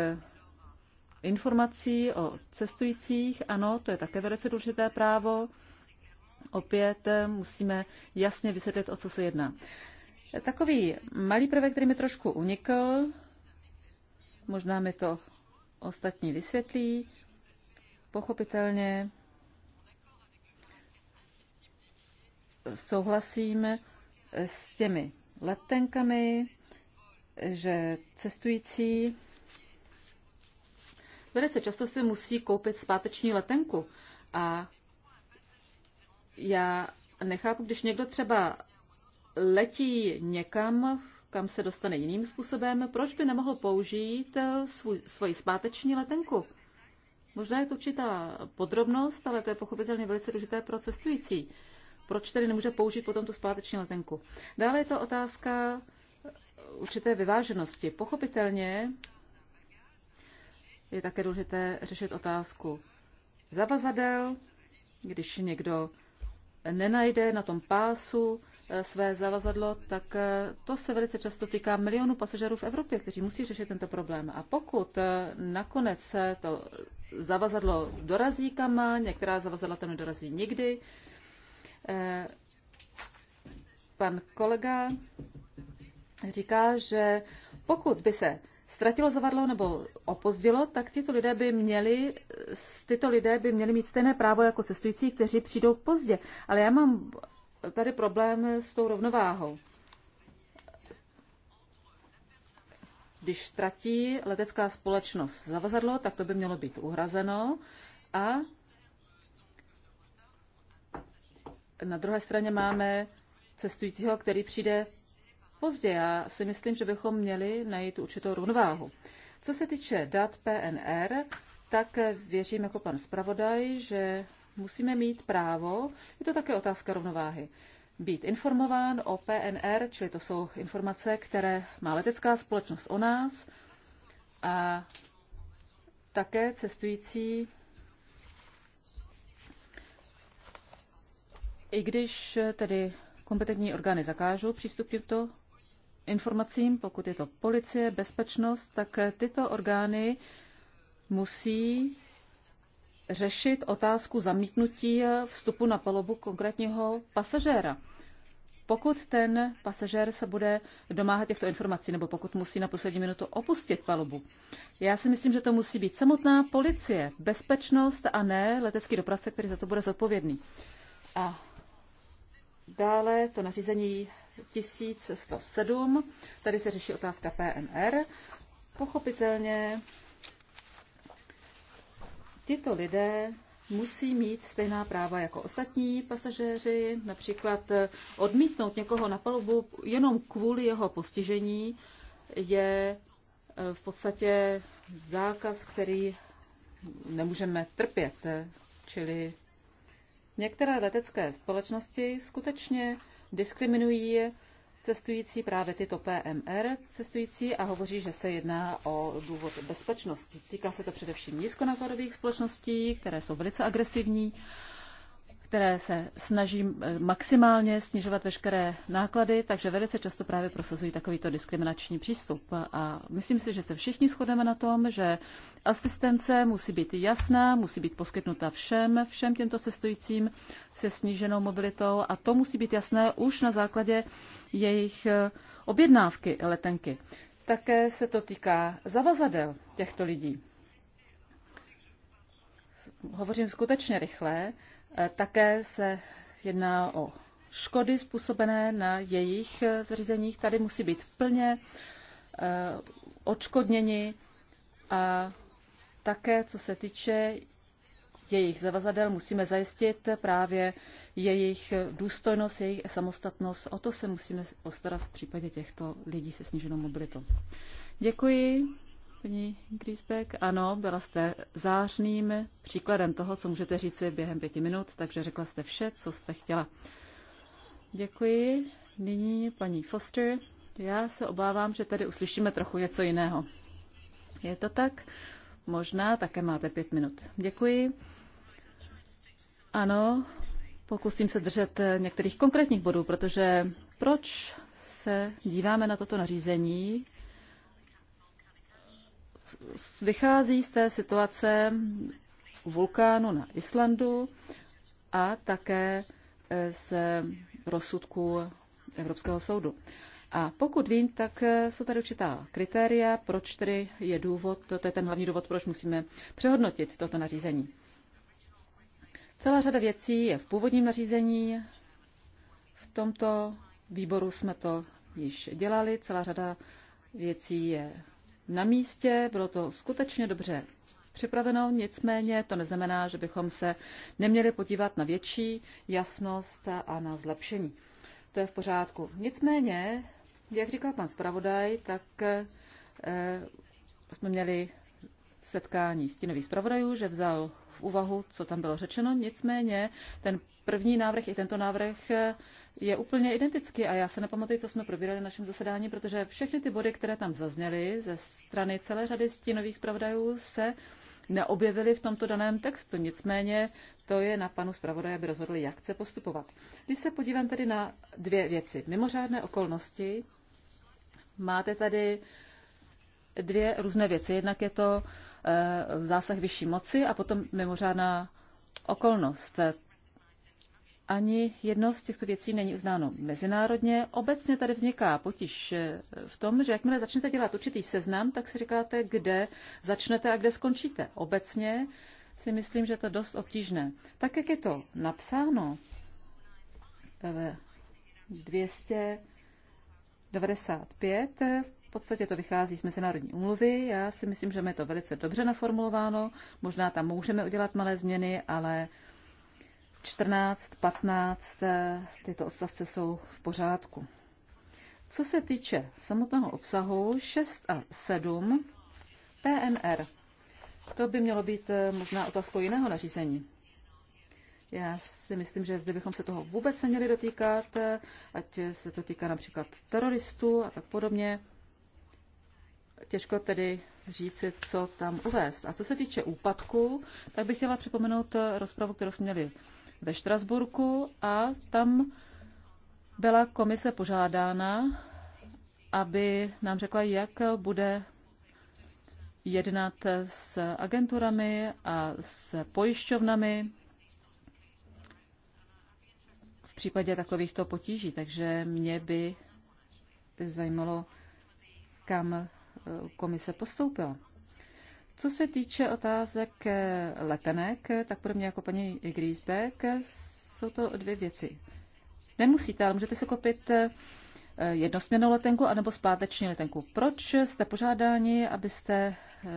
informací o cestujících, ano, to je také velice důležité právo. Opět musíme jasně vysvětlit, o co se jedná. Takový malý prvek, který mi trošku unikl, možná mi to ostatní vysvětlí. Pochopitelně souhlasím s těmi letenkami, že cestující velice často si musí koupit zpáteční letenku. A já nechápu, když někdo třeba letí někam kam se dostane jiným způsobem, proč by nemohl použít eh, svůj, svoji zpáteční letenku? Možná je to určitá podrobnost, ale to je pochopitelně velice důležité pro cestující. Proč tedy nemůže použít potom tu zpáteční letenku? Dále je to otázka eh, určité vyváženosti. Pochopitelně je také důležité řešit otázku zavazadel, když někdo nenajde na tom pásu Eh, své zavazadlo, tak eh, to se velice často týká milionů pasažerů v Evropě, kteří musí řešit tento problém. A pokud eh, nakonec se to zavazadlo dorazí kam má, některá zavazadla tam nedorazí nikdy, pan kolega říká, že pokud by se ztratilo zavadlo nebo opozdilo, tak tyto lidé by měli, tyto lidé by měli mít stejné právo jako cestující, kteří přijdou pozdě. Ale já mám tady problém s tou rovnováhou. Když ztratí letecká společnost zavazadlo, tak to by mělo být uhrazeno a na druhé straně máme cestujícího, který přijde pozdě. Já si myslím, že bychom měli najít určitou rovnováhu. Co se týče dat PNR, tak věřím jako pan zpravodaj, že musíme mít právo, je to také otázka rovnováhy, být informován o PNR, čili to jsou informace, které má letecká společnost o nás a také cestující, i když tedy kompetentní orgány zakážou přístup těmto informacím, pokud je to policie, bezpečnost, tak tyto orgány musí řešit otázku zamítnutí vstupu na palubu konkrétního pasažéra. Pokud ten pasažér se bude domáhat těchto informací, nebo pokud musí na poslední minutu opustit palubu. Já si myslím, že to musí být samotná policie, bezpečnost a ne letecký dopravce, který za to bude zodpovědný. A dále to nařízení 1107, tady se řeší otázka PNR. Pochopitelně Tito lidé musí mít stejná práva jako ostatní pasažéři, například eh, odmítnout někoho na palubu jenom kvůli jeho postižení je eh, v podstatě zákaz, který nemůžeme trpět. Čili některé letecké společnosti skutečně diskriminují cestující právě tyto PMR cestující a hovoří, že se jedná o důvod bezpečnosti. Týká se to především nízkonákladových společností, které jsou velice agresivní které se snaží eh, maximálně snižovat veškeré náklady, takže velice často právě prosazují takovýto diskriminační přístup. A myslím si, že se všichni shodneme na tom, že asistence musí být jasná, musí být poskytnuta všem, všem těmto cestujícím se sníženou mobilitou a to musí být jasné už na základě jejich eh, objednávky letenky. Také se to týká zavazadel těchto lidí. Hovořím skutečně rychle. Eh, také se jedná o škody způsobené na jejich eh, zřízeních. Tady musí být plně eh, odškodněni a také, co se týče jejich zavazadel, musíme zajistit právě jejich důstojnost, jejich samostatnost. O to se musíme postarat v případě těchto lidí se sníženou mobilitou. Děkuji. Paní Griesbeck, ano, byla jste zářným příkladem toho, co můžete říci během pěti minut, takže řekla jste vše, co jste chtěla. Děkuji. Nyní paní Foster. Já se obávám, že tady uslyšíme trochu něco jiného. Je to tak? Možná také máte pět minut. Děkuji. Ano, pokusím se držet některých konkrétních bodů, protože proč se díváme na toto nařízení vychází z té situace vulkánu na Islandu a také eh, z rozsudku Evropského soudu. A pokud vím, tak eh, jsou tady určitá kritéria, proč tedy je důvod, to, to je ten hlavní důvod, proč musíme přehodnotit toto nařízení. Celá řada věcí je v původním nařízení, v tomto výboru jsme to již dělali, celá řada věcí je na místě, bylo to skutečně dobře připraveno, nicméně to neznamená, že bychom se neměli podívat na větší jasnost a na zlepšení. To je v pořádku. Nicméně, jak říkal pan zpravodaj, tak eh, jsme měli setkání stínových zpravodajů, že vzal v úvahu, co tam bylo řečeno. Nicméně ten první návrh i tento návrh eh, je úplně identický a já se nepamatuji, co jsme probírali na našem zasedání, protože všechny ty body, které tam zazněly ze strany celé řady stínových pravdajů, se neobjevily v tomto daném textu. Nicméně to je na panu zpravodaji, aby rozhodl, jak chce postupovat. Když se podívám tedy na dvě věci. Mimořádné okolnosti. Máte tady dvě různé věci. Jednak je to eh, zásah vyšší moci a potom mimořádná okolnost ani jedno z těchto věcí není uznáno mezinárodně. Obecně tady vzniká potíž eh, v tom, že jakmile začnete dělat určitý seznam, tak si říkáte, kde začnete a kde skončíte. Obecně si myslím, že to je dost obtížné. Tak, jak je to napsáno v 295, v podstatě to vychází z mezinárodní úmluvy. Já si myslím, že je to velice dobře naformulováno. Možná tam můžeme udělat malé změny, ale 14, 15, eh, tyto odstavce jsou v pořádku. Co se týče samotného obsahu 6 a 7 PNR, to by mělo být eh, možná otázkou jiného nařízení. Já si myslím, že zde bychom se toho vůbec neměli dotýkat, eh, ať se to týká například teroristů a tak podobně. Těžko tedy říci, co tam uvést. A co se týče úpadku, tak bych chtěla připomenout rozpravu, kterou jsme měli ve Štrasburku a tam byla komise požádána, aby nám řekla, jak bude jednat s agenturami a s pojišťovnami v případě takovýchto potíží. Takže mě by zajímalo, kam komise postoupila. Co se týče otázek eh, letenek, tak pro mě jako paní Griesbeck, jsou to dvě věci. Nemusíte, ale můžete se koupit eh, jednosměrnou letenku anebo zpáteční letenku. Proč jste požádáni, abyste eh,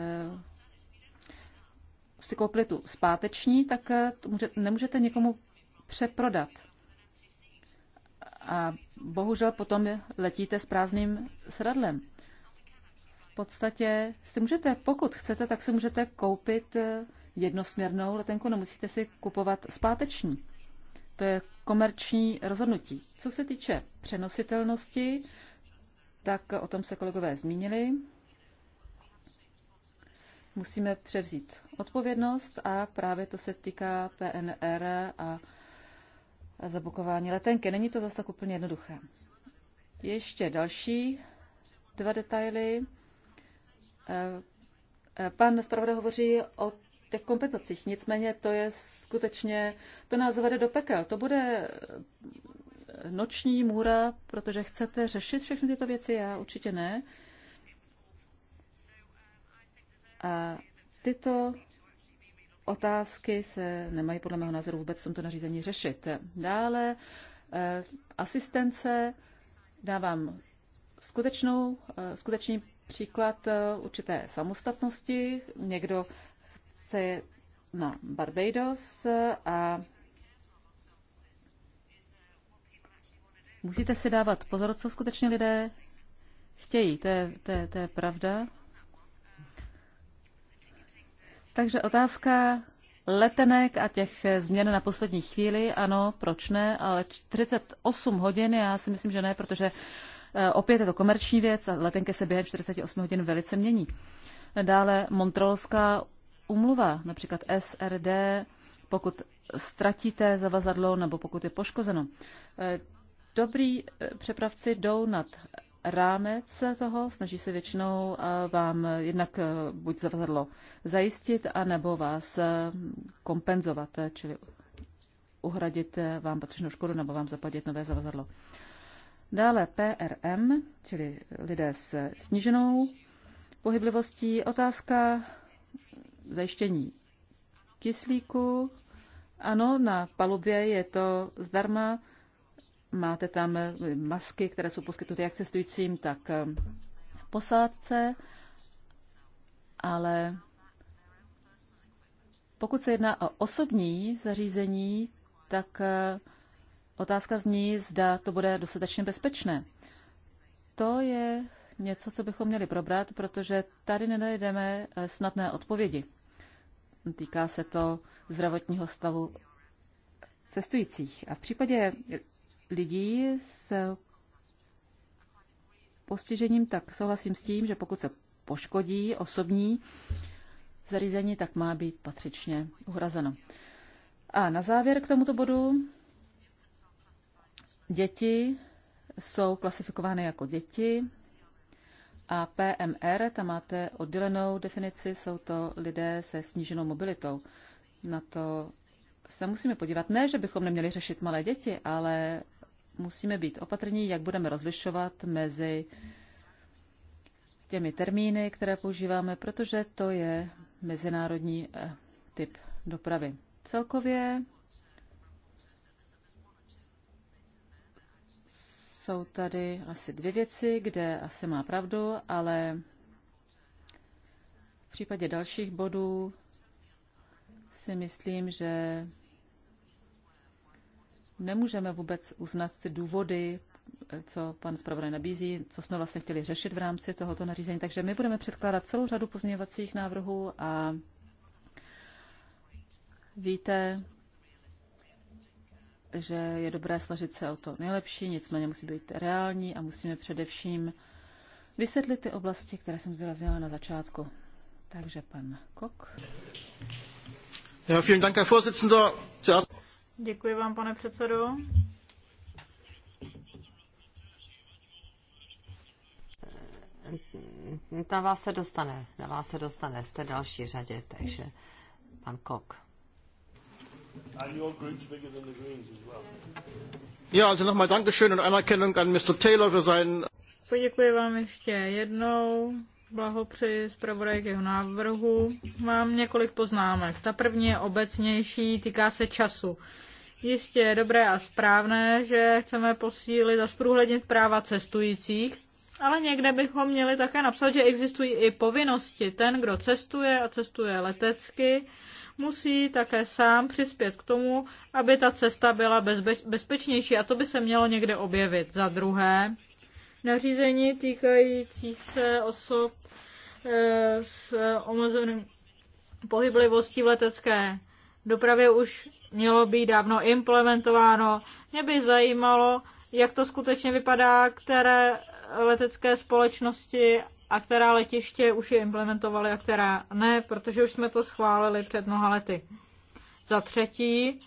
si koupili tu zpáteční, tak nemůžete někomu přeprodat. A bohužel potom letíte s prázdným sradlem podstatě si můžete, pokud chcete, tak si můžete koupit eh, jednosměrnou letenku, nemusíte si kupovat zpáteční. To je komerční rozhodnutí. Co se týče přenositelnosti, tak o tom se kolegové zmínili. Musíme převzít odpovědnost a právě to se týká PNR a zabukování letenky. Není to zase tak úplně jednoduché. Ještě další dva detaily. Eh, pan zpravodaj hovoří o těch kompenzacích. nicméně to je skutečně, to nás zavede do pekel. To bude eh, noční můra, protože chcete řešit všechny tyto věci, já určitě ne. A tyto otázky se nemají podle mého názoru vůbec v tomto nařízení řešit. Dále eh, asistence dávám skutečnou, skutečný příklad eh, určité samostatnosti. Někdo chce na Barbados eh, a musíte si dávat pozor, co skutečně lidé chtějí. To je, to je, to je pravda. Takže otázka letenek a těch změn na poslední chvíli, ano, proč ne, ale 48 hodin, já si myslím, že ne, protože uh, Eh, opět je to komerční věc a letenky se během 48 hodin velice mění. Dále Montrolská umluva, například SRD, pokud ztratíte zavazadlo nebo pokud je poškozeno. Eh, dobrý eh, přepravci jdou nad rámec toho, snaží se většinou vám jednak buď zavazadlo zajistit, anebo vás kompenzovat, čili uhradit vám patřičnou škodu nebo vám zapadit nové zavazadlo. Dále PRM, čili lidé s sníženou pohyblivostí. Otázka zajištění kyslíku. Ano, na palubě je to zdarma. Máte tam masky, které jsou poskytnuty jak cestujícím, tak eh, posádce, ale pokud se jedná o osobní zařízení, tak eh, Otázka zní, zda to bude dostatečně bezpečné. To je něco, co bychom měli probrat, protože tady nenajdeme eh, snadné odpovědi. Týká se to zdravotního stavu cestujících. A v případě lidí s postižením, tak souhlasím s tím, že pokud se poškodí osobní zařízení, tak má být patřičně uhrazeno. A na závěr k tomuto bodu Děti jsou klasifikovány jako děti a PMR, tam máte oddělenou definici, jsou to lidé se sníženou mobilitou. Na to se musíme podívat. Ne, že bychom neměli řešit malé děti, ale musíme být opatrní, jak budeme rozlišovat mezi těmi termíny, které používáme, protože to je mezinárodní eh, typ dopravy. Celkově Jsou tady asi dvě věci, kde asi má pravdu, ale v případě dalších bodů si myslím, že nemůžeme vůbec uznat ty důvody, co pan zpravodaj nabízí, co jsme vlastně chtěli řešit v rámci tohoto nařízení. Takže my budeme předkládat celou řadu pozměňovacích návrhů a víte, že je dobré snažit se o to nejlepší, nicméně musí být reální a musíme především vysvětlit ty oblasti, které jsem zrazila na začátku. Takže pan Kok. Ja, vielen Dank, Herr Vorsitzender. Děkuji vám, pane předsedo. Na vás se dostane, na vás se dostane, jste další řadě, takže pan Kok. Ja, also nochmal Dankeschön und Anerkennung an Mr. Taylor für seinen... Poděkuji vám ještě jednou. Blahopřeji zpravodaj k jeho návrhu. Mám několik poznámek. Ta první je obecnější, týká se času. Jistě je dobré a správné, že chceme posílit a zprůhlednit práva cestujících, ale někde bychom měli také napsat, že existují i povinnosti. Ten, kdo cestuje a cestuje letecky, musí také sám přispět k tomu, aby ta cesta byla bezbeč- bezpečnější a to by se mělo někde objevit. Za druhé, nařízení týkající se osob e, s eh, omezeným pohyblivostí v letecké dopravě už mělo být dávno implementováno. Mě by zajímalo, jak to skutečně vypadá, které letecké společnosti a která letiště už je implementovaly a která ne, protože už jsme to schválili před mnoha lety. Za třetí,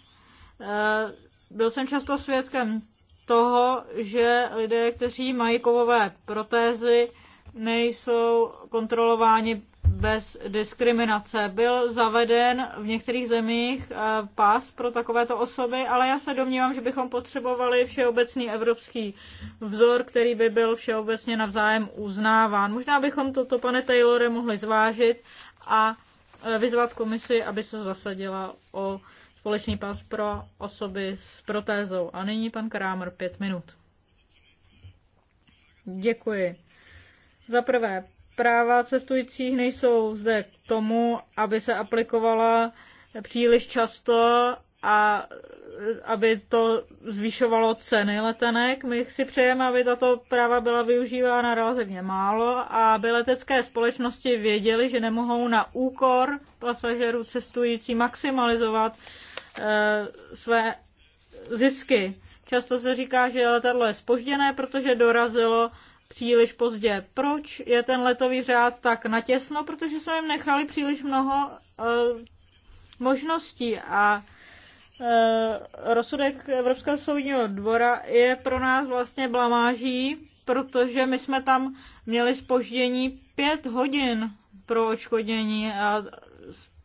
eh, byl jsem často svědkem toho, že lidé, kteří mají kovové protézy, nejsou kontrolováni bez diskriminace. Byl zaveden v některých zemích eh, pas pro takovéto osoby, ale já se domnívám, že bychom potřebovali všeobecný evropský vzor, který by byl všeobecně navzájem uznáván. Možná bychom toto, pane Taylore, mohli zvážit a eh, vyzvat komisi, aby se zasadila o společný pas pro osoby s protézou. A nyní pan Krámer, pět minut. Děkuji. Za prvé, práva cestujících nejsou zde k tomu, aby se aplikovala příliš často a aby to zvyšovalo ceny letenek. My si přejeme, aby tato práva byla využívána relativně málo a aby letecké společnosti věděly, že nemohou na úkor pasažerů cestující maximalizovat e, své zisky. Často se říká, že letadlo je spožděné, protože dorazilo příliš pozdě. Proč je ten letový řád tak natěsno? Protože jsme jim nechali příliš mnoho uh, možností a uh, rozsudek Evropského soudního dvora je pro nás vlastně blamáží, protože my jsme tam měli spoždění pět hodin pro očkodnění a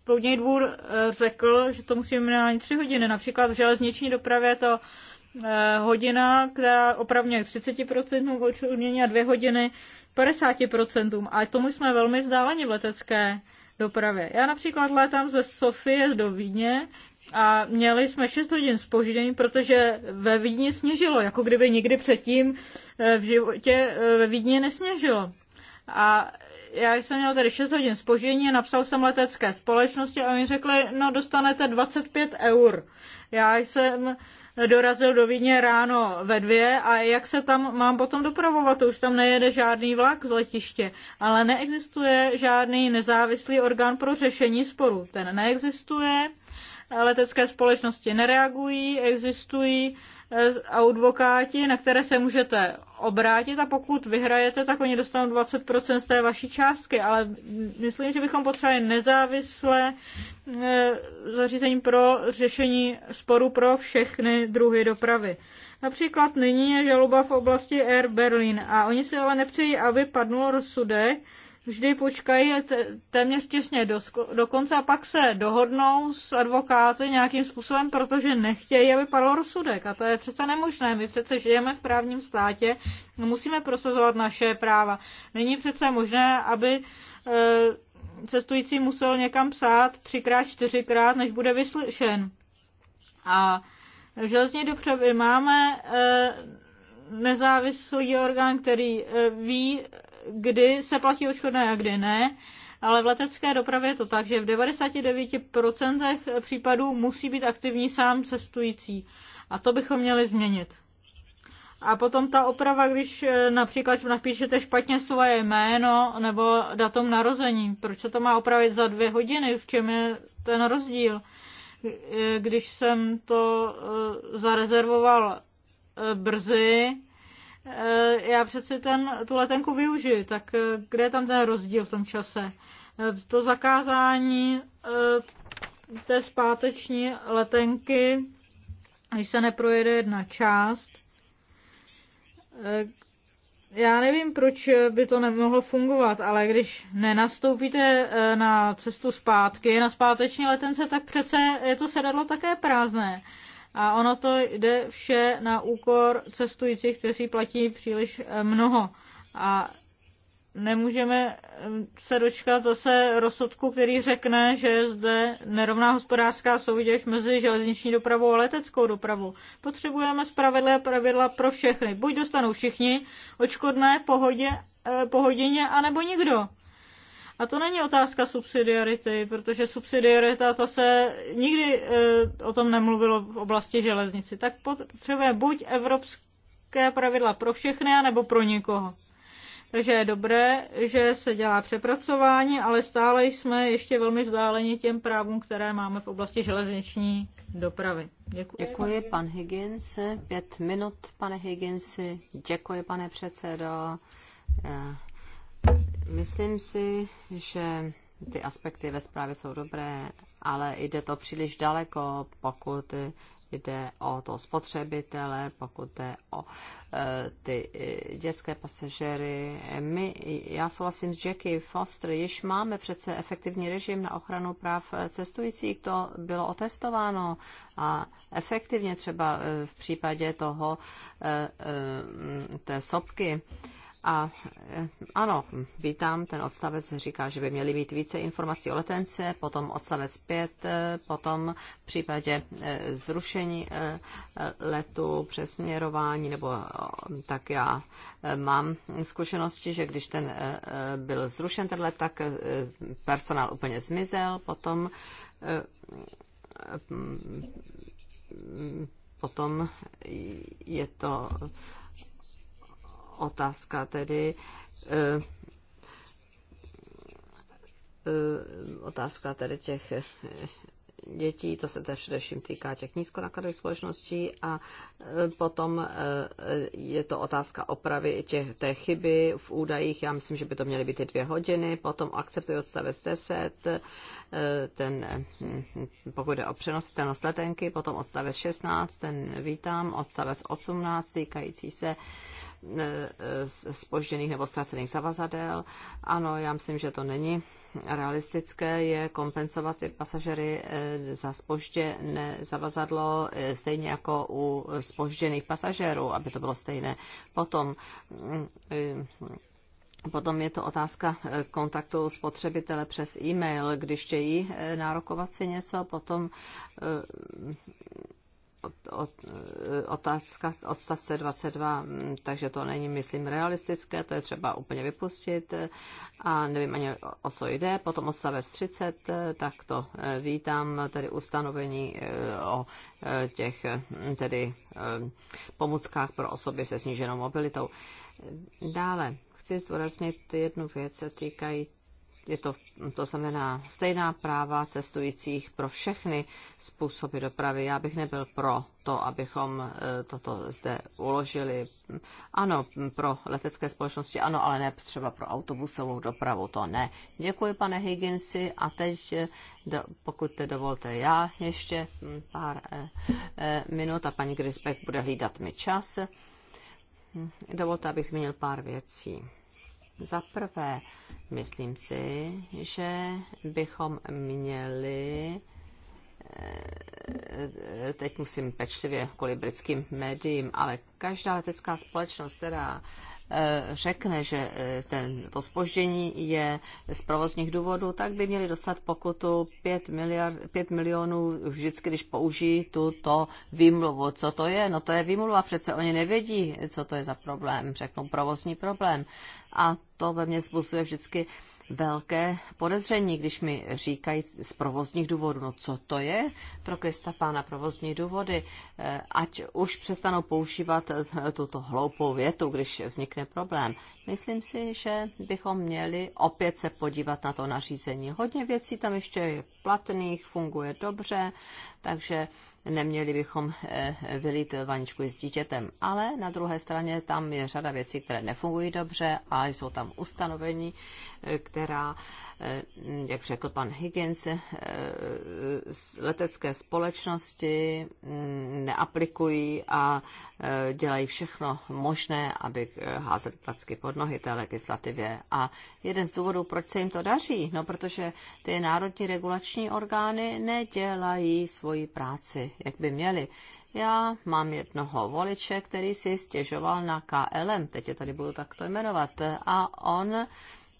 Soudní dvůr eh, řekl, že to musíme mít minimálně tři hodiny. Například v železniční dopravě to Eh, hodina, která opravňuje 30% vůči odměně a dvě hodiny 50%. A tomu jsme velmi vzdáleni v letecké dopravě. Já například létám ze Sofie do Vídně a měli jsme 6 hodin spoždění, protože ve Vídně sněžilo, jako kdyby nikdy předtím eh, v životě eh, ve Vídně nesněžilo. A já jsem měl tady 6 hodin spoždění, napsal jsem letecké společnosti a oni řekli, no dostanete 25 eur. Já jsem dorazil do Vídně ráno ve dvě a jak se tam mám potom dopravovat, to už tam nejede žádný vlak z letiště, ale neexistuje žádný nezávislý orgán pro řešení sporu. Ten neexistuje, letecké společnosti nereagují, existují Eh, advokáti, na které se můžete obrátit a pokud vyhrajete, tak oni dostanou 20% z té vaší částky, ale myslím, že bychom potřebovali nezávislé eh, zařízení pro řešení sporu pro všechny druhy dopravy. Například nyní je žaloba v oblasti Air Berlin a oni si ale nepřejí, aby padnul rozsudek, vždy počkají téměř těsně do, do konce a pak se dohodnou s advokáty nějakým způsobem, protože nechtějí, aby padl rozsudek. A to je přece nemožné. My přece žijeme v právním státě, musíme prosazovat naše práva. Není přece možné, aby e, cestující musel někam psát třikrát, čtyřikrát, než bude vyslyšen. A v železní dopravě máme e, nezávislý orgán, který e, ví, kdy se platí odškodné a kdy ne, ale v letecké dopravě je to tak, že v 99% případů musí být aktivní sám cestující. A to bychom měli změnit. A potom ta oprava, když eh, například napíšete špatně svoje jméno nebo datum narození, proč se to má opravit za dvě hodiny, v čem je ten rozdíl? Eh, když jsem to eh, zarezervoval brzy, Eh, já přeci ten, tu letenku využiju, tak eh, kde je tam ten rozdíl v tom čase? Eh, to zakázání té zpáteční letenky, když se neprojede jedna část, já nevím, proč by to nemohlo fungovat, ale když nenastoupíte na cestu zpátky, na zpáteční letence, tak přece je to sedadlo také prázdné. A ono to jde vše na úkor cestujících, kteří platí příliš eh, mnoho. A nemůžeme eh, se dočkat zase rozsudku, který řekne, že je zde nerovná hospodářská soutěž mezi železniční dopravou a leteckou dopravou. Potřebujeme spravedlivé pravidla pro všechny. Buď dostanou všichni očkodné pohodě, eh, pohodině, anebo nikdo. A to není otázka subsidiarity, protože subsidiarita, ta se nikdy e, o tom nemluvilo v oblasti železnici. Tak potřebuje buď evropské pravidla pro všechny, anebo pro někoho. Takže je dobré, že se dělá přepracování, ale stále jsme ještě velmi vzdáleni těm právům, které máme v oblasti železniční dopravy. Děkuji. Děkuji, pan Higgins. Pět minut, pane Higginsi. Děkuji, pane předsedo. Myslím si, že ty aspekty ve zprávě jsou dobré, ale jde to příliš daleko, pokud jde o to spotřebitele, pokud jde o e, ty e, dětské pasažéry. My, já souhlasím s Jackie Foster, již máme přece efektivní režim na ochranu práv cestujících, to bylo otestováno a efektivně třeba e, v případě toho e, e, té sopky. E, a eh, ano, vítám, ten odstavec říká, že by měli mít více informací o letence, potom odstavec 5, eh, potom v případě eh, zrušení letu, přesměrování, nebo tak já mám zkušenosti, že když ten byl zrušen ten let, tak personál úplně zmizel, potom mm, mm, potom je to otázka tedy eh, eh, otázka tedy těch eh, dětí, to se tedy především týká těch nízkonákladových společností a potom je to otázka opravy těch, té chyby v údajích, já myslím, že by to měly být ty dvě hodiny, potom akceptuje odstavec 10, ten, hm, pokud jde o přenositelnost letenky, potom odstavec 16, ten vítám, odstavec 18 týkající se spožděných eh, eh, nebo ztracených zavazadel. Ano, já myslím, že to není realistické je kompenzovat ty pasažery eh, za spožděné zavazadlo, stejně jako u spožděných pasažerů, aby to bylo stejné. Potom Potom je to otázka kontaktu spotřebitele přes e-mail, když chtějí nárokovat si něco, potom otázka odstavce 22, takže to není, myslím, realistické, to je třeba úplně vypustit a nevím ani o co jde. Potom odstavec 30, tak to eh, vítám, tedy ustanovení eh, o eh, těch hm, tedy pomůckách pro osoby se sníženou mobilitou. Dále chci zdůraznit jednu věc týkající je to, to znamená stejná práva cestujících pro všechny způsoby dopravy. Já bych nebyl pro to, abychom e, toto zde uložili. Ano, pro letecké společnosti ano, ale ne třeba pro autobusovou dopravu, to ne. Děkuji, pane Higginsi. A teď, e, pokud te dovolte, já ještě pár e, minut a paní Grisbeck bude hlídat mi čas. Dovolte, abych zmínil pár věcí. Za prvé, myslím si, že bychom měli eh, teď musím pečlivě kvůli britským médiím, ale každá letecká společnost, která eh, řekne, že eh, ten, to spoždění je z provozních důvodů, tak by měli dostat pokutu 5, miliard, 5 milionů vždycky, když použijí tuto výmluvu. Co to je? No to je výmluva, přece oni nevědí, co to je za problém, řeknou provozní problém. A to ve mně způsobuje vždycky velké podezření, když mi říkají z provozních důvodů, no co to je pro Krista pána provozní důvody, eh, ať už přestanou používat eh, tuto hloupou větu, když vznikne problém. Myslím si, že bychom měli opět se podívat na to nařízení. Hodně věcí tam ještě je platných, funguje dobře, takže neměli bychom eh, vylít vaničku s dítětem. Ale na druhé straně tam je řada věcí, které nefungují dobře a jsou tam ustanovení, eh, která, eh, jak řekl pan Higgins, letecké společnosti mm, neaplikují a dělají všechno možné, aby házeli placky pod nohy té legislativě. A jeden z důvodů, proč se jim to daří, no protože ty národní regulační orgány nedělají svoji svoji práci, jak by měli. Já mám jednoho voliče, který si stěžoval na KLM, teď je tady budu takto jmenovat, a on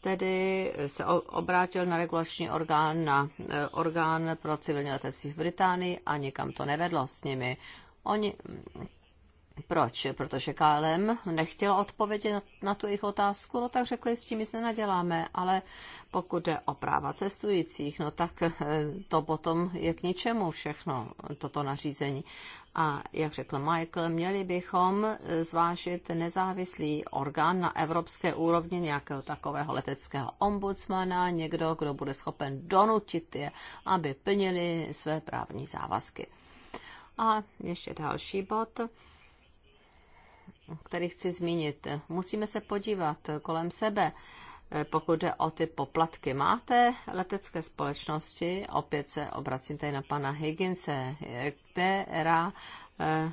tedy se obrátil na regulační orgán, na e, orgán pro civilní letectví v Británii a nikam to nevedlo s nimi. Oni proč? Protože KLM nechtěla odpovědět na tu jejich otázku, no tak řekli, s tím nic nenaděláme, ale pokud jde o práva cestujících, no tak eh, to potom je k ničemu všechno, toto nařízení. A jak řekl Michael, měli bychom eh, zvážit nezávislý orgán na evropské úrovni nějakého takového leteckého ombudsmana, někdo, kdo bude schopen donutit je, aby plnili své právní závazky. A ještě další bod který chci zmínit. Musíme se podívat kolem sebe, pokud jde o ty poplatky. Máte letecké společnosti, opět se obracím tady na pana Higginse, která eh,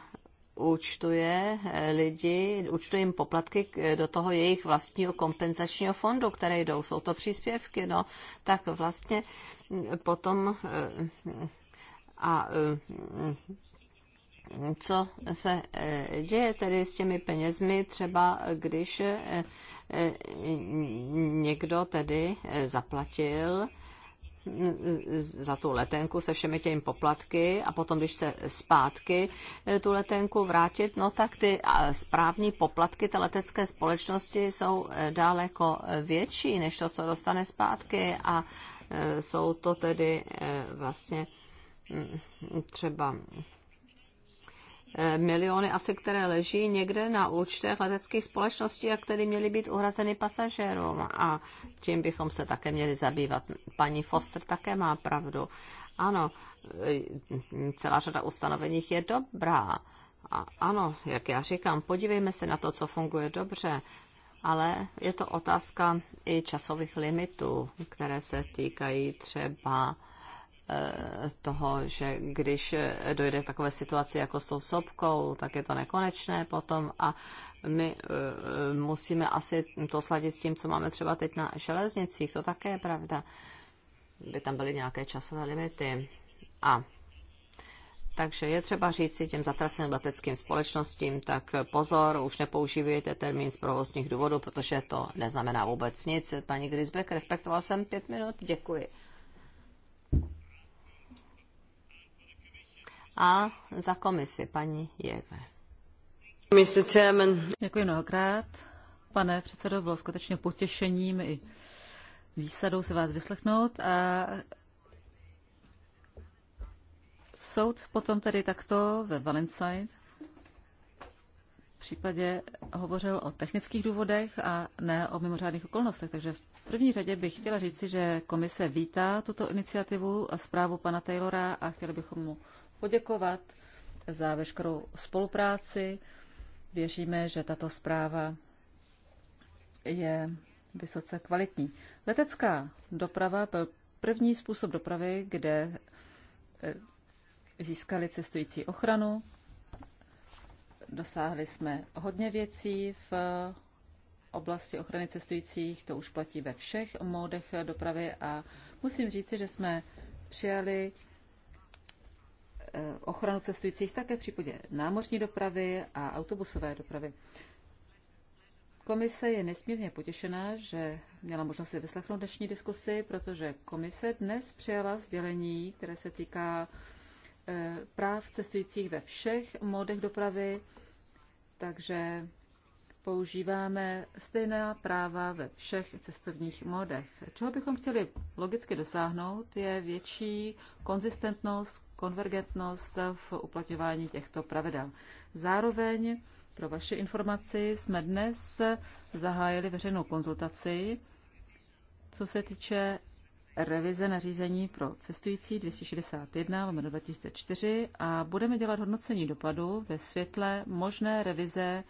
účtuje eh, lidi, účtuje jim poplatky do toho jejich vlastního kompenzačního fondu, které jdou. Jsou to příspěvky, no, tak vlastně potom eh, a co se e, děje tedy s těmi penězmi, třeba když e, někdo tedy e, zaplatil za tu letenku se všemi těmi poplatky a potom, když se zpátky tu letenku vrátit, no tak ty správní poplatky té letecké společnosti jsou daleko větší než to, co dostane zpátky a jsou to tedy vlastně třeba Eh, miliony asi, které leží někde na účtech leteckých společností a které měly být uhrazeny pasažérům. A tím bychom se také měli zabývat. Paní Foster také má pravdu. Ano, eh, celá řada ustanovení je dobrá. A ano, jak já říkám, podívejme se na to, co funguje dobře, ale je to otázka i časových limitů, které se týkají třeba toho, že když dojde k takové situaci jako s tou sobkou, tak je to nekonečné potom a my eh, musíme asi to sladit s tím, co máme třeba teď na železnicích, to také je pravda. By tam byly nějaké časové limity. A takže je třeba říci těm zatraceným leteckým společnostím, tak pozor, už nepoužívejte termín z provozních důvodů, protože to neznamená vůbec nic. Paní Grisbeck, respektoval jsem pět minut, děkuji. a za komisi paní Jäger. Mr. Chairman. Děkuji mnohokrát. Pane předsedo, bylo skutečně potěšením i výsadou se vás vyslechnout. A soud potom tedy takto ve Valenside v případě hovořil o technických důvodech a ne o mimořádných okolnostech. Takže v první řadě bych chtěla říci, že komise vítá tuto iniciativu a zprávu pana Taylora a chtěli bychom mu poděkovat za veškerou spolupráci. Věříme, že tato zpráva je vysoce kvalitní. Letecká doprava byl první způsob dopravy, kde eh, získali cestující ochranu. Dosáhli jsme hodně věcí v oblasti ochrany cestujících, to už platí ve všech módech dopravy a musím říci, že jsme přijali Eh, ochranu cestujících také v případě námořní dopravy a autobusové dopravy. Komise je nesmírně potěšená, že měla možnost si vyslechnout dnešní diskusi, protože komise dnes přijala sdělení, které se týká eh, práv cestujících ve všech modech dopravy, takže používáme stejná práva ve všech cestovních modech. Čeho bychom chtěli logicky dosáhnout, je větší konzistentnost, konvergentnost v uplatňování těchto pravidel. Zároveň pro vaši informaci jsme dnes zahájili veřejnou konzultaci, co se týče revize nařízení pro cestující 261 lomeno 2004 a budeme dělat hodnocení dopadu ve světle možné revize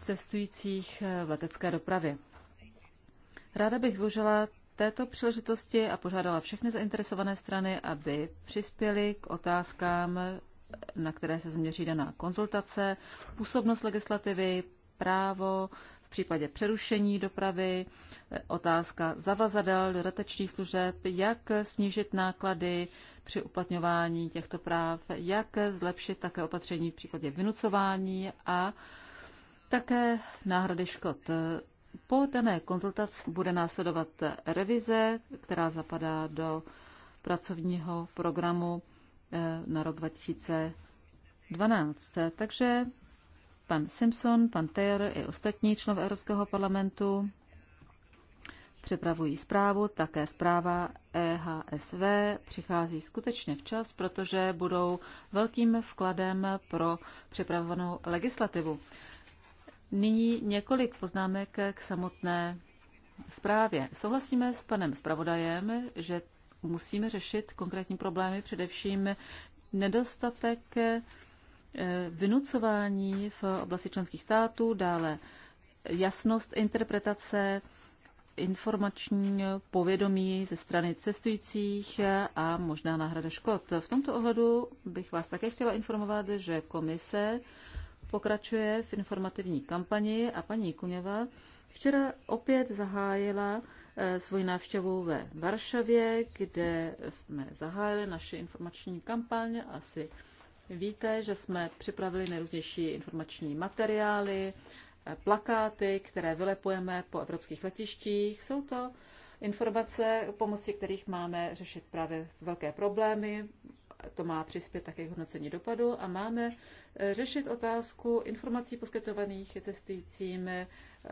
cestujících v letecké dopravě. Ráda bych využila této příležitosti a požádala všechny zainteresované strany, aby přispěli k otázkám, na které se změří daná konzultace, působnost legislativy, právo v případě přerušení dopravy, otázka zavazadel, dodatečných služeb, jak snížit náklady při uplatňování těchto práv, jak zlepšit také opatření v případě vynucování a také náhrady škod. Po dané konzultaci bude následovat revize, která zapadá do pracovního programu eh, na rok 2012. Takže pan Simpson, pan Taylor i ostatní členové Evropského parlamentu připravují zprávu, také zpráva EHSV přichází skutečně včas, protože budou velkým vkladem pro připravovanou legislativu. Nyní několik poznámek k samotné zprávě. Souhlasíme s panem zpravodajem, že musíme řešit konkrétní problémy, především nedostatek eh, vynucování v oblasti členských států, dále jasnost interpretace informační povědomí ze strany cestujících a možná náhrada škod. V tomto ohledu bych vás také chtěla informovat, že komise pokračuje v informativní kampani a paní Kuněva včera opět zahájila eh, svoji návštěvu ve Varšavě, kde jsme zahájili naši informační kampaně. Asi víte, že jsme připravili nejrůznější informační materiály, eh, plakáty, které vylepujeme po evropských letištích. Jsou to informace, pomocí kterých máme řešit právě velké problémy, to má přispět také k hodnocení dopadu a máme eh, řešit otázku informací poskytovaných cestujícím, eh,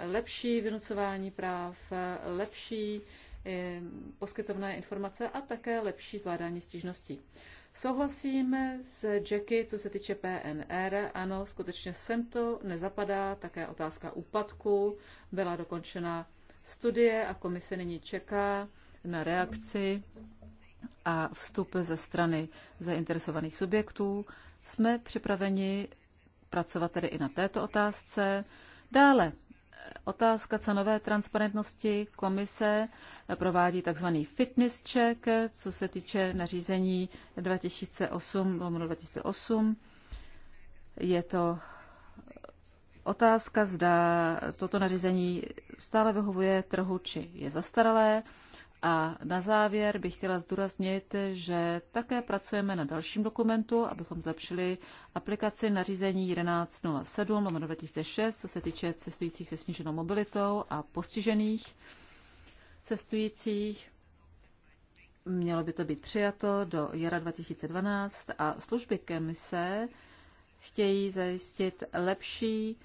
lepší vynucování práv, eh, lepší poskytované informace a také lepší zvládání stížností. Souhlasím s Jacky, co se týče PNR. Ano, skutečně sem to nezapadá. Také otázka úpadku byla dokončena studie a komise nyní čeká na reakci a vstup ze strany zainteresovaných subjektů. Jsme připraveni pracovat tedy i na této otázce. Dále otázka cenové transparentnosti. Komise provádí tzv. fitness check, co se týče nařízení 2008-2008. Je to otázka, zda toto nařízení stále vyhovuje trhu, či je zastaralé. A na závěr bych chtěla zdůraznit, že také pracujeme na dalším dokumentu, abychom zlepšili aplikaci nařízení 1107 2006, co se týče cestujících se sníženou mobilitou a postižených cestujících. Mělo by to být přijato do jara 2012 a služby Kemise chtějí zajistit lepší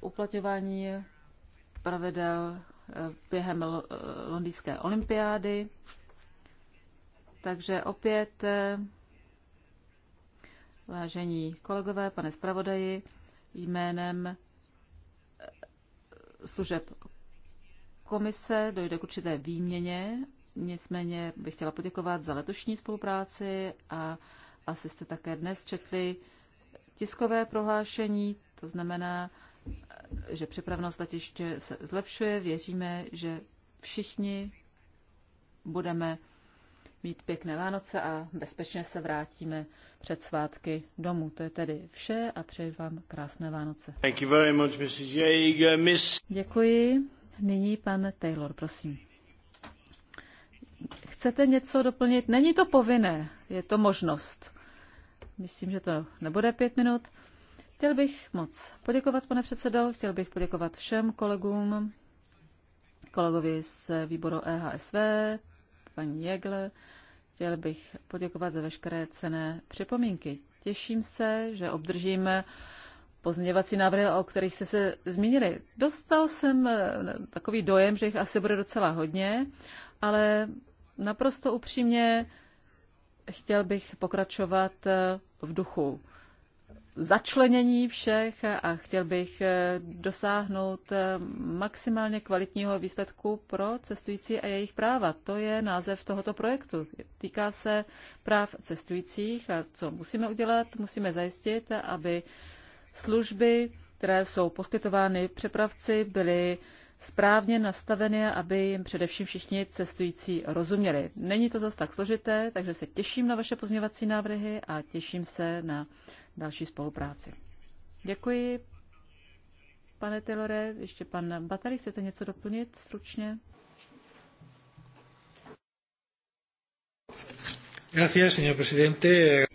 uplatňování pravidel během londýnské olympiády. Takže opět, eh, vážení kolegové, pane zpravodaji, jménem eh, služeb komise dojde k určité výměně, nicméně bych chtěla poděkovat za letošní spolupráci a asi jste také dnes četli tiskové prohlášení, to znamená, že připravnost letiště se zlepšuje. Věříme, že všichni budeme mít pěkné Vánoce a bezpečně se vrátíme před svátky domů. To je tedy vše a přeji vám krásné Vánoce. Thank you very much, Mrs. Jager. Miss... Děkuji. Nyní pan Taylor, prosím. Chcete něco doplnit? Není to povinné, je to možnost. Myslím, že to nebude pět minut. Chtěl bych moc poděkovat, pane předsedo, chtěl bych poděkovat všem kolegům, kolegovi z výboru EHSV, paní Jegle. Chtěl bych poděkovat za veškeré cené připomínky. Těším se, že obdržíme pozměňovací návrhy, o kterých jste se zmínili. Dostal jsem eh, takový dojem, že jich asi bude docela hodně, ale naprosto upřímně chtěl bych pokračovat eh, v duchu začlenění všech a chtěl bych eh, dosáhnout eh, maximálně kvalitního výsledku pro cestující a jejich práva. To je název tohoto projektu. Týká se práv cestujících a co musíme udělat? Musíme zajistit, aby služby, které jsou poskytovány přepravci, byly správně nastaveny, aby jim především všichni cestující rozuměli. Není to zase tak složité, takže se těším na vaše pozměňovací návrhy a těším se na další spolupráci. Děkuji. Pane Telore, ještě pan Batary, chcete něco doplnit stručně?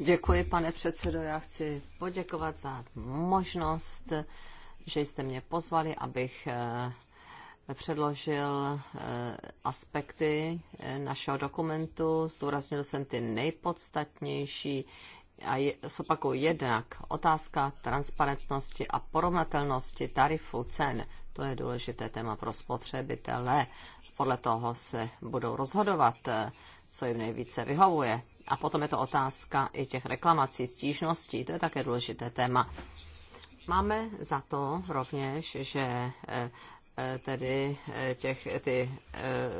Děkuji, pane předsedo. Já chci poděkovat za možnost, že jste mě pozvali, abych eh, předložil eh, aspekty eh, našeho dokumentu. Zdůraznil jsem ty nejpodstatnější a je, zopakuju jednak otázka transparentnosti a porovnatelnosti tarifu cen. To je důležité téma pro spotřebitele. Podle toho se budou rozhodovat, eh, co jim nejvíce vyhovuje. A potom je to otázka i těch reklamací, stížností. To je také důležité téma. Máme za to rovněž, že eh, tedy eh, těch, ty, eh,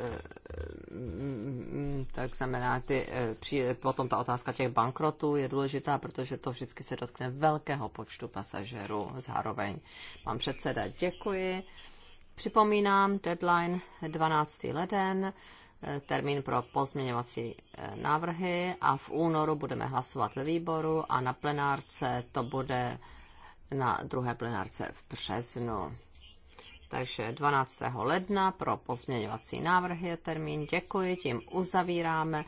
tak znamená, ty, eh, potom ta otázka těch bankrotů je důležitá, protože to vždycky se dotkne velkého počtu pasažerů zároveň. Pan předseda, děkuji. Připomínám, deadline 12. leden, termín pro pozměňovací návrhy a v únoru budeme hlasovat ve výboru a na plenárce to bude na druhé plenárce v březnu. Takže 12. ledna pro pozměňovací návrhy je termín. Děkuji, tím uzavíráme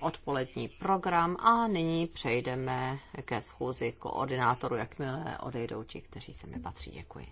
odpolední program a nyní přejdeme ke schůzi koordinátoru, jakmile odejdou ti, kteří se mi patří. Děkuji.